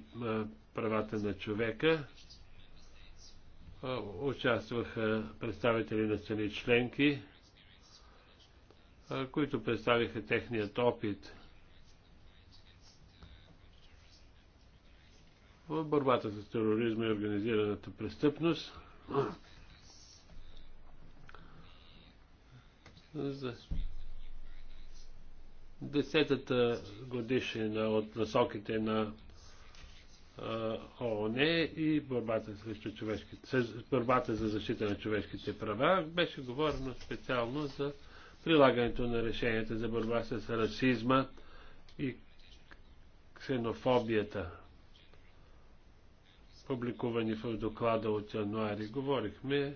правата на човека участваха представители на страни членки, които представиха техният опит в борбата с тероризма и организираната престъпност. За десетата годишнина от насоките на ООН и борбата, срещу човешките, борбата за защита на човешките права. Беше говорено специално за прилагането на решенията за борба с расизма и ксенофобията, публикувани в доклада от януари. Говорихме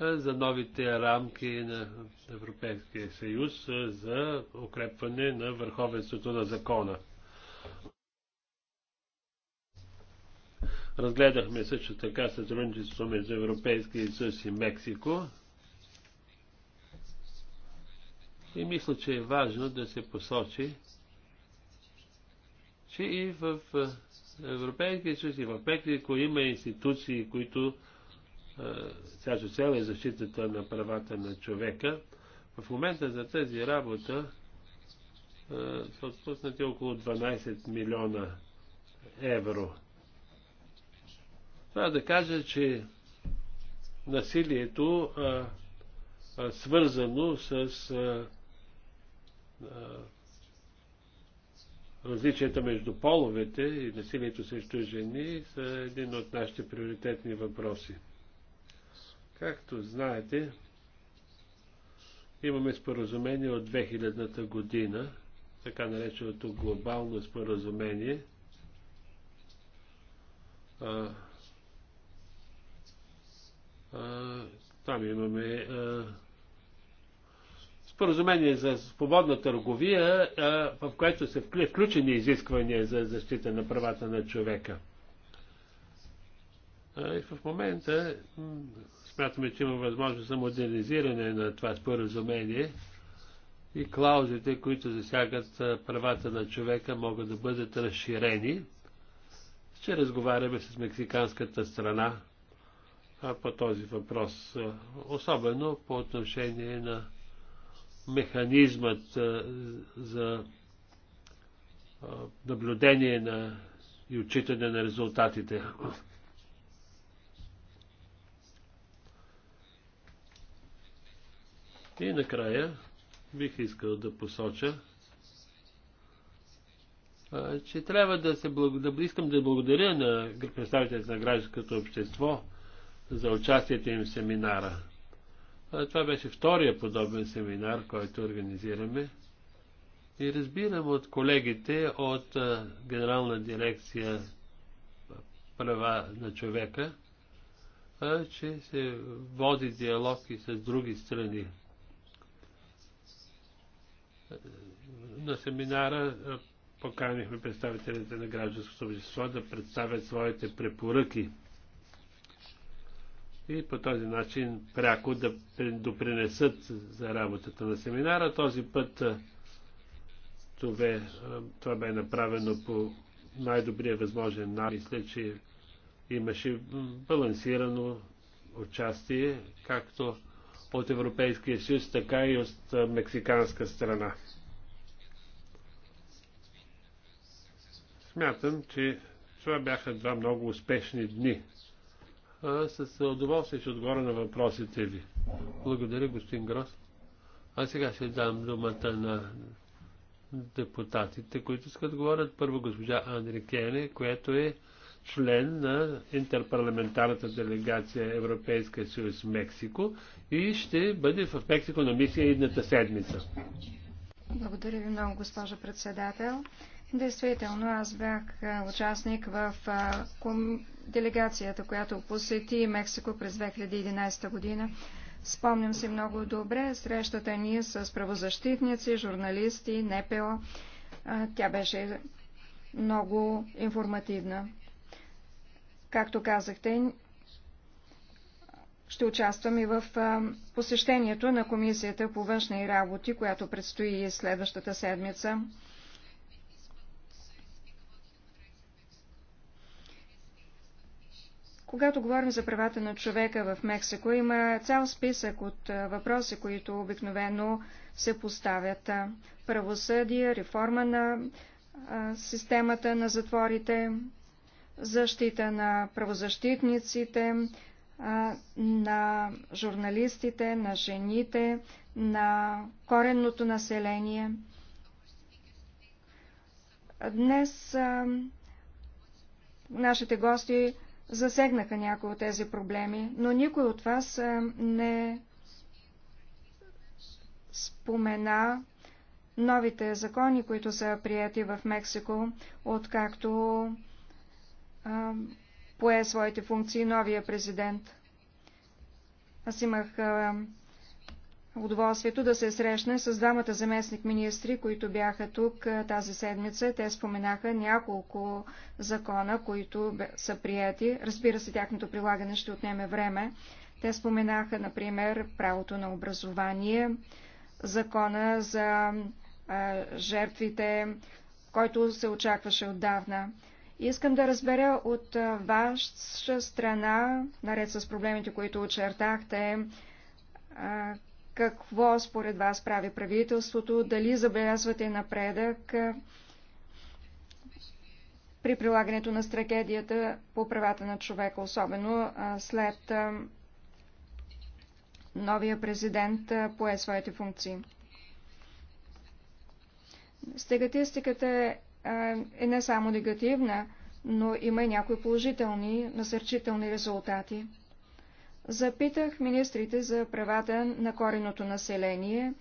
за новите рамки на Европейския съюз за укрепване на върховенството на закона. Разгледахме също така сътрудничество между Европейския съюз и Мексико. И мисля, че е важно да се посочи, че и в Европейския съюз и в Мексико има институции, които цялата цел е защитата на правата на човека. В момента за тази работа са отпуснати около 12 милиона евро. Трябва да кажа, че насилието, а, а, свързано с а, а, различията между половете и насилието срещу жени, са един от нашите приоритетни въпроси. Както знаете, имаме споразумение от 2000-та година, така нареченото глобално споразумение. А, там имаме споразумение за свободна търговия, в което са включени изисквания за защита на правата на човека. И в момента смятаме, че има възможност за модернизиране на това споразумение и клаузите, които засягат правата на човека, могат да бъдат разширени. Ще разговаряме с мексиканската страна по този въпрос, особено по отношение на механизмът за наблюдение на и отчитане на резултатите. И накрая бих искал да посоча, че трябва да се благодаря, да искам да благодаря на представителите на гражданското общество, за участието им в семинара. Това беше втория подобен семинар, който организираме. И разбирам от колегите от Генерална дирекция права на човека, че се води диалог и с други страни. На семинара поканихме представителите на гражданското общество да представят своите препоръки и по този начин пряко да допринесат за работата на семинара. Този път е, това, бе направено по най-добрия възможен начин. Мисля, че имаше балансирано участие, както от Европейския съюз, така и от мексиканска страна. Смятам, че това бяха два много успешни дни с удоволствие ще отговоря на въпросите ви. Благодаря, господин Грос. А сега ще дам думата на депутатите, които искат да говорят. Първо госпожа Андри Кене, която е член на интерпарламентарната делегация Европейска съюз Мексико и ще бъде в Мексико на мисия едната седмица. Благодаря ви много, госпожа председател. Действително, аз бях участник в делегацията, която посети Мексико през 2011 година. Спомням си много добре срещата ни с правозащитници, журналисти, НПО. Тя беше много информативна. Както казахте, ще участвам и в посещението на Комисията по външни работи, която предстои следващата седмица. Когато говорим за правата на човека в Мексико, има цял списък от въпроси, които обикновено се поставят. Правосъдие, реформа на системата на затворите, защита на правозащитниците, на журналистите, на жените, на коренното население. Днес нашите гости засегнаха някои от тези проблеми, но никой от вас не спомена новите закони, които са прияти в Мексико, откакто пое своите функции новия президент. Аз имах удоволствието да се срещне с двамата заместник министри, които бяха тук тази седмица. Те споменаха няколко закона, които са прияти. Разбира се, тяхното прилагане ще отнеме време. Те споменаха, например, правото на образование, закона за жертвите, който се очакваше отдавна. Искам да разбера от ваша страна, наред с проблемите, които очертахте, какво според вас прави правителството, дали забелязвате напредък при прилагането на стратегията по правата на човека, особено след новия президент пое своите функции. Стегатистиката е, е не само негативна, но има и някои положителни, насърчителни резултати. Запитах министрите за правата на кореното население,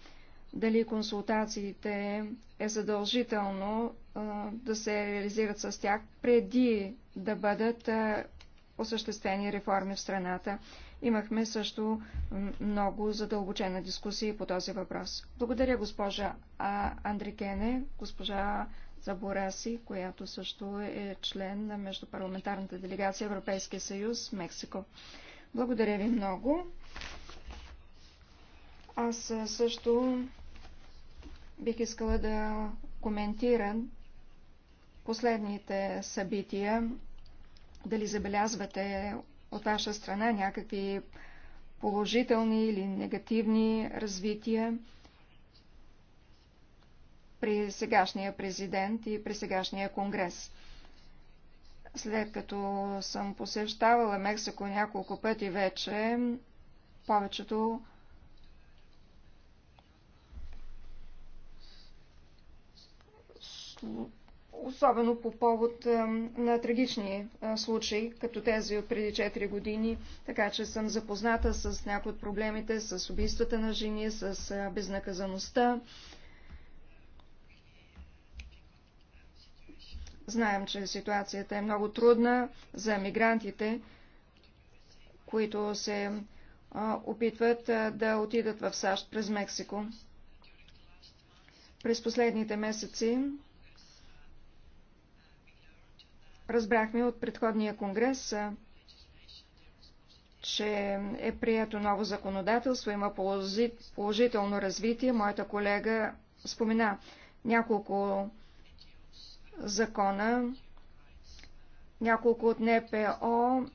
дали консултациите е задължително а, да се реализират с тях преди да бъдат а, осъществени реформи в страната. Имахме също много задълбочена дискусия по този въпрос. Благодаря госпожа а, Андрикене, госпожа Забораси, която също е член на Междупарламентарната делегация Европейския съюз, Мексико. Благодаря ви много. Аз също бих искала да коментирам последните събития. Дали забелязвате от ваша страна някакви положителни или негативни развития при сегашния президент и при сегашния конгрес. След като съм посещавала Мексико няколко пъти вече, повечето особено по повод на трагични случаи, като тези от преди 4 години, така че съм запозната с някои от проблемите, с убийствата на жени, с безнаказаността. Знаем, че ситуацията е много трудна за мигрантите, които се опитват да отидат в САЩ през Мексико. През последните месеци разбрахме от предходния конгрес, че е прието ново законодателство, има положително развитие. Моята колега спомена няколко закона. Няколко от НПО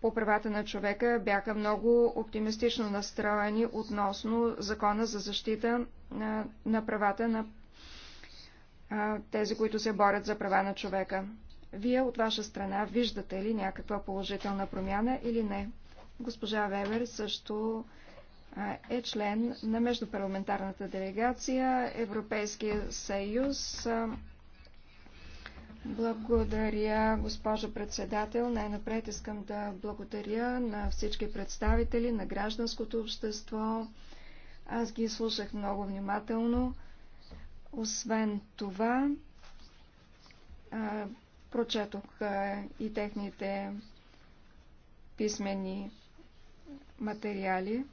по правата на човека бяха много оптимистично настроени относно закона за защита на, на правата на а, тези, които се борят за права на човека. Вие от ваша страна виждате ли някаква положителна промяна или не? Госпожа Вебер също е член на Междупарламентарната делегация Европейския съюз. Благодаря, госпожо председател. Най-напред искам да благодаря на всички представители на гражданското общество. Аз ги слушах много внимателно. Освен това, прочетох и техните писмени материали.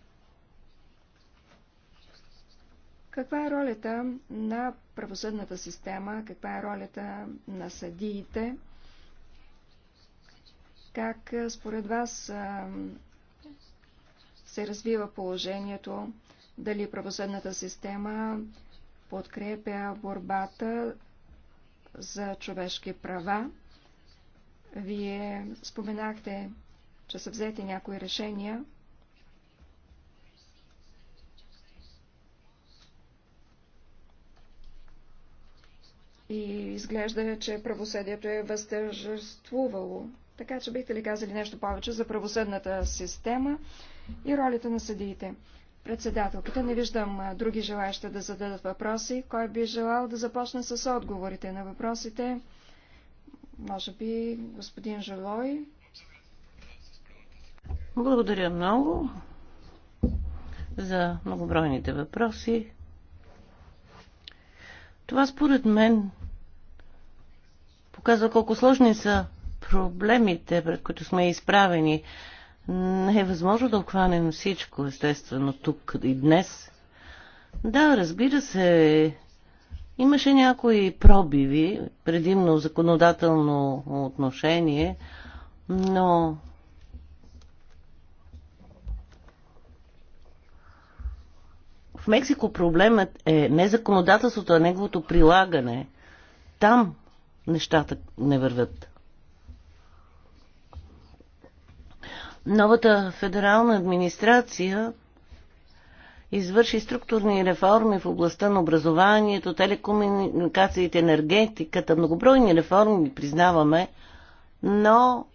Каква е ролята на правосъдната система, каква е ролята на съдиите, как според вас се развива положението, дали правосъдната система подкрепя борбата за човешки права. Вие споменахте, че са взети някои решения И изглежда, че правосъдието е възтържествувало. Така че бихте ли казали нещо повече за правосъдната система и ролята на съдиите? Председателката, не виждам други желаящи да зададат въпроси. Кой би желал да започне с отговорите на въпросите? Може би господин Желой. Благодаря много за многобройните въпроси. Това според мен показва колко сложни са проблемите, пред които сме изправени. Не е възможно да обхванем всичко, естествено, тук и днес. Да, разбира се, имаше някои пробиви, предимно законодателно отношение, но в Мексико проблемът е не законодателството, а неговото прилагане. Там нещата не върват. Новата федерална администрация извърши структурни реформи в областта на образованието, телекомуникациите, енергетиката, многобройни реформи, признаваме, но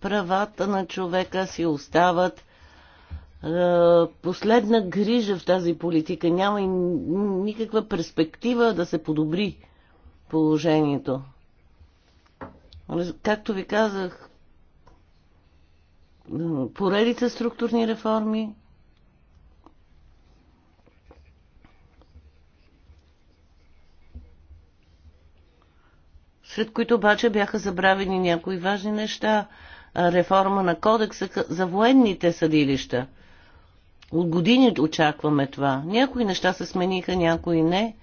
правата на човека си остават е, последна грижа в тази политика. Няма и никаква перспектива да се подобри положението. Ами, както ви казах, поредица структурни реформи, сред които обаче бяха забравени някои важни неща. Реформа на кодекса за военните съдилища. От години очакваме това. Някои неща се смениха, някои не.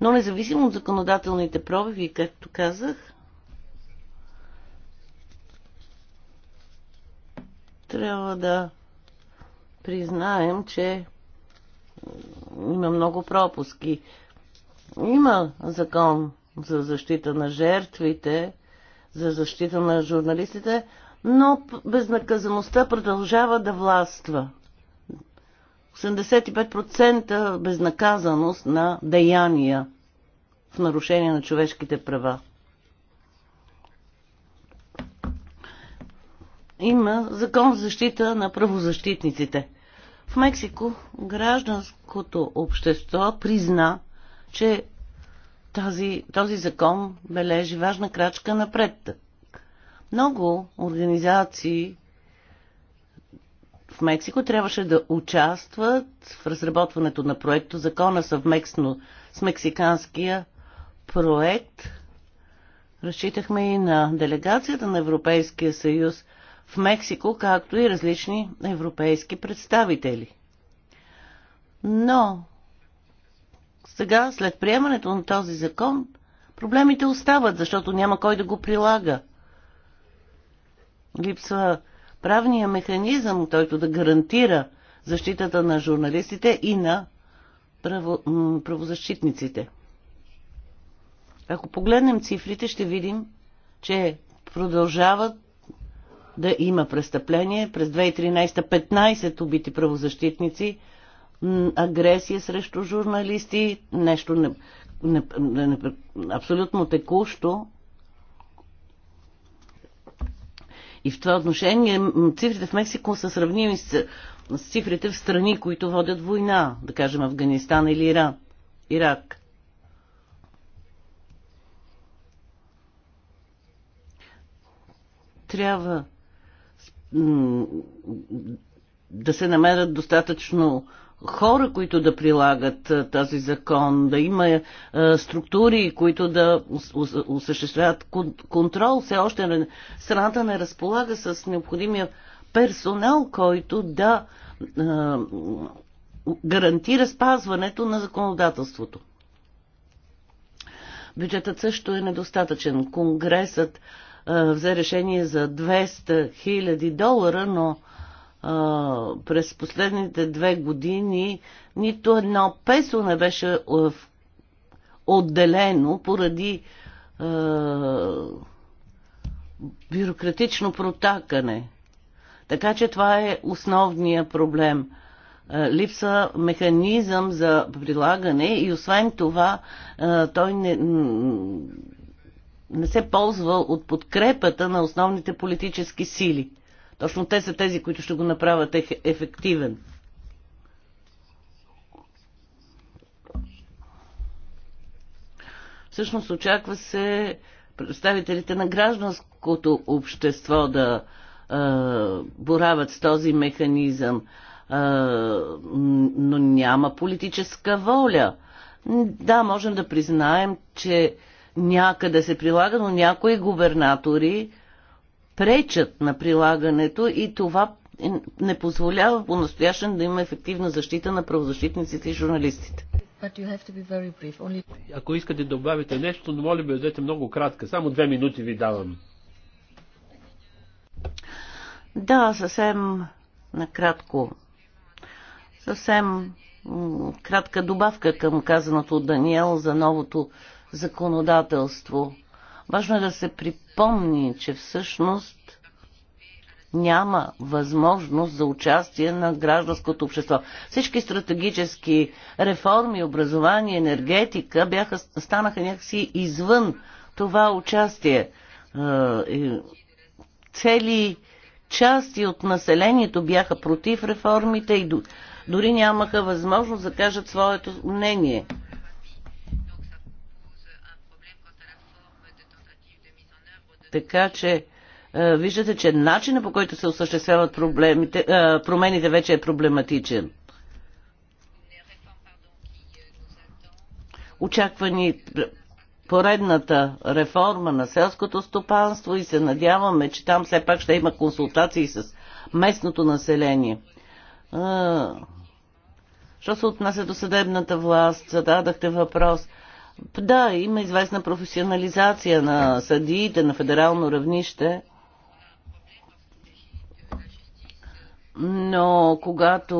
Но независимо от законодателните пробиви, както казах, Трябва да признаем, че има много пропуски. Има закон за защита на жертвите, за защита на журналистите, но безнаказаността продължава да властва. 85% безнаказаност на деяния в нарушение на човешките права. има закон за защита на правозащитниците. В Мексико гражданското общество призна, че тази, този закон бележи важна крачка напред. Много организации в Мексико трябваше да участват в разработването на проекто закона съвместно с мексиканския проект. Разчитахме и на делегацията на Европейския съюз – в Мексико, както и различни европейски представители. Но сега, след приемането на този закон, проблемите остават, защото няма кой да го прилага. Липсва правния механизъм, който да гарантира защитата на журналистите и на право, правозащитниците. Ако погледнем цифрите, ще видим, че продължават да има престъпление. През 2013 15 убити правозащитници, агресия срещу журналисти, нещо не, не, не, не, абсолютно текущо. И в това отношение цифрите в Мексико са сравними с, с цифрите в страни, които водят война, да кажем Афганистан или Иран, Ирак. Трябва да се намерят достатъчно хора, които да прилагат този закон, да има структури, които да осъществяват контрол. Все още страната не разполага с необходимия персонал, който да гарантира спазването на законодателството. Бюджетът също е недостатъчен. Конгресът е, взе решение за 200 000 долара, но а, е, през последните две години нито едно песо не беше е, отделено поради а, бюрократично протакане. Така че това е основният проблем. Липса механизъм за прилагане и освен това той не, не се ползва от подкрепата на основните политически сили. Точно те са тези, които ще го направят еф ефективен. Всъщност очаква се представителите на гражданското общество да е, борават с този механизъм, е, но няма политическа воля. Да, можем да признаем, че някъде се прилага, но някои губернатори пречат на прилагането и това не позволява по-настоящен да има ефективна защита на правозащитниците и журналистите. Only... Ако искате да добавите нещо, но моля би, дадете много кратка. Само две минути ви давам. Да, съвсем накратко. Съвсем кратка добавка към казаното от Даниел за новото законодателство. Важно е да се припомни, че всъщност няма възможност за участие на гражданското общество. Всички стратегически реформи, образование, енергетика бяха, станаха някакси извън това участие. Е, цели части от населението бяха против реформите и дори нямаха възможност да кажат своето мнение. Така че е, виждате, че начинът по който се осъществяват проблемите, е, промените вече е проблематичен. Очаква ни поредната реформа на селското стопанство и се надяваме, че там все пак ще има консултации с местното население. Е, Що се отнася до съдебната власт, зададахте въпрос – да, има известна професионализация на съдиите на федерално равнище. но когато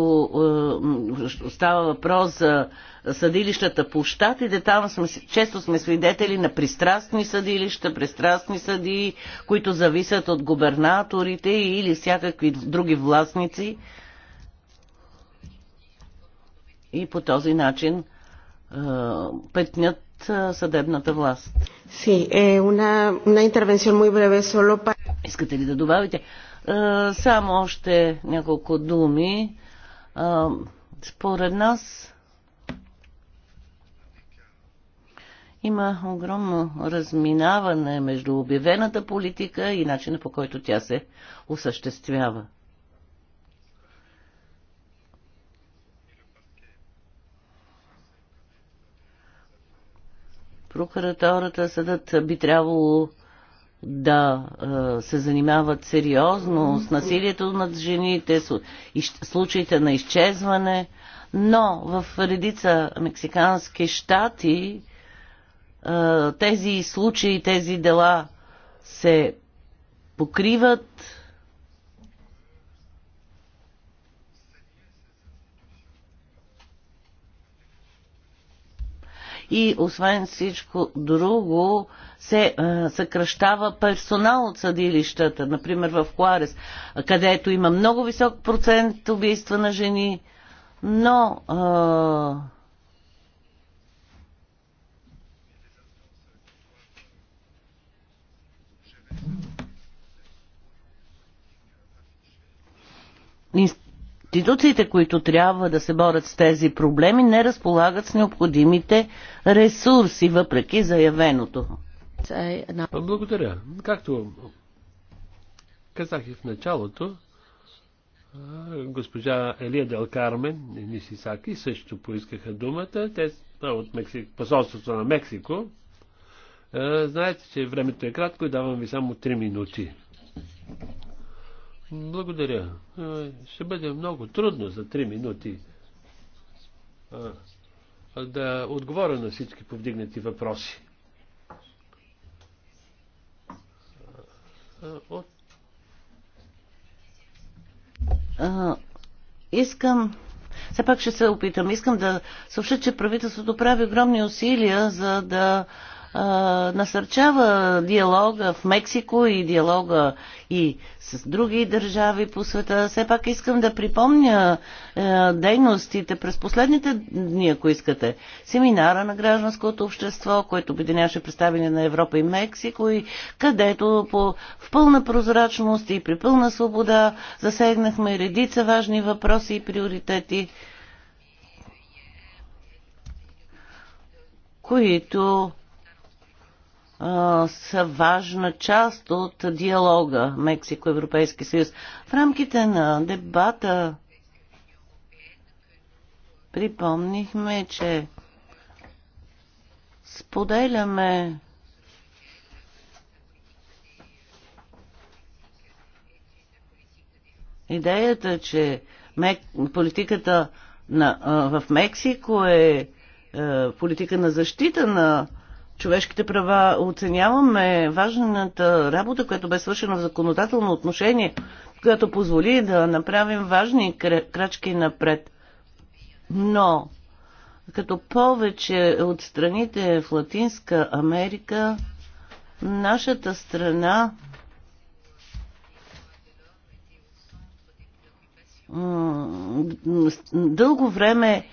е, става въпрос за съдилищата по щатите, там сме, често сме свидетели на пристрастни съдилища, пристрастни съдии, които зависят от губернаторите или всякакви други властници. И по този начин е, петнят съдебната власт. Си, е eh, una, una intervención muy breve solo para... Искате ли да добавите? само още няколко думи. според нас има огромно разминаване между обявената политика и начина по който тя се осъществява. прокуратурата, съдът би трябвало да се занимават сериозно с насилието над жените, с случаите на изчезване, но в редица мексикански щати тези случаи, тези дела се покриват и освен всичко друго се а, съкръщава персонал от съдилищата, например в Хуарес, където има много висок процент убийства на жени, но а, институциите, които трябва да се борят с тези проблеми, не разполагат с необходимите ресурси, въпреки заявеното. Благодаря. Както казах и в началото, госпожа Елия Дел Кармен и Нисисаки също поискаха думата. Те от Мексик, посолството на Мексико. Знаете, че времето е кратко и давам ви само 3 минути. Благодаря. Ще бъде много трудно за 3 минути да отговоря на всички повдигнати въпроси. От... А, искам, все пак ще се опитам, искам да съобща, че правителството прави огромни усилия за да насърчава диалога в Мексико и диалога и с други държави по света. Все пак искам да припомня дейностите през последните дни, ако искате. Семинара на гражданското общество, което обединяваше представени на Европа и Мексико и където по, в пълна прозрачност и при пълна свобода засегнахме редица важни въпроси и приоритети. които са важна част от диалога Мексико-Европейски съюз. В рамките на дебата припомнихме, че споделяме идеята, че политиката на, в Мексико е, е политика на защита на човешките права. Оценяваме важната работа, която бе свършена в законодателно отношение, която позволи да направим важни крачки напред. Но, като повече от страните в Латинска Америка, нашата страна дълго време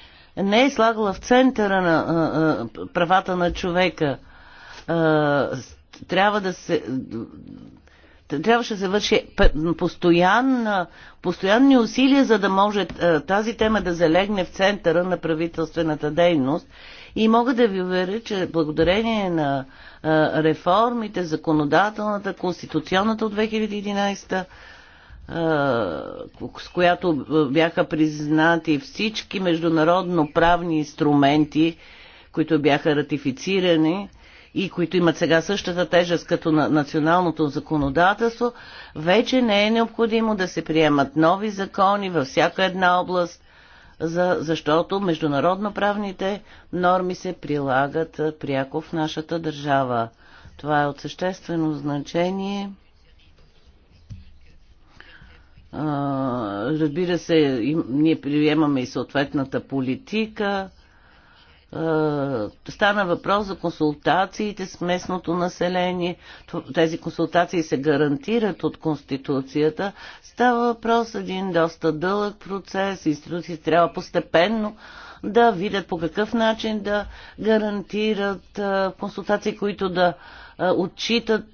не е слагала в центъра на а, а, правата на човека. А, трябва да се. Трябваше да се върши постоянна, постоянни усилия, за да може тази тема да залегне в центъра на правителствената дейност. И мога да ви уверя, че благодарение на реформите, законодателната, конституционната от 2011 с която бяха признати всички международно правни инструменти, които бяха ратифицирани и които имат сега същата тежест като на националното законодателство, вече не е необходимо да се приемат нови закони във всяка една област, за, защото международно-правните норми се прилагат пряко в нашата държава. Това е от съществено значение. Разбира се, ние приемаме и съответната политика. Стана въпрос за консултациите с местното население. Тези консултации се гарантират от Конституцията. Става въпрос един доста дълъг процес. Институциите трябва постепенно да видят по какъв начин да гарантират консултации, които да отчитат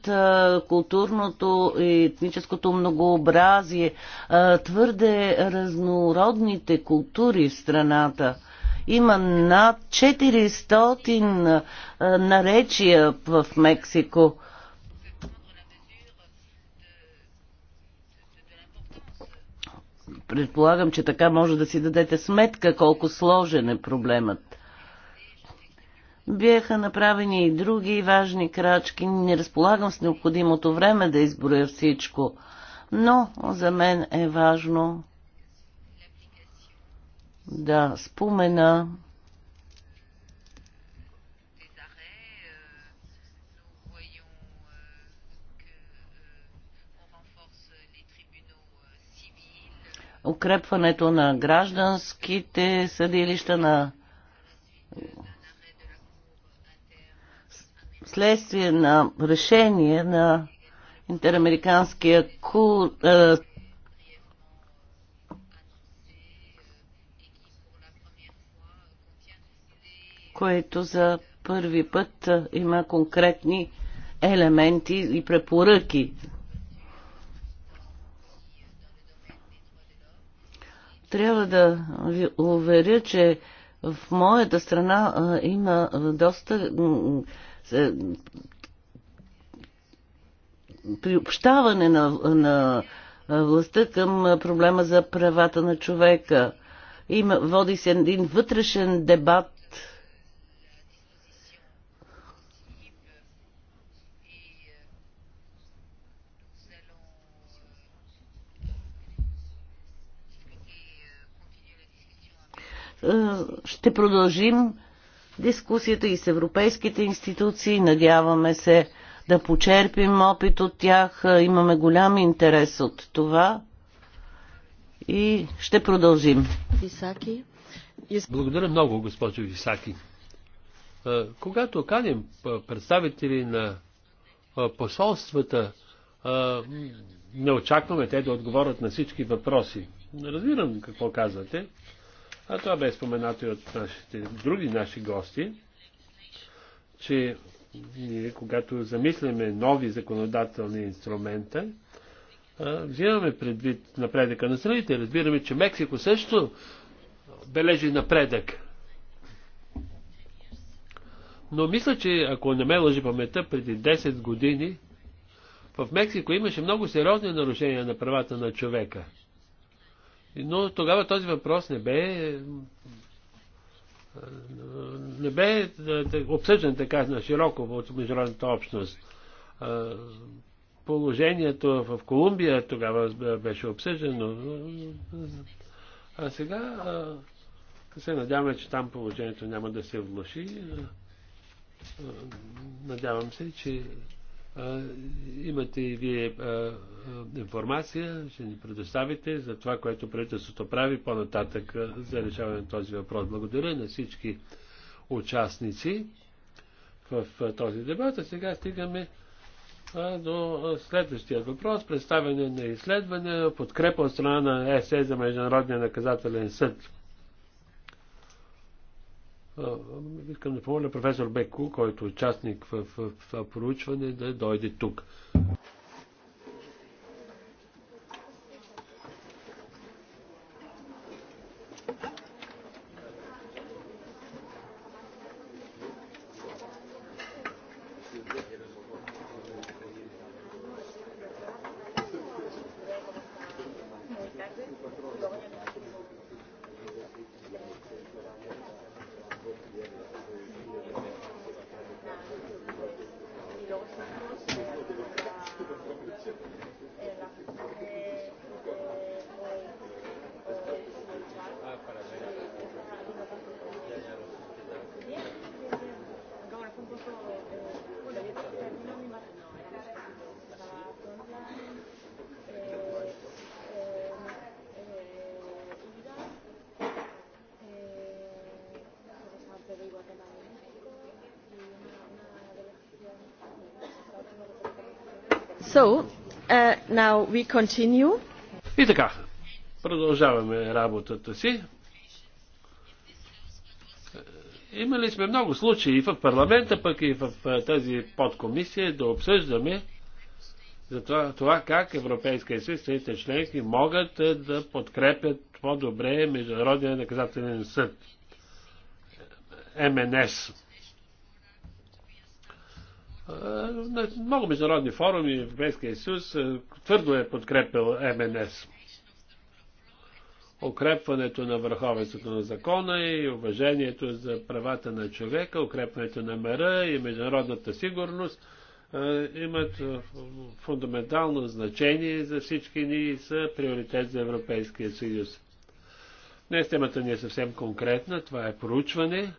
културното и етническото многообразие, твърде разнородните култури в страната. Има над 400 наречия в Мексико. Предполагам, че така може да си дадете сметка колко сложен е проблемът. Бяха направени и други важни крачки. Не разполагам с необходимото време да изброя всичко, но за мен е важно да спомена укрепването на гражданските съдилища на следствие на решение на Интерамериканския ку. Е, което за първи път е, има конкретни елементи и препоръки. Трябва да ви уверя, че в моята страна е, има доста е, приобщаване на, на властта към проблема за правата на човека. Има, води се един вътрешен дебат е, ще продължим дискусията и с европейските институции. Надяваме се да почерпим опит от тях. Имаме голям интерес от това и ще продължим. Благодаря много, госпожо Висаки. Когато каним представители на посолствата, не очакваме те да отговорят на всички въпроси. Разбирам какво казвате. А това бе споменато и от нашите, други наши гости, че ние, когато замисляме нови законодателни инструмента, взимаме предвид напредъка на страните. Разбираме, че Мексико също бележи напредък. Но мисля, че ако не ме лъжи паметта, преди 10 години в Мексико имаше много сериозни нарушения на правата на човека – но тогава този въпрос не бе не бе е, е, обсъждан така на широко от международната общност. Положението в Колумбия тогава беше обсъждано. А сега се надяваме, че там положението няма да се влуши. Надявам се, че имате и вие информация, ще ни предоставите за това, което правителството прави по-нататък за решаване на този въпрос. Благодаря на всички участници в този дебат. А сега стигаме до следващия въпрос. Представяне на изследване, подкрепа от страна на ЕСЕ е за Международния наказателен съд. Искам да помоля професор Беко, който е участник в това проучване, да дойде тук. Now we continue. И така, продължаваме работата си. Имали сме много случаи и в парламента, пък и в тази подкомисия да обсъждаме за това, това как Европейския съюз, страните членки могат да подкрепят по-добре Международния наказателен съд. МНС. много международни форуми Европейския съюз е, твърдо е подкрепил МНС. Укрепването на върховенството на закона и уважението за правата на човека, укрепването на мъра и международната сигурност е, имат е, фундаментално значение за всички ни и са приоритет за Европейския съюз. Днес темата ни е съвсем конкретна. Това е проучване,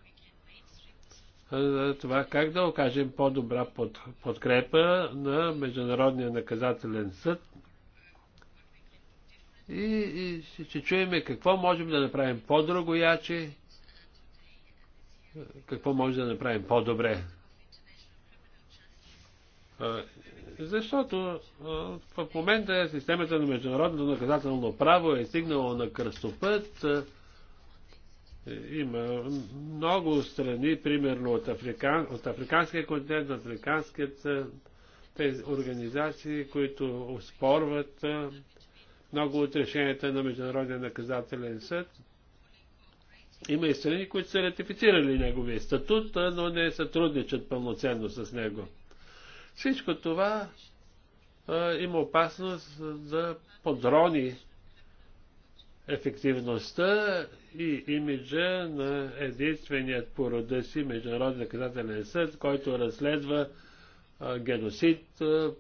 за е, това как да окажем по-добра под, подкрепа на Международния наказателен съд и, и ще, ще чуем какво можем да направим по-друго яче, какво може да направим по-добре. Защото в момента системата на международното наказателно право е стигнала на кръстопът, е, има много страни, примерно от, Африкан, от африканския континент, от африканският е, тези организации, които спорват е, много от решенията на Международния наказателен съд. Има и страни, които са ратифицирали неговия статут, но не сътрудничат пълноценно с него. Всичко това а, има опасност да подрони ефективността и имиджа на единственият по рода си Международен наказателен съд, който разследва геносид, геноцид,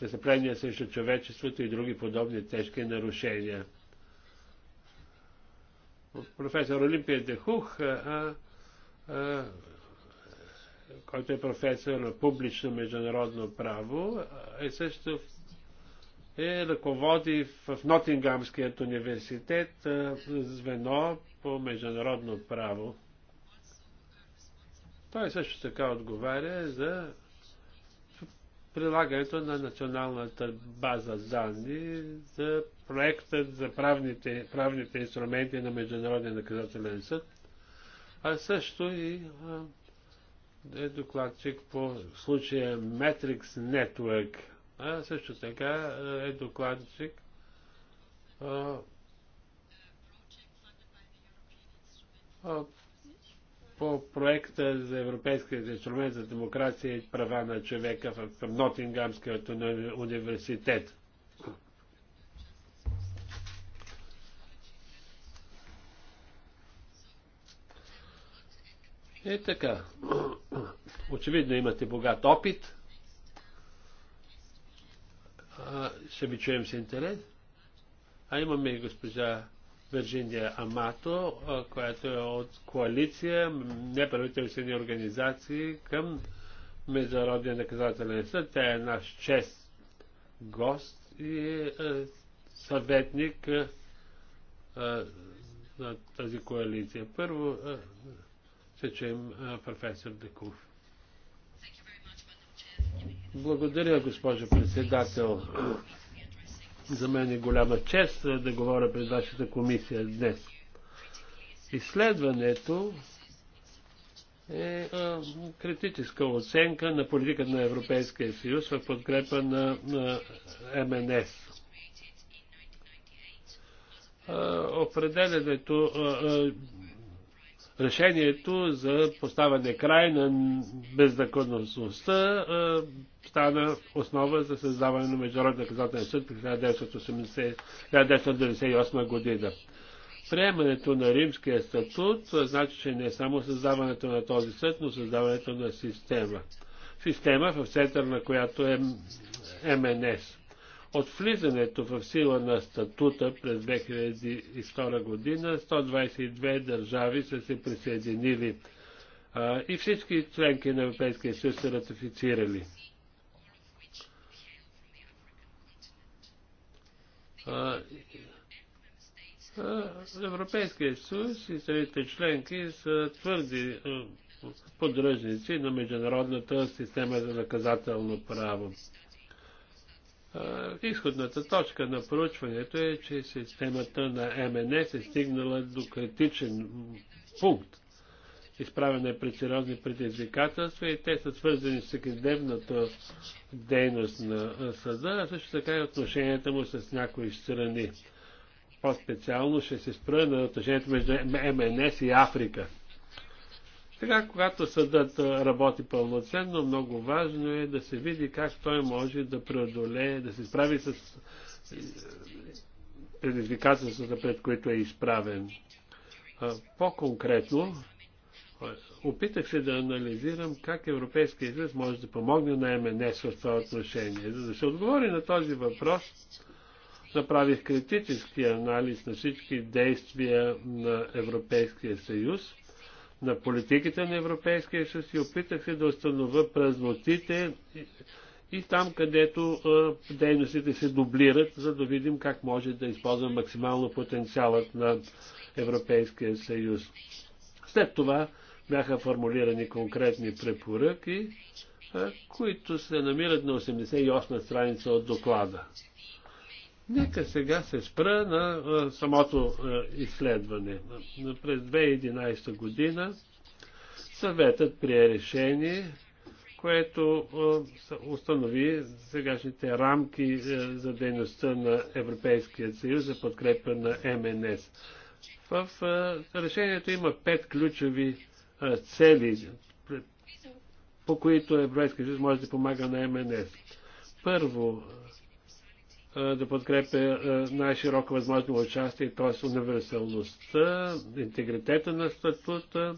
престъпления срещу човечеството и други подобни тежки нарушения. Професор Олимпия Дехух, а, а, който е професор на публично международно право, е също е ръководи в Нотингамският университет звено по международно право. Той също така отговаря за прилагането на националната база данни за проектът за правните, правните инструменти на Международния наказателен съд, а също и е докладчик по случая Matrix Network – а също така е, е докладчик по проекта за Европейския инструмент за демокрация и права на човека в, в Нотингамския университет. Е така. Очевидно имате богат опит ще ми чуем с интерес. А имаме и госпожа Вирджиния Амато, която е от коалиция неправителствени организации към Международния наказателен съд. Тя е наш чест гост и съветник на тази коалиция. Първо се чуем професор Деков. Благодаря, госпожо председател. За мен е голяма чест да говоря пред вашата комисия днес. Изследването е критическа оценка на политиката на Европейския съюз в подкрепа на, на МНС. А, определенето а, решението за поставяне край на беззаконността стана основа за създаване на Международен наказателен съд през 1998 година. Приемането на римския статут значи, че не е само създаването на този съд, но създаването на система. Система в център на която е МНС. От влизането в сила на статута през 2002 година 122 държави са се присъединили а, и всички членки на Европейския съюз са ратифицирали. А, Европейския съюз и самите членки са твърди поддръжници на международната система за наказателно право. Е, изходната точка на проучването е, че системата на МНС е стигнала до критичен пункт. Изправена е пред сериозни предизвикателства и те са свързани с съкредневната дейност на е, съда, а също така и отношенията му с някои страни. По-специално ще се спра на отношението между МНС и Африка. Сега, когато съдът работи пълноценно, много важно е да се види как той може да преодолее, да се справи с предизвикателствата, пред които е изправен. По-конкретно, опитах се да анализирам как Европейския съюз може да помогне на МНС в това отношение. За да се отговори на този въпрос, направих критически анализ на всички действия на Европейския съюз – на политиките на Европейския съюз и опитах се да установя празнотите и, там, където а, дейностите се дублират, за да видим как може да използва максимално потенциалът на Европейския съюз. След това бяха формулирани конкретни препоръки, а, които се намират на 88 страница от доклада. Нека сега се спра на а, самото а, изследване. През 2011 година съветът прие решение, което а, установи сегашните рамки а, за дейността на Европейския съюз за подкрепа на МНС. В а, решението има пет ключови а, цели, по които Европейския съюз може да помага на МНС. Първо, е, да подкрепя е, най-широко възможно участие, т.е. универсалността, интегритета на статута,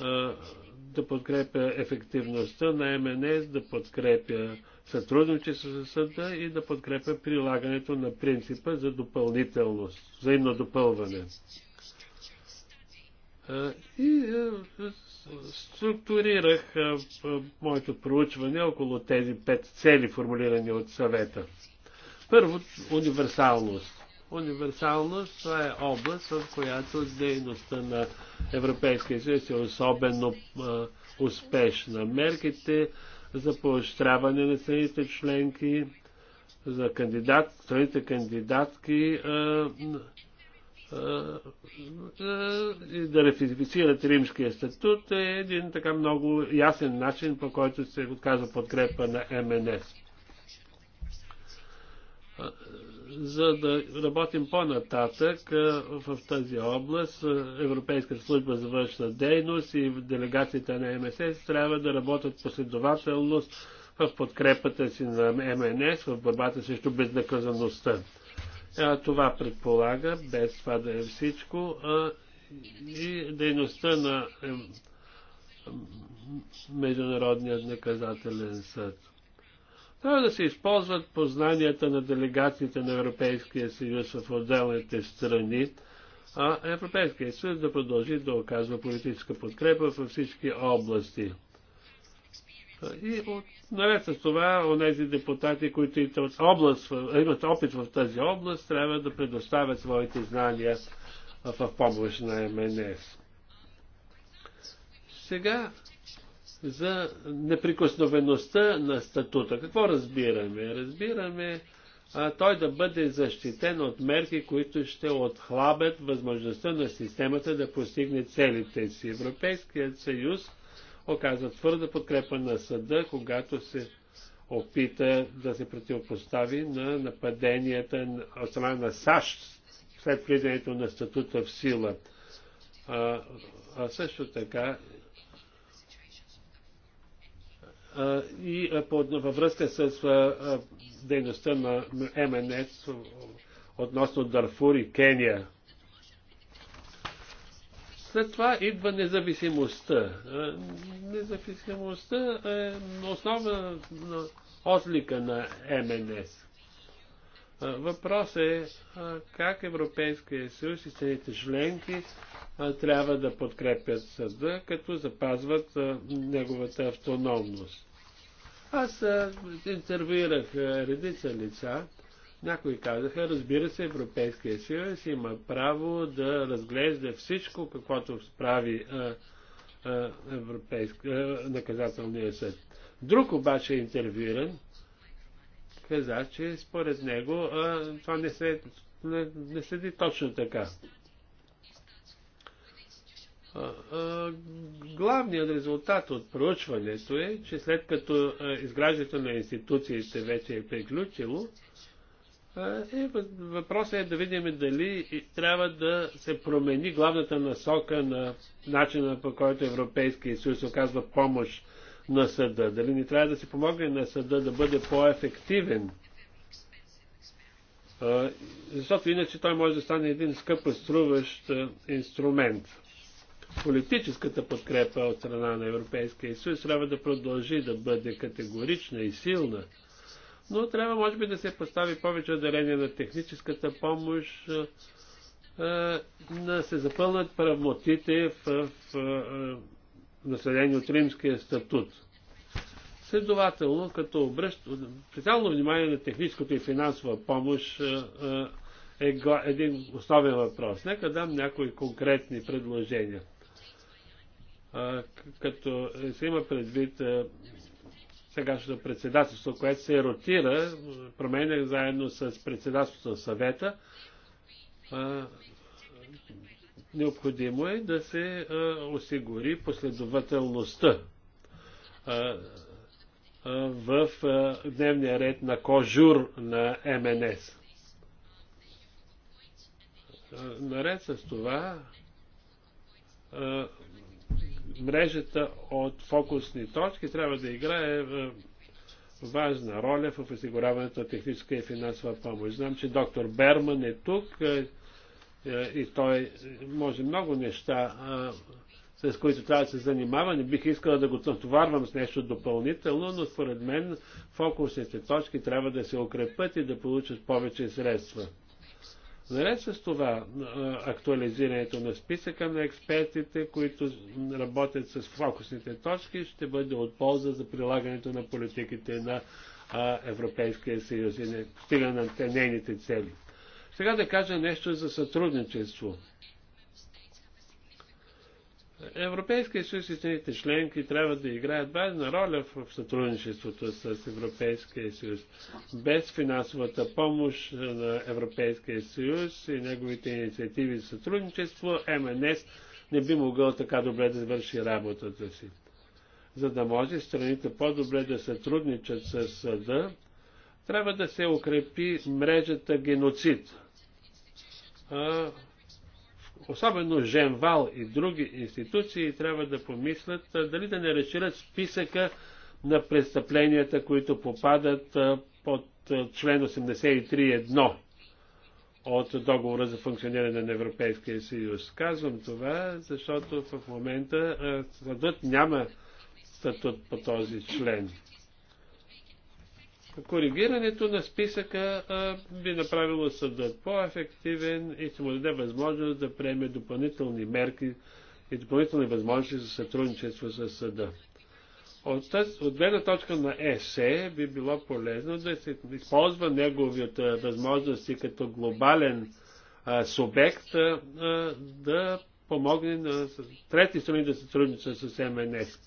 е, да подкрепя ефективността на МНС, да подкрепя сътрудничество с съда и да подкрепя прилагането на принципа за допълнителност, взаимно допълване. И структурирах моето проучване около тези пет цели, формулирани от съвета. Първо, универсалност. Универсалност това е област, в която дейността на Европейския съюз е особено а, успешна. Мерките за поощряване на страните членки, за кандидат, страните кандидатки а, а, и да ратифицират римския статут е един така много ясен начин, по който се отказва подкрепа на МНС за да работим по-нататък в тази област, Европейска служба за външна дейност и делегацията на МСС трябва да работят последователност в подкрепата си на МНС, в борбата срещу безнаказаността. Това предполага, без това да е всичко, и дейността на Международният наказателен съд. Трябва да се използват познанията на делегатите на Европейския съюз в отделните страни, а Европейския съюз да продължи да оказва политическа подкрепа във всички области. И от, наред с това, онези депутати, които от област, имат опит в тази област, трябва да предоставят своите знания в помощ на МНС. Сега за неприкосновеността на статута. Какво разбираме? Разбираме а, той да бъде защитен от мерки, които ще отхлабят възможността на системата да постигне целите си. Европейският съюз оказва твърда подкрепа на съда, когато се опита да се противопостави на нападенията от страна на САЩ след влизането на статута в сила. А, а също така и във връзка с дейността на МНС относно Дарфур и Кения. След това идва независимостта. Независимостта е основна отлика на МНС. Въпросът е как Европейския съюз и страните членки трябва да подкрепят съда, като запазват неговата автономност. Аз интервюирах редица лица. Някои казаха, разбира се, Европейския съюз има право да разглежда всичко, каквото прави Европейска, наказателния съд. Друг обаче е интервюиран, каза, че според него а, това не, се, не, не следи точно така. А, а, главният резултат от проучването е, че след като а, изграждането на институциите вече е приключило, е, въпросът е да видим дали трябва да се промени главната насока на начина по който Европейския съюз оказва помощ на съда, дали ни трябва да се помогне на съда да бъде по-ефективен. Защото иначе той може да стане един скъпо струващ инструмент. Политическата подкрепа от страна на Европейския съюз трябва да продължи да бъде категорична и силна, но трябва може би да се постави повече отделение на техническата помощ, да се запълнат правмотите в, в, в населени от римския статут. Следователно, като обръща специално внимание на техническото и финансова помощ е един основен въпрос. Нека дам някои конкретни предложения. Като се има предвид сегашното председателство, което се ротира, променях заедно с председателството на съвета, Необходимо е да се осигури последователността в дневния ред на кожур на МНС. Наред с това, мрежата от фокусни точки трябва да играе важна роля в осигуряването на техническа и финансова помощ. Знам, че доктор Берман е тук. Е, и той може много неща, е, с които трябва да се занимава. Не бих искала да го натоварвам с нещо допълнително, но според мен фокусните точки трябва да се укрепят и да получат повече средства. Наред с това, е, актуализирането на списъка на експертите, които работят с фокусните точки, ще бъде от полза за прилагането на политиките на Европейския съюз и на стигане на нейните цели. Сега да кажа нещо за сътрудничество. Европейския съюз и страните членки трябва да играят важна роля в сътрудничеството с Европейския съюз. Без финансовата помощ на Европейския съюз и неговите инициативи за сътрудничество, МНС не би могъл така добре да върши работата си. За да може страните по-добре да сътрудничат с съда, трябва да се укрепи мрежата геноцид – особено Женвал и други институции трябва да помислят дали да не разширят списъка на престъпленията, които попадат под член 83.1 от договора за функциониране на Европейския съюз. Казвам това, защото в момента съдът няма статут по този член коригирането на списъка а, би направило съдът по-ефективен и ще му даде възможност да приеме допълнителни мерки и допълнителни възможности за сътрудничество с съда. От, от гледна точка на ЕСЕ би било полезно да се използва неговите възможности като глобален а, субект а, да помогне на трети страни да сътрудничат с МНС.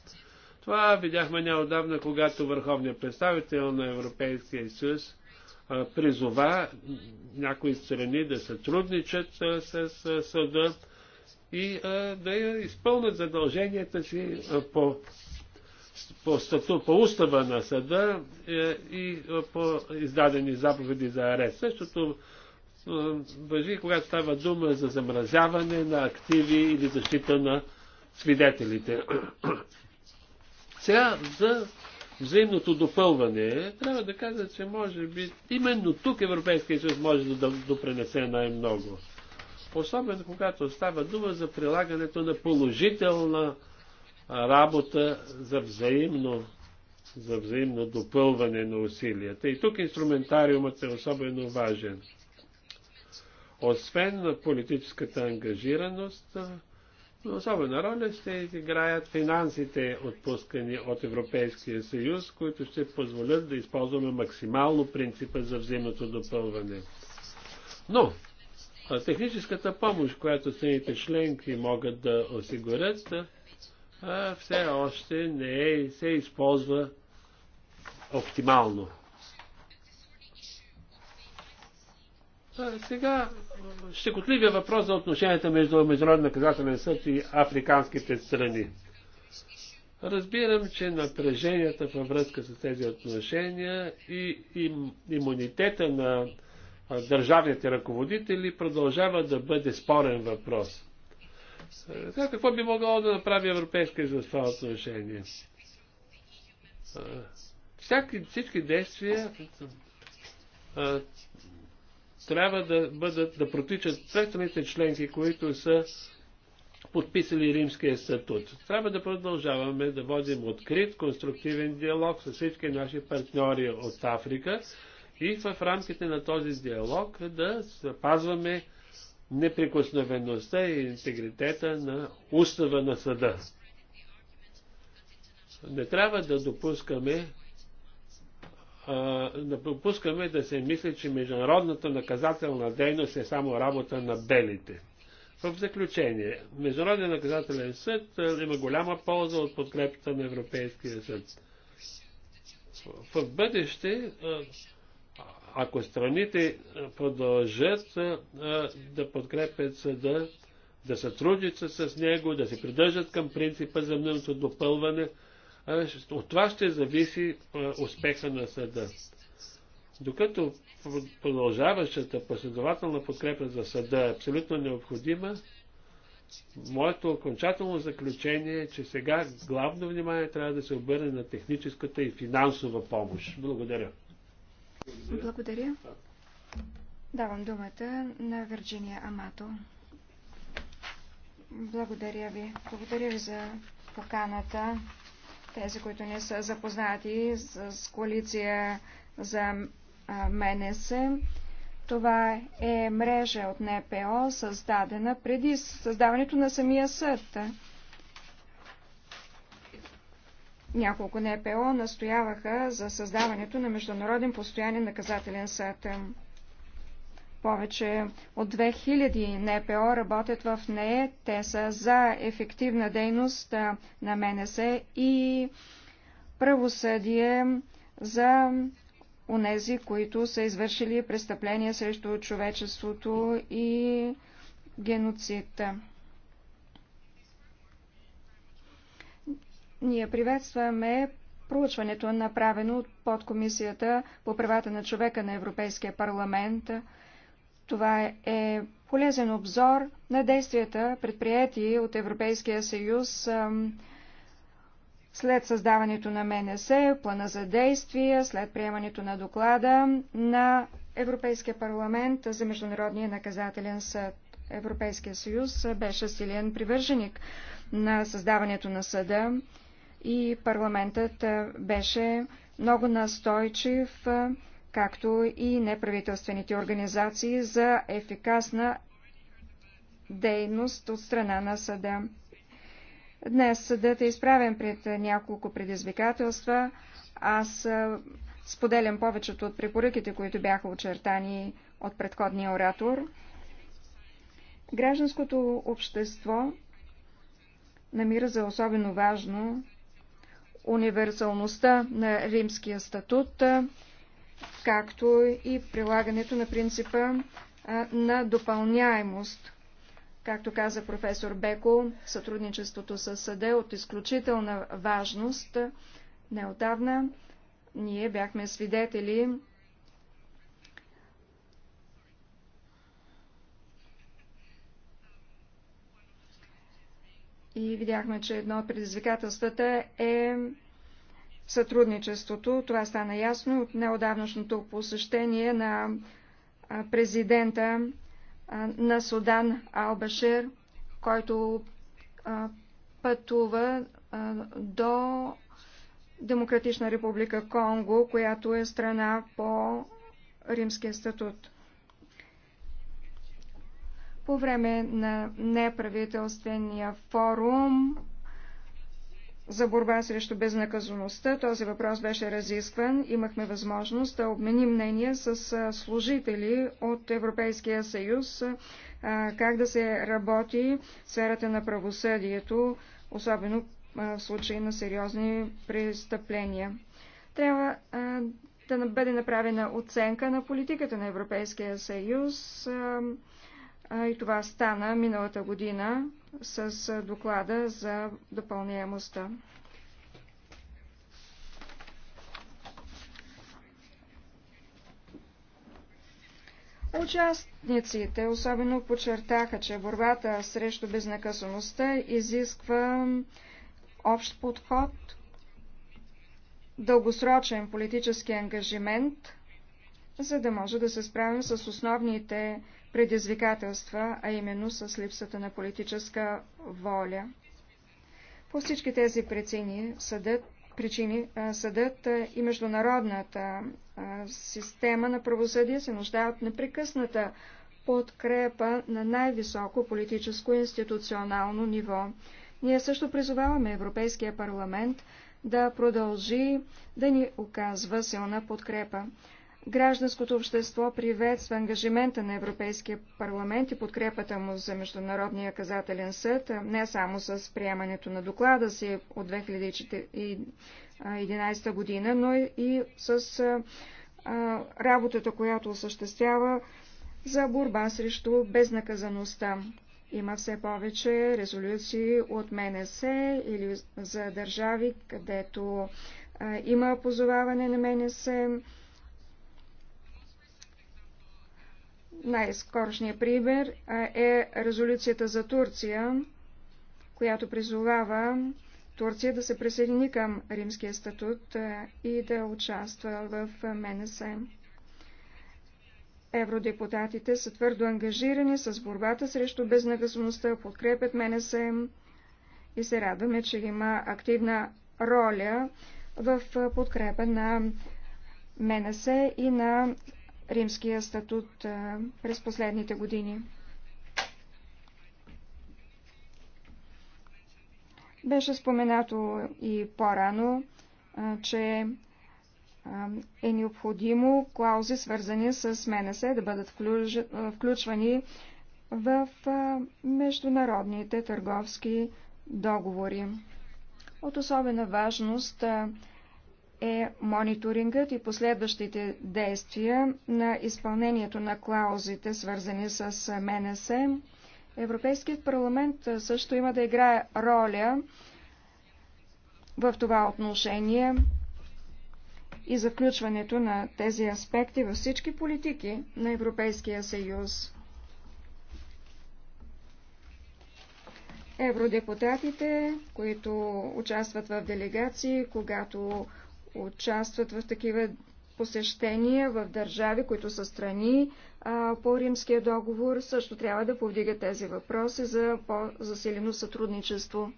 Това видяхме неодавна, когато върховният представител на Европейския съюз призова някои страни да сътрудничат с съда и да изпълнят задълженията си по, по, стату, по устава на съда е, и по издадени заповеди за арест. Същото въжи, когато става дума за замразяване на активи или защита на свидетелите. Сега за взаимното допълване, трябва да кажа, че може би именно тук Европейския съюз може да допренесе най-много. Особено когато става дума за прилагането на положителна работа за взаимно, за взаимно допълване на усилията. И тук инструментариумът е особено важен. Освен на политическата ангажираност, Особена роля ще изиграят финансите, отпускани от Европейския съюз, които ще позволят да използваме максимално принципа за взаимното допълване. Но, техническата помощ, която страните членки могат да осигурят, все още не е, се използва оптимално. сега щекотливия въпрос за отношенията между Международен наказателен съд и африканските страни. Разбирам, че напреженията във връзка с тези отношения и им, имунитета на държавните ръководители продължава да бъде спорен въпрос. Е, какво би могло да направи Европейския за това отношение? Е, всяки, всички действия е, трябва да, бъдат, да протичат през страните членки, които са подписали Римския статут. Трябва да продължаваме да водим открит, конструктивен диалог с всички наши партньори от Африка и в рамките на този диалог да запазваме неприкосновеността и интегритета на устава на съда. Не трябва да допускаме да пропускаме да се мисли, че международната наказателна дейност е само работа на белите. В заключение, международният наказателен съд има голяма полза от подкрепата на Европейския съд. В бъдеще, ако страните продължат да подкрепят съда, да сътрудничат с него, да се придържат към принципа за мнението допълване, от това ще зависи успеха на съда. Докато продължаващата последователна подкрепа за съда е абсолютно необходима, моето окончателно заключение е, че сега главно внимание трябва да се обърне на техническата и финансова помощ. Благодаря. Благодаря. Давам думата на Вирджиния Амато. Благодаря ви. Благодаря ви за поканата. Тези, които не са запознати с коалиция за МНС, това е мрежа от НПО, създадена преди създаването на самия съд. Няколко НПО настояваха за създаването на Международен постоянен наказателен съд. Повече от 2000 НПО работят в нея. Те са за ефективна дейност на МНС и правосъдие за онези, които са извършили престъпления срещу човечеството и геноцид. Ние приветстваме проучването, направено от подкомисията по правата на човека на Европейския парламент – това е полезен обзор на действията, предприяти от Европейския съюз след създаването на МНС, плана за действие, след приемането на доклада на Европейския парламент за Международния наказателен съд. Европейския съюз беше силен привърженик на създаването на съда и парламентът беше много настойчив както и неправителствените организации за ефикасна дейност от страна на съда. Днес съдът е изправен пред няколко предизвикателства. Аз споделям повечето от препоръките, които бяха очертани от предходния оратор. Гражданското общество намира за особено важно универсалността на римския статут, както и прилагането на принципа на допълняемост. Както каза професор Беко, сътрудничеството с съде от изключителна важност. Неотдавна ние бяхме свидетели и видяхме, че едно от предизвикателствата е сътрудничеството. Това стана ясно от неодавнашното посещение на президента на Судан Албашир, който пътува до Демократична република Конго, която е страна по римския статут. По време на неправителствения форум за борба срещу безнаказаността. Този въпрос беше разискван. Имахме възможност да обменим мнение с служители от Европейския съюз как да се работи в сферата на правосъдието, особено в случай на сериозни престъпления. Трябва да бъде направена оценка на политиката на Европейския съюз и това стана миналата година с доклада за допълняемостта. Участниците особено подчертаха, че борбата срещу безнакъсаността изисква общ подход, дългосрочен политически ангажимент, за да може да се справим с основните предизвикателства, а именно с липсата на политическа воля. По всички тези причини съдът, причини, съдът и международната система на правосъдие се нуждаят непрекъсната подкрепа на най-високо политическо и институционално ниво. Ние също призоваваме Европейския парламент да продължи да ни оказва силна подкрепа. Гражданското общество приветства ангажимента на Европейския парламент и подкрепата му за Международния казателен съд, не само с приемането на доклада си от 2011 година, но и с работата, която осъществява за борба срещу безнаказаността. Има все повече резолюции от МНС или за държави, където има позоваване на МНС. Най-скорошният пример е резолюцията за Турция, която призовава Турция да се присъедини към римския статут и да участва в МНС. Евродепутатите са твърдо ангажирани с борбата срещу безнаказаността, подкрепят МНС и се радваме, че има активна роля в подкрепа на МНС и на римския статут през последните години. Беше споменато и по-рано, че е необходимо клаузи, свързани с МНС, да бъдат включвани в международните търговски договори. От особена важност е мониторингът и последващите действия на изпълнението на клаузите, свързани с МНС. Европейският парламент също има да играе роля в това отношение и за включването на тези аспекти във всички политики на Европейския съюз. Евродепутатите, които участват в делегации, когато участват в такива посещения в държави, които са страни а, по римския договор, също трябва да повдига тези въпроси за по-засилено сътрудничество.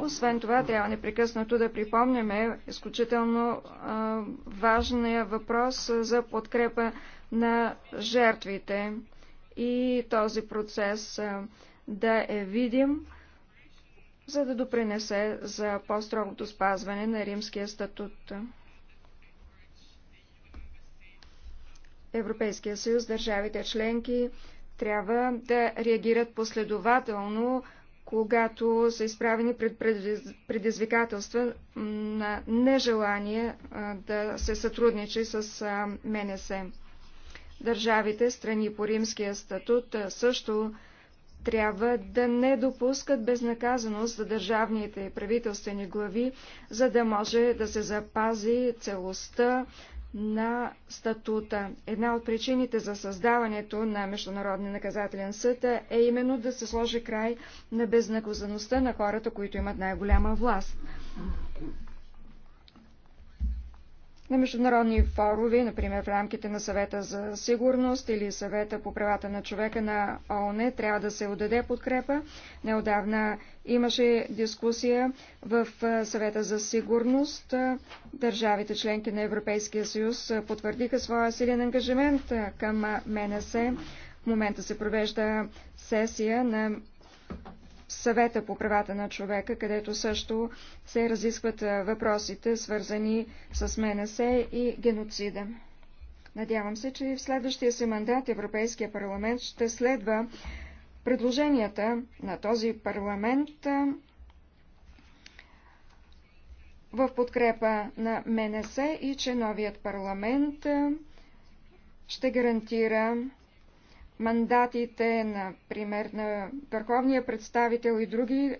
Освен това, трябва непрекъснато да припомняме изключително а, важния въпрос за подкрепа на жертвите и този процес а, да е видим за да допринесе за по-строгото спазване на римския статут. Европейския съюз, държавите членки трябва да реагират последователно, когато са изправени пред предизвикателства на нежелание да се сътрудничи с МНС. Държавите, страни по римския статут, също трябва да не допускат безнаказаност за държавните и правителствени глави, за да може да се запази целостта на статута. Една от причините за създаването на Международния наказателен съд е именно да се сложи край на безнаказаността на хората, които имат най-голяма власт на международни форуми, например в рамките на съвета за сигурност или съвета по правата на човека на ООН, трябва да се отдаде подкрепа. Неодавна имаше дискусия в съвета за сигурност. Държавите членки на Европейския съюз потвърдиха своя силен ангажимент към МНС. В момента се провежда сесия на съвета по правата на човека, където също се разискват въпросите, свързани с МНС и геноцида. Надявам се, че в следващия си мандат Европейския парламент ще следва предложенията на този парламент в подкрепа на МНС и че новият парламент ще гарантира мандатите, например, на върховния представител и други,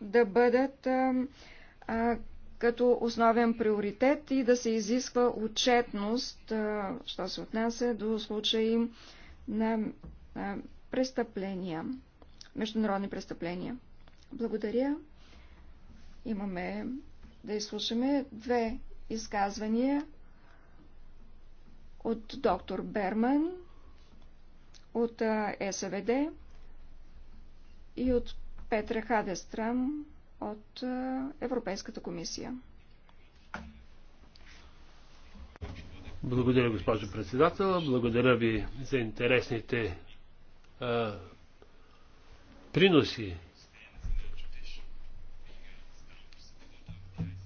да бъдат като основен приоритет и да се изисква отчетност, що се отнася до случаи на престъпления, международни престъпления. Благодаря. Имаме да изслушаме две изказвания от доктор Берман от СВД и от Петра Хадестрам от Европейската комисия. Благодаря, госпожо председател. Благодаря ви за интересните а, приноси.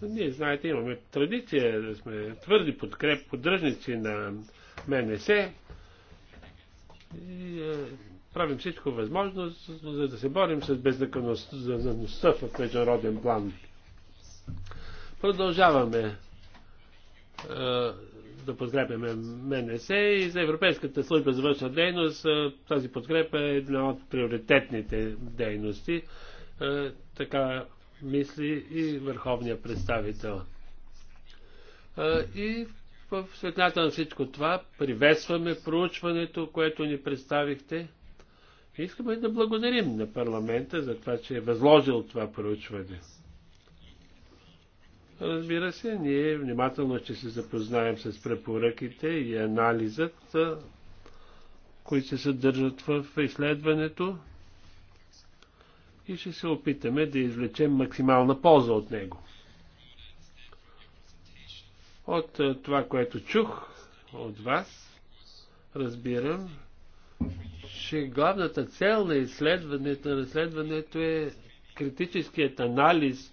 Ние, знаете, имаме традиция да сме твърди подкреп, поддръжници на МНС. И е, правим всичко възможно, за да се борим с беззаконността в международен план. Продължаваме е, да подкрепяме МНС и за Европейската служба за външна дейност е, тази подкрепа е една от приоритетните дейности. Е, така мисли и върховния представител. Е, и в светлината на всичко това приветстваме проучването, което ни представихте. Искаме да благодарим на парламента за това, че е възложил това проучване. Разбира се, ние внимателно ще се запознаем с препоръките и анализът, които се съдържат в изследването и ще се опитаме да извлечем максимална полза от него. От е, това, което чух от вас, разбирам, че главната цел на изследването, на разследването е критическият анализ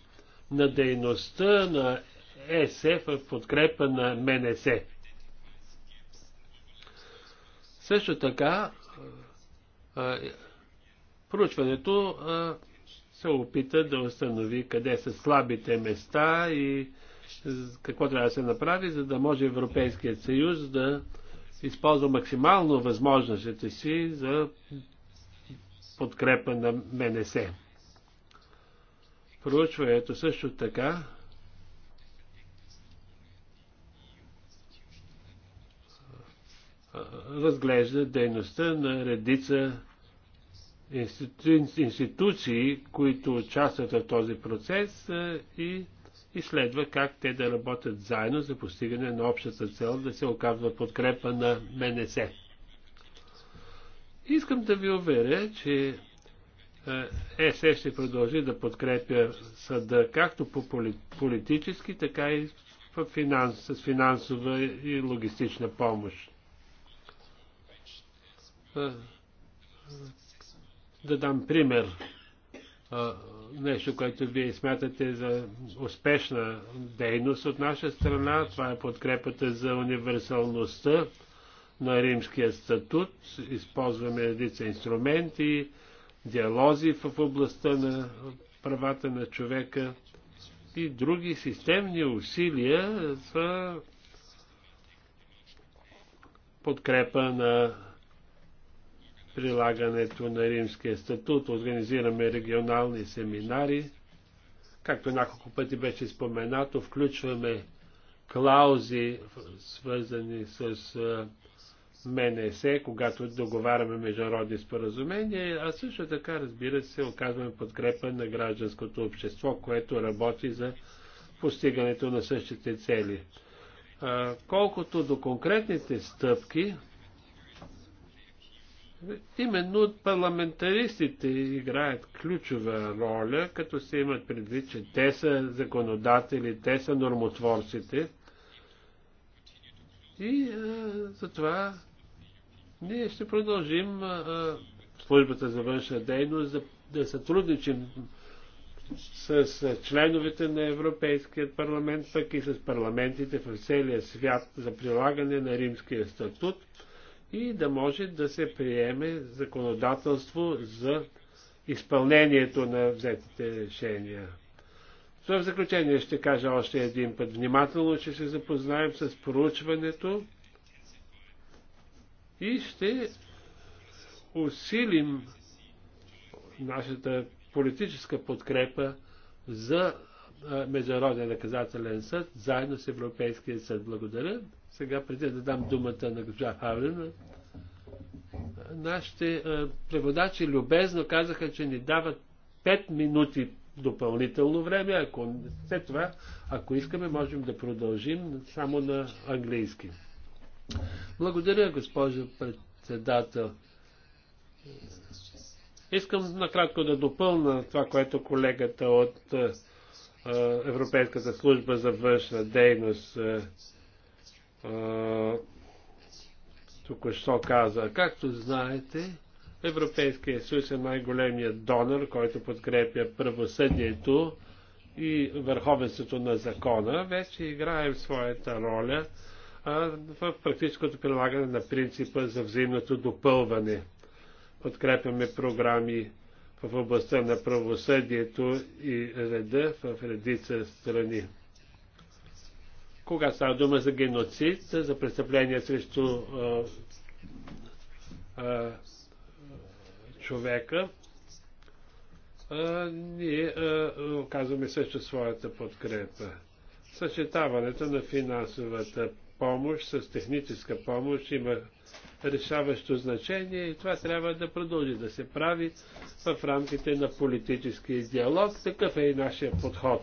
на дейността на ЕСФ в подкрепа на МНС. Също така, е, е, проучването се опита да установи къде са слабите места и какво трябва да се направи, за да може Европейският съюз да използва максимално възможностите си за подкрепа на МНС. Проучването също така разглежда дейността на редица институции, които участват в този процес и и следва как те да работят заедно за постигане на общата цел да се оказва подкрепа на МНС. Искам да ви уверя, че е, ЕСЕ ще продължи да подкрепя съда както по политически, така и финанс, с финансова и логистична помощ. Е, е, да дам пример нещо, което вие смятате за успешна дейност от наша страна. Това е подкрепата за универсалността на римския статут. Използваме редица инструменти, диалози в областта на правата на човека и други системни усилия за подкрепа на прилагането на римския статут, организираме регионални семинари, както няколко пъти беше споменато, включваме клаузи, свързани с МНС, когато договаряме международни споразумения, а също така, разбира се, оказваме подкрепа на гражданското общество, което работи за постигането на същите цели. Колкото до конкретните стъпки, Именно парламентаристите играят ключова роля, като се имат предвид, че те са законодатели, те са нормотворците. И а, затова ние ще продължим а, службата за външна дейност да, да сътрудничим с, с членовете на Европейския парламент, пък и с парламентите в целия свят за прилагане на Римския статут и да може да се приеме законодателство за изпълнението на взетите решения. В заключение ще кажа още един път внимателно, че се запознаем с проучването и ще усилим нашата политическа подкрепа за Международния наказателен съд, заедно с Европейския съд. Благодаря. Сега, преди да дам думата на госпожа Хавлина, нашите преводачи любезно казаха, че ни дават 5 минути допълнително време. Ако, след това, ако искаме, можем да продължим само на английски. Благодаря, госпожо председател. Искам накратко да допълна това, което колегата от Европейската служба за външна дейност тук що каза. Както знаете, Европейския съюз е най-големият донор, който подкрепя правосъдието и върховенството на закона. Вече играем своята роля а, в практическото прилагане на принципа за взаимното допълване. Подкрепяме програми в областта на правосъдието и реда в редица страни когато става дума за геноцид, за престъпление срещу а, а, човека, а, ние оказваме също своята подкрепа. Съчетаването на финансовата помощ с техническа помощ има решаващо значение и това трябва да продължи да се прави в рамките на политическия диалог. Такъв е и нашия подход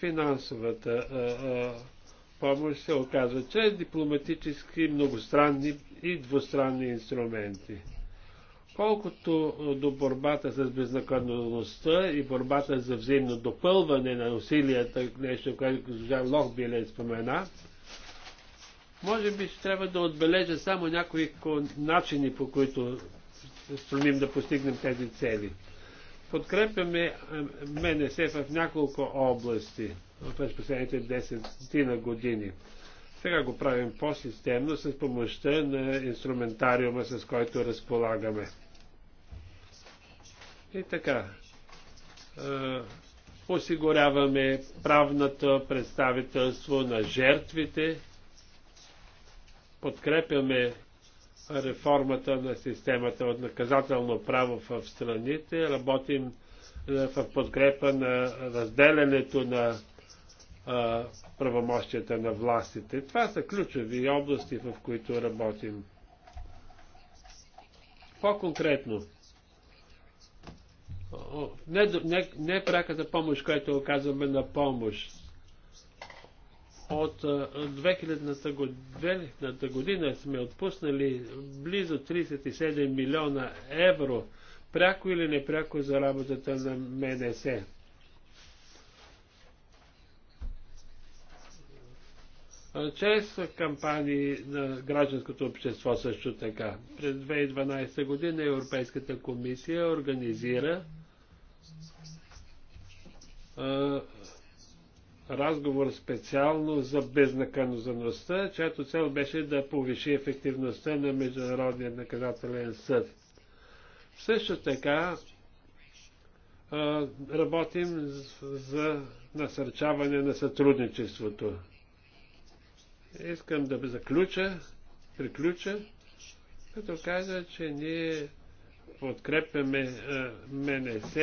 финансовата а, а, помощ се оказва чрез дипломатически, многостранни и двустранни инструменти. Колкото до борбата с безнаказаността и борбата за взаимно допълване на усилията, нещо, което госпожа Лохбиле спомена, може би ще трябва да отбележа само някои начини, по които стремим да постигнем тези цели. Подкрепяме МНС в няколко области през последните 10 на години. Сега го правим по-системно с помощта на инструментариума, с който разполагаме. И така. Осигуряваме правната представителство на жертвите, подкрепяме реформата на системата от наказателно право в страните. Работим е, в подкрепа на разделянето на правомощията на властите. Това са ключови области, в които работим. По-конкретно, непряката не, не помощ, която оказваме на помощ от 2000-та година, сме отпуснали близо 37 милиона евро, пряко или непряко за работата на МДС. чрез кампании на гражданското общество също така. През 2012 година Европейската комисия организира разговор специално за безнаказаността, чиято цел беше да повиши ефективността на Международния наказателен съд. Също така работим за насърчаване на сътрудничеството. Искам да заключа, приключа, като кажа, че ние подкрепяме МНС,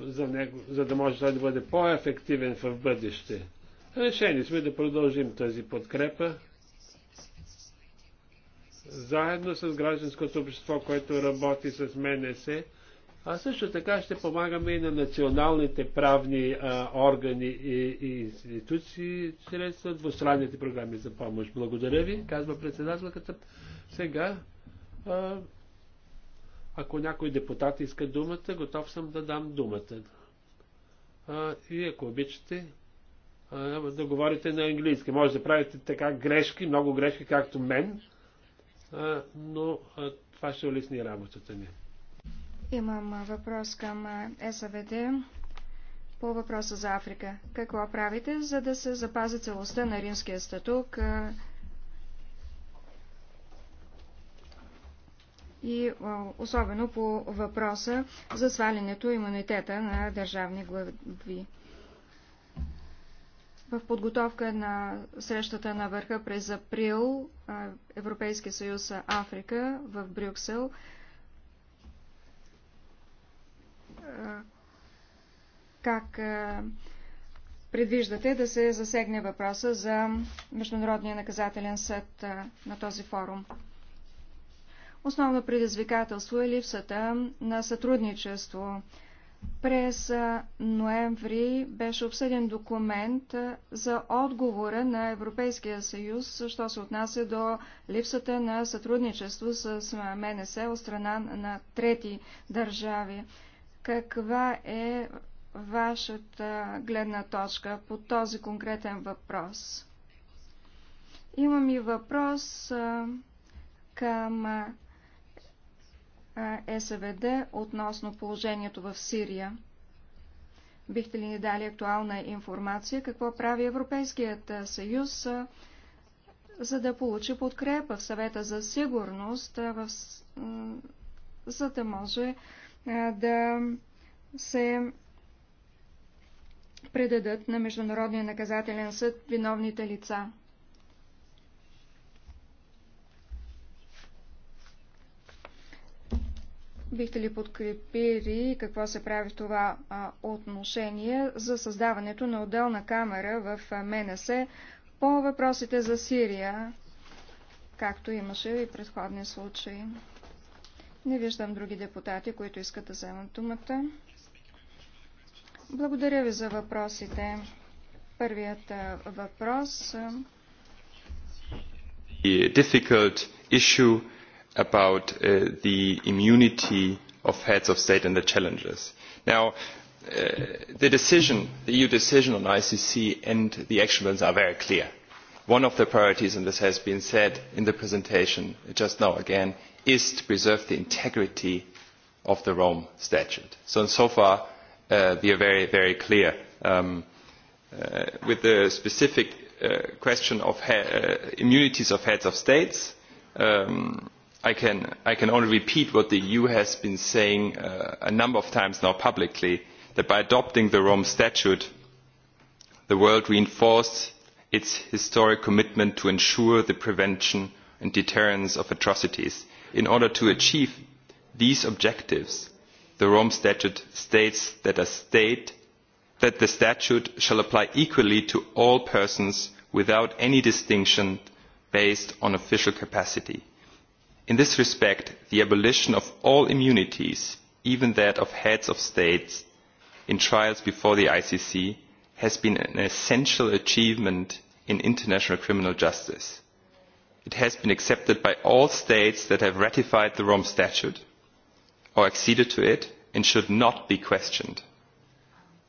за, него, за да може той да бъде по-ефективен в бъдеще. Решени сме да продължим тази подкрепа заедно с гражданското общество, което работи с МНС, а също така ще помагаме и на националните правни а, органи и, и институции чрез двустранните програми за помощ. Благодаря ви, казва председателката. Сега а, ако някой депутат иска думата, готов съм да дам думата. А, и ако обичате, а, да говорите на английски. Може да правите така грешки, много грешки, както мен, а, но а, това ще улесни работата ми. Имам въпрос към СВД по въпроса за Африка. Какво правите, за да се запази целостта на римския статут? и особено по въпроса за свалянето имунитета на държавни глави. В подготовка на срещата на върха през април Европейския съюз Африка в Брюксел как предвиждате да се засегне въпроса за Международния наказателен съд на този форум? Основно предизвикателство е липсата на сътрудничество. През ноември беше обсъден документ за отговора на Европейския съюз, що се отнася до липсата на сътрудничество с МНС от страна на трети държави. Каква е вашата гледна точка по този конкретен въпрос? Имам и въпрос към СВД относно положението в Сирия. Бихте ли ни дали актуална информация какво прави Европейският съюз, за да получи подкрепа в съвета за сигурност, за да може да се предадат на Международния наказателен съд виновните лица? Бихте ли подкрепили какво се прави в това отношение за създаването на отделна камера в МНС по въпросите за Сирия, както имаше и предходни случаи? Не виждам други депутати, които искат да вземат думата. Благодаря ви за въпросите. Първият въпрос. Difficult issue about the immunity of heads of state and the challenges. Now, the decision, the EU decision on ICC and the action plans are very clear. One of the priorities, and this has been said in the presentation just now again, is to preserve the integrity of the Rome Statute. So, so far, uh, we are very, very clear. Um, uh, with the specific uh, question of uh, immunities of heads of states, um, I can, I can only repeat what the EU has been saying a number of times now publicly, that by adopting the Rome Statute, the world reinforced its historic commitment to ensure the prevention and deterrence of atrocities. In order to achieve these objectives, the Rome Statute states that a state that the statute shall apply equally to all persons without any distinction based on official capacity in this respect the abolition of all immunities even that of heads of state in trials before the icc has been an essential achievement in international criminal justice. it has been accepted by all states that have ratified the rome statute or acceded to it and should not be questioned.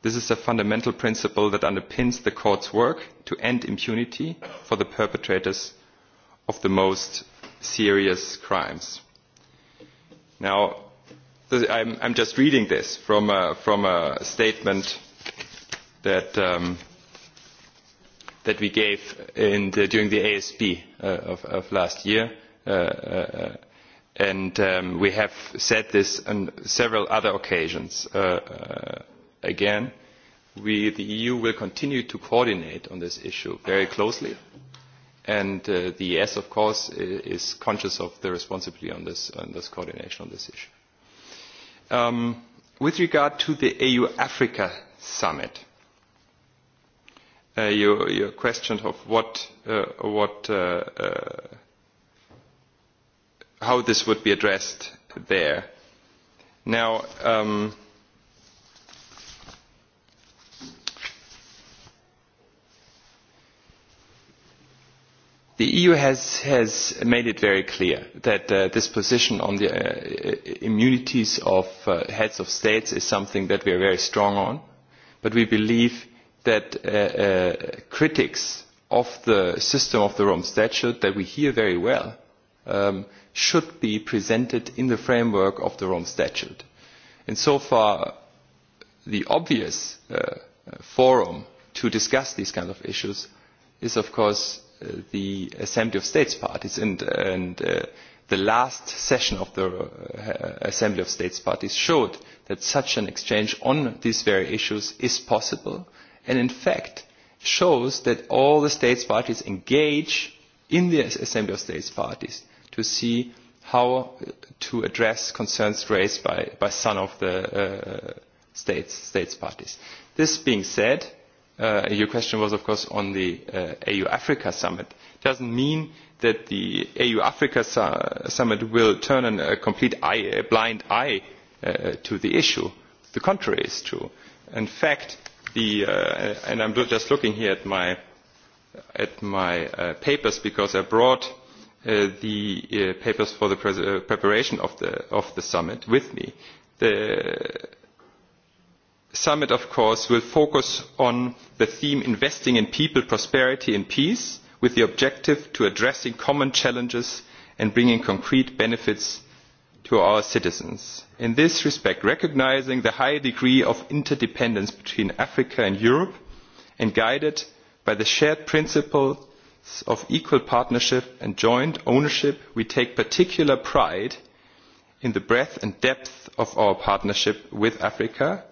this is a fundamental principle that underpins the court's work to end impunity for the perpetrators of the most serious crimes. Now, I'm, I'm just reading this from a, from a statement that, um, that we gave in the, during the ASB uh, of, of last year. Uh, uh, and um, we have said this on several other occasions. Uh, uh, again, we, the EU will continue to coordinate on this issue very closely And uh, the ES, of course, is conscious of the responsibility on this, on this coordination on this issue. Um, with regard to the AU-Africa summit, uh, your, your question of what, uh, what, uh, uh, how this would be addressed there. Now, um, The EU has, has made it very clear that this position on the uh, immunities of uh, heads of states is something that we are very strong on, but we believe that uh, critics of the system of the Rome Statute that we hear very well should be presented in the framework of the Rome Statute. And so far, the obvious uh, forum to discuss these kinds of issues is, of course, the Assembly of States parties and, and uh, the last session of the uh, Assembly of States parties showed that such an exchange on these very issues is possible and in fact shows that all the states parties engage in the Assembly of States parties to see how to address concerns raised by, by some of the uh, states, states parties. This being said, uh, your question was, of course, on the uh, AU-Africa summit. It doesn't mean that the AU-Africa su- summit will turn an, a complete eye, a blind eye uh, to the issue. The contrary is true. In fact, the, uh, and I'm just looking here at my, at my uh, papers because I brought uh, the uh, papers for the pres- uh, preparation of the, of the summit with me. The summit of course will focus on the theme investing in people prosperity and peace with the objective of addressing common challenges and bringing concrete benefits to our citizens. in this respect recognising the high degree of interdependence between africa and europe and guided by the shared principles of equal partnership and joint ownership we take particular pride in the breadth and depth of our partnership with africa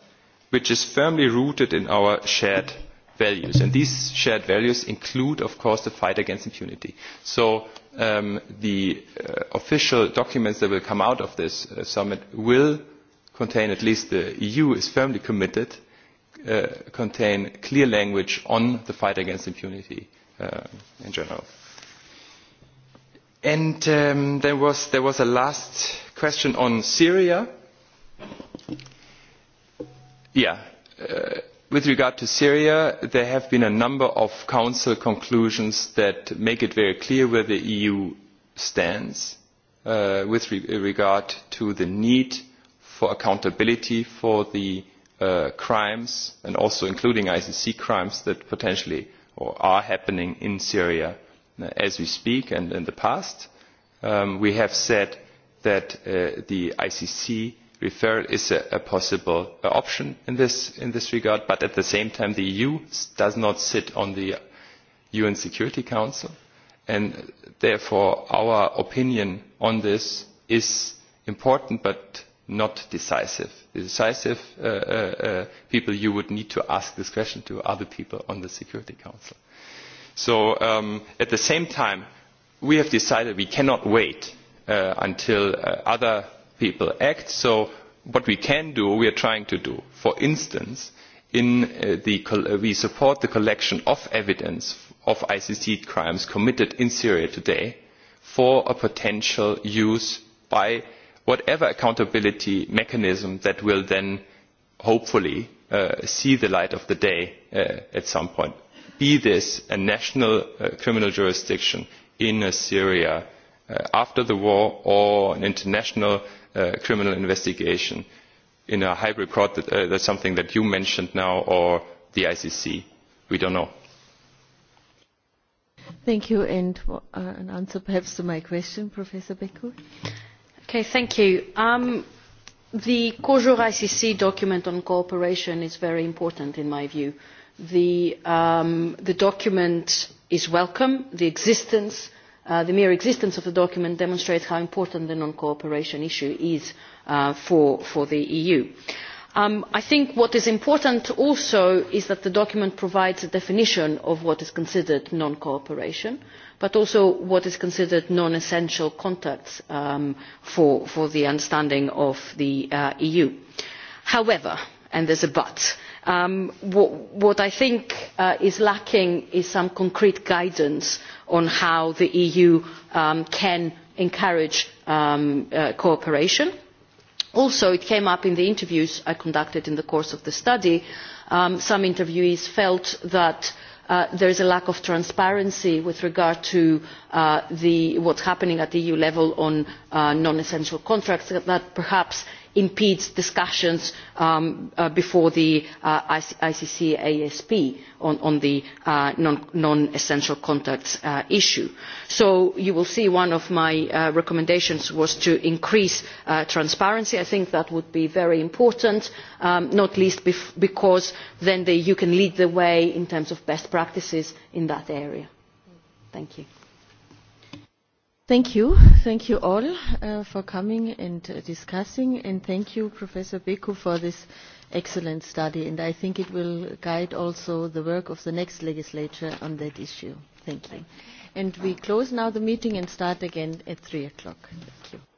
which is firmly rooted in our shared values. And these shared values include, of course, the fight against impunity. So the official documents that will come out of this summit will contain, at least the EU is firmly committed, contain clear language on the fight against impunity in general. And there was there was a last question on Syria with regard to syria there have been a number of council conclusions that make it very clear where the eu stands with regard to the need for accountability for the crimes and also including icc crimes that potentially or are happening in syria as we speak and in the past. we have said that the icc referral is a, possible option in this, in this regard, but at the same time the EU does not sit on the UN Security Council, and therefore our opinion on this is important but not decisive. The decisive people you would need to ask this question to are the people on the Security Council. So at the same time, we have decided we cannot wait until other people act. So what we can do, we are trying to do. For instance, in the, we support the collection of evidence of ICC crimes committed in Syria today for a potential use by whatever accountability mechanism that will then hopefully see the light of the day at some point. Be this a national criminal jurisdiction in Syria after the war or an international criminal investigation in a hybrid court that, uh, that's something that you mentioned now or the ICC. We don't know. Thank you. And uh, an answer perhaps to my question, Professor Beku. Okay, thank you. Um, the Cojour ICC document on cooperation is very important in my view. The, um, the document is welcome. The existence the mere existence of the document demonstrates how important the non-cooperation issue is for, the EU. I think what is important also is that the document provides a definition of what is considered non-cooperation, but also what is considered non-essential contacts for, the understanding of the EU. However, and there is a but, what i think is lacking is some concrete guidance on how the eu can encourage cooperation. also it came up in the interviews i conducted in the course of the study that some interviewees felt that there is a lack of transparency with regard to what is happening at eu level on non essential contracts and that perhaps impedes discussions before the ICC ASP on, the non-essential contacts issue. So you will see one of my recommendations was to increase transparency. I think that would be very important, not least because then you can lead the way in terms of best practices in that area. Thank you. Thank you. Thank you all uh, for coming and uh, discussing. And thank you, Professor Beku, for this excellent study. And I think it will guide also the work of the next legislature on that issue. Thank you. And we close now the meeting and start again at 3 o'clock. Thank you.